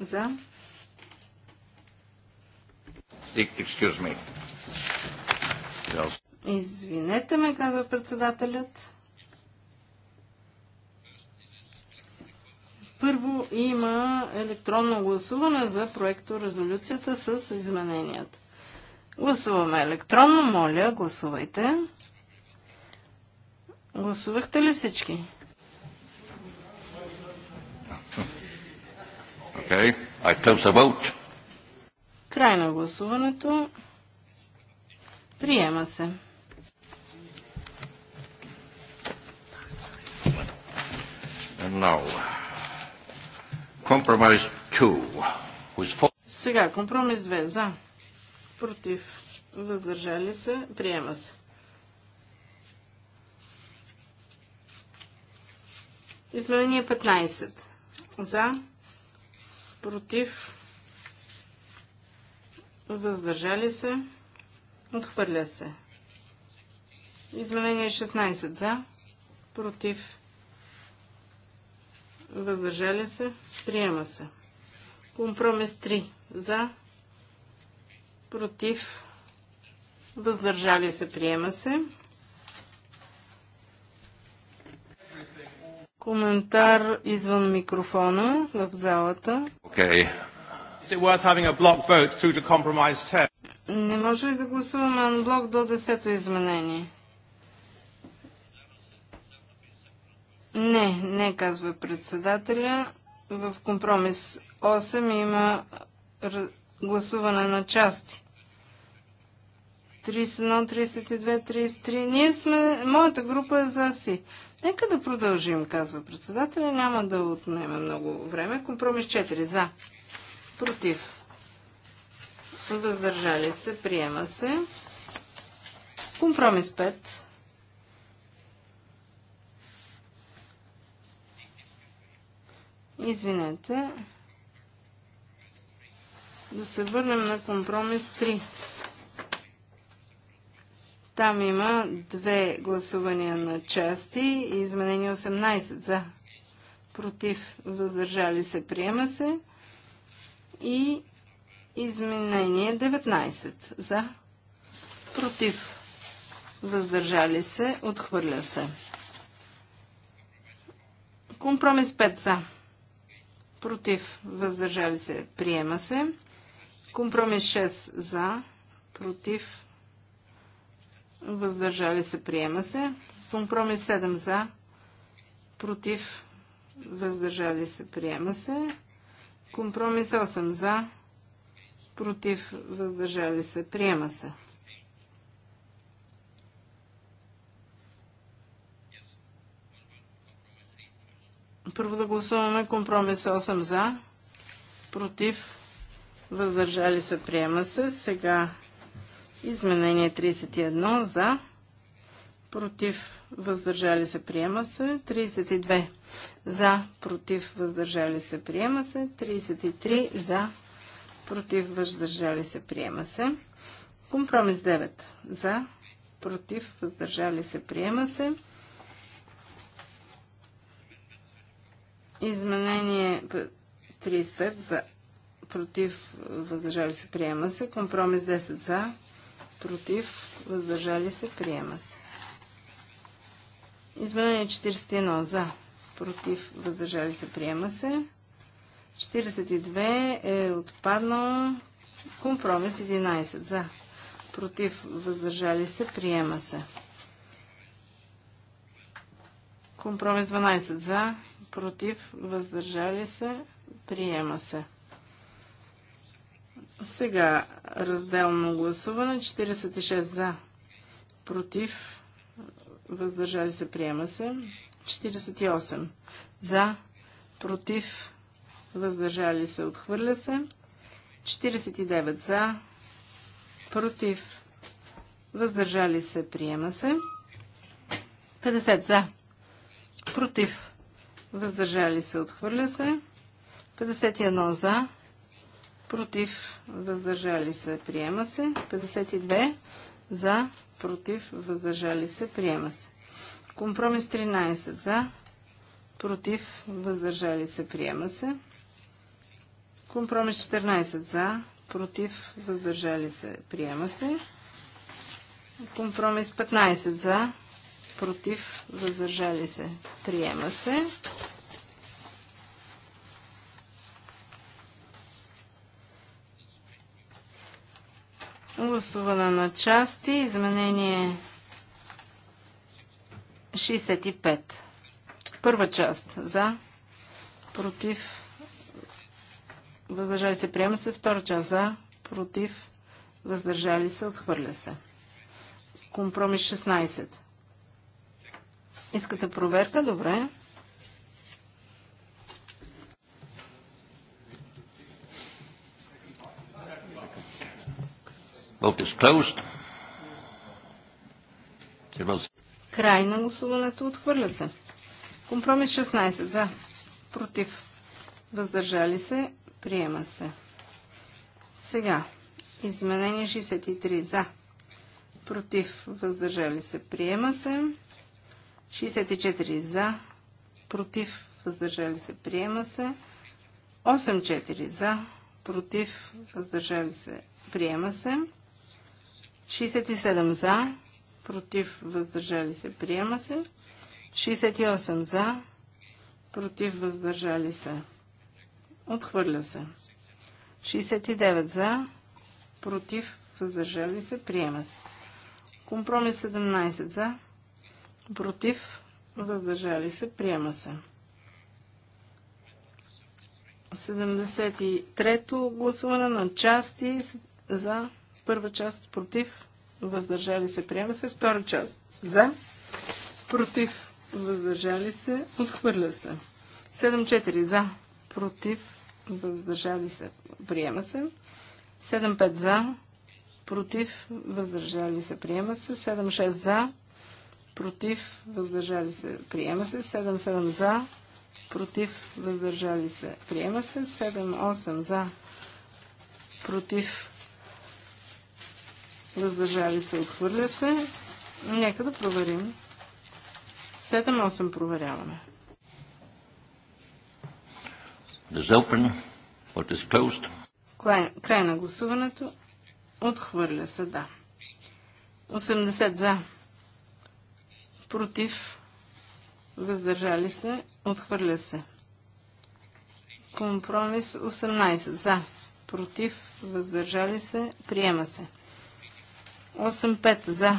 За.
Excuse me.
Извинете ме, казва председателят. Първо има електронно гласуване за проекто резолюцията с измененията. Гласуваме електронно, моля, гласувайте. Гласувахте ли всички?
Okay. I close the vote.
Край на гласуването. Приема се.
And now, compromise For...
Сега, компромис 2. За. Против. Въздържали се. Приема се. Изменение 15. За против, въздържали се, отхвърля се. Изменение 16 за, против, въздържали се, приема се. Компромис 3 за, против, въздържали се, приема се. Коментар извън микрофона в залата. Okay. Не може ли да гласуваме анблок до 10-то изменение? Не, не, казва председателя. В компромис 8 има гласуване на части. 31, 32, 33. Ние сме... Моята група е за си. Нека да продължим, казва председателя. Няма да отнеме много време. Компромис 4. За. Против. Въздържали се. Приема се. Компромис 5. Извинете. Да се върнем на компромис 3. Там има две гласувания на части. Изменение 18 за. Против. Въздържали се. Приема се. И изменение 19 за. Против. Въздържали се. Отхвърля се. Компромис 5 за. Против. Въздържали се. Приема се. Компромис 6 за. Против въздържали се, приема се. Компромис 7 за, против, въздържали се, приема се. Компромис 8 за, против, въздържали се, приема се. Първо да гласуваме компромис 8 за, против, въздържали се, приема се. Сега Изменение 31 за, против, въздържали се, приема се. 32 за, против, въздържали се, приема се. 33 за, против, въздържали се, приема се. Компромис 9 за, против, въздържали се, приема се. Изменение 35 за, против, въздържали се, приема се. Компромис 10 за, против, въздържали се, приема се. Изменение 41 за, против, въздържали се, приема се. 42 е отпаднал. Компромис 11 за, против, въздържали се, приема се. Компромис 12 за, против, въздържали се, приема се. Сега разделно гласуване. 46 за. Против. Въздържали се. Приема се. 48 за. Против. Въздържали се. Отхвърля се. 49 за. Против. Въздържали се. Приема се. 50 за. Против. Въздържали се. Отхвърля се. 51 за против, въздържали се, приема се. 52 за, против, въздържали се, приема се. Компромис 13 за, против, въздържали се, приема се. Компромис 14 за, против, въздържали се, приема се. Компромис 15 за, против, въздържали се, приема се. Гласувана на части. Изменение 65. Първа част. За. Против. Въздържали се. Приема се. Втора част. За. Против. Въздържали се. Отхвърля се. Компромис 16. Искате проверка? Добре. Добре. Край на гласуването. Отхвърля се. Компромис 16. За. Против. Въздържали се. Приема се. Сега. Изменение 63. За. Против. Въздържали се. Приема се. 64. За. Против. Въздържали се. Приема се. 8-4. За. Против. Въздържали се. Приема се. 67 за, против, въздържали се, приема се. 68 за, против, въздържали се, отхвърля се. 69 за, против, въздържали се, приема се. Компромис 17 за, против, въздържали се, приема се. 73-то гласуване на части за Първа част против, въздържали се, приема се. Втора част за, против, въздържали се, отхвърля се. 7-4 за, против, въздържали се, приема се. 7-5 за, против, въздържали се, приема се. 7-6 за, против, въздържали се, приема се. 7-7 за, против, въздържали се, приема се. 7-8 за, против, Въздържали се, отхвърля се. Нека да проверим. 7-8 проверяваме. Open, край, край на гласуването. Отхвърля се, да. 80 за. Против. Въздържали се. Отхвърля се. Компромис 18 за. Против. Въздържали се. Приема се. 8-5 за.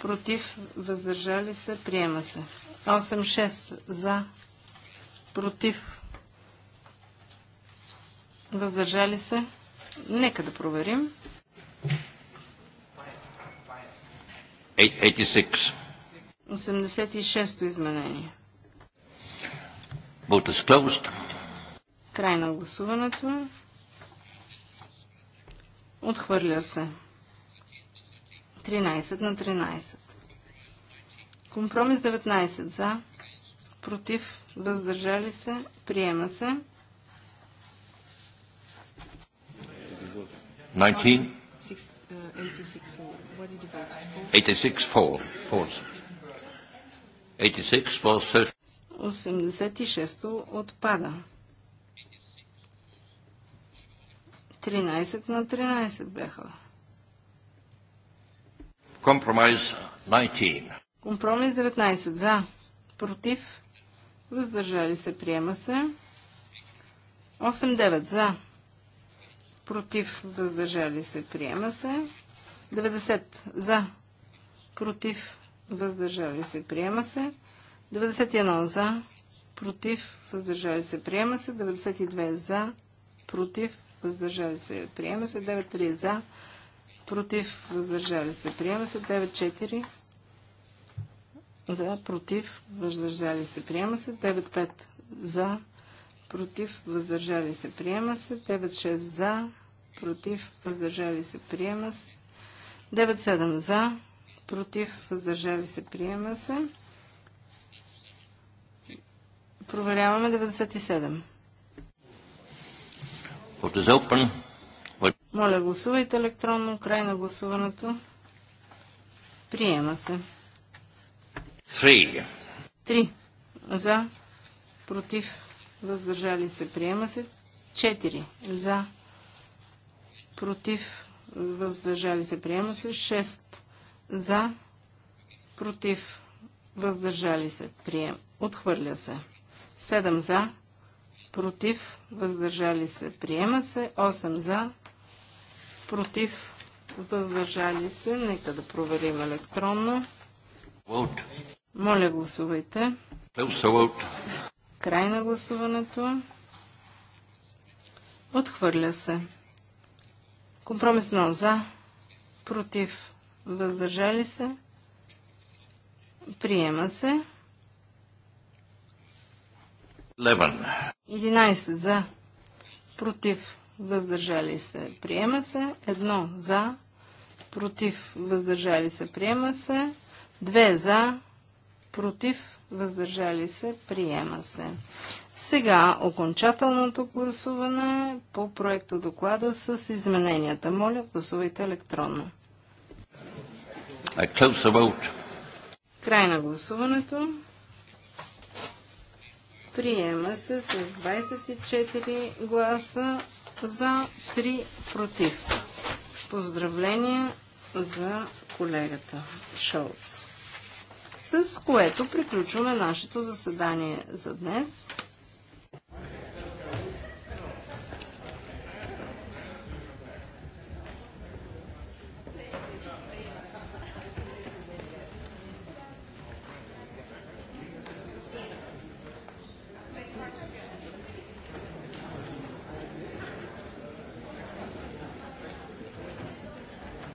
Против. Въздържали се. Приема се. 8-6 за. Против. Въздържали се. Нека да проверим.
86.
86-то изменение.
Vote
Край на гласуването. Отхвърля се. 13 на 13. Компромис 19 за, против, въздържали се, приема се.
86-то
uh, отпада. 13 на 13 бяха.
Компромис 19.
Компромис 19. За. Против. Въздържали се. Приема се. 8-9. За. Против. Въздържали се. Приема се. 90. За. Против. Въздържали се. Приема се. 91. За. Против. Въздържали се. Приема се. 92. За. Против. Въздържали се. Приема се. 93. За против, въздържали се, приема се 9-4, за, против, въздържали се, приема се 9-5, за, против, въздържали се, приема се 9-6, за, против, въздържали се, приема се 9-7, за, против, въздържали се, приема се. Проверяваме 97.
Vote is open.
Моля, гласувайте електронно. Край на гласуването. Приема се. 3. 3. За. Против. Въздържали се. Приема се. 4. За. Против. Въздържали се. Приема се. 6. За. Против. Въздържали се. Прием. Отхвърля се. 7 за. Против. Въздържали се. Приема се. 8 за против, въздържали се. Нека да проверим електронно. Моля, гласувайте. Край на гласуването. Отхвърля се. Компромисно за, против, въздържали се. Приема се.
11.
11 за, против, въздържали се, приема се. едно за, против, въздържали се, приема се. 2 за, против, въздържали се, приема се. Сега окончателното гласуване по проекта доклада с измененията. Моля, гласувайте електронно. Край на гласуването. Приема се с 24 гласа за, 3 против. Поздравления за колегата Шолц. С което приключваме нашето заседание за днес.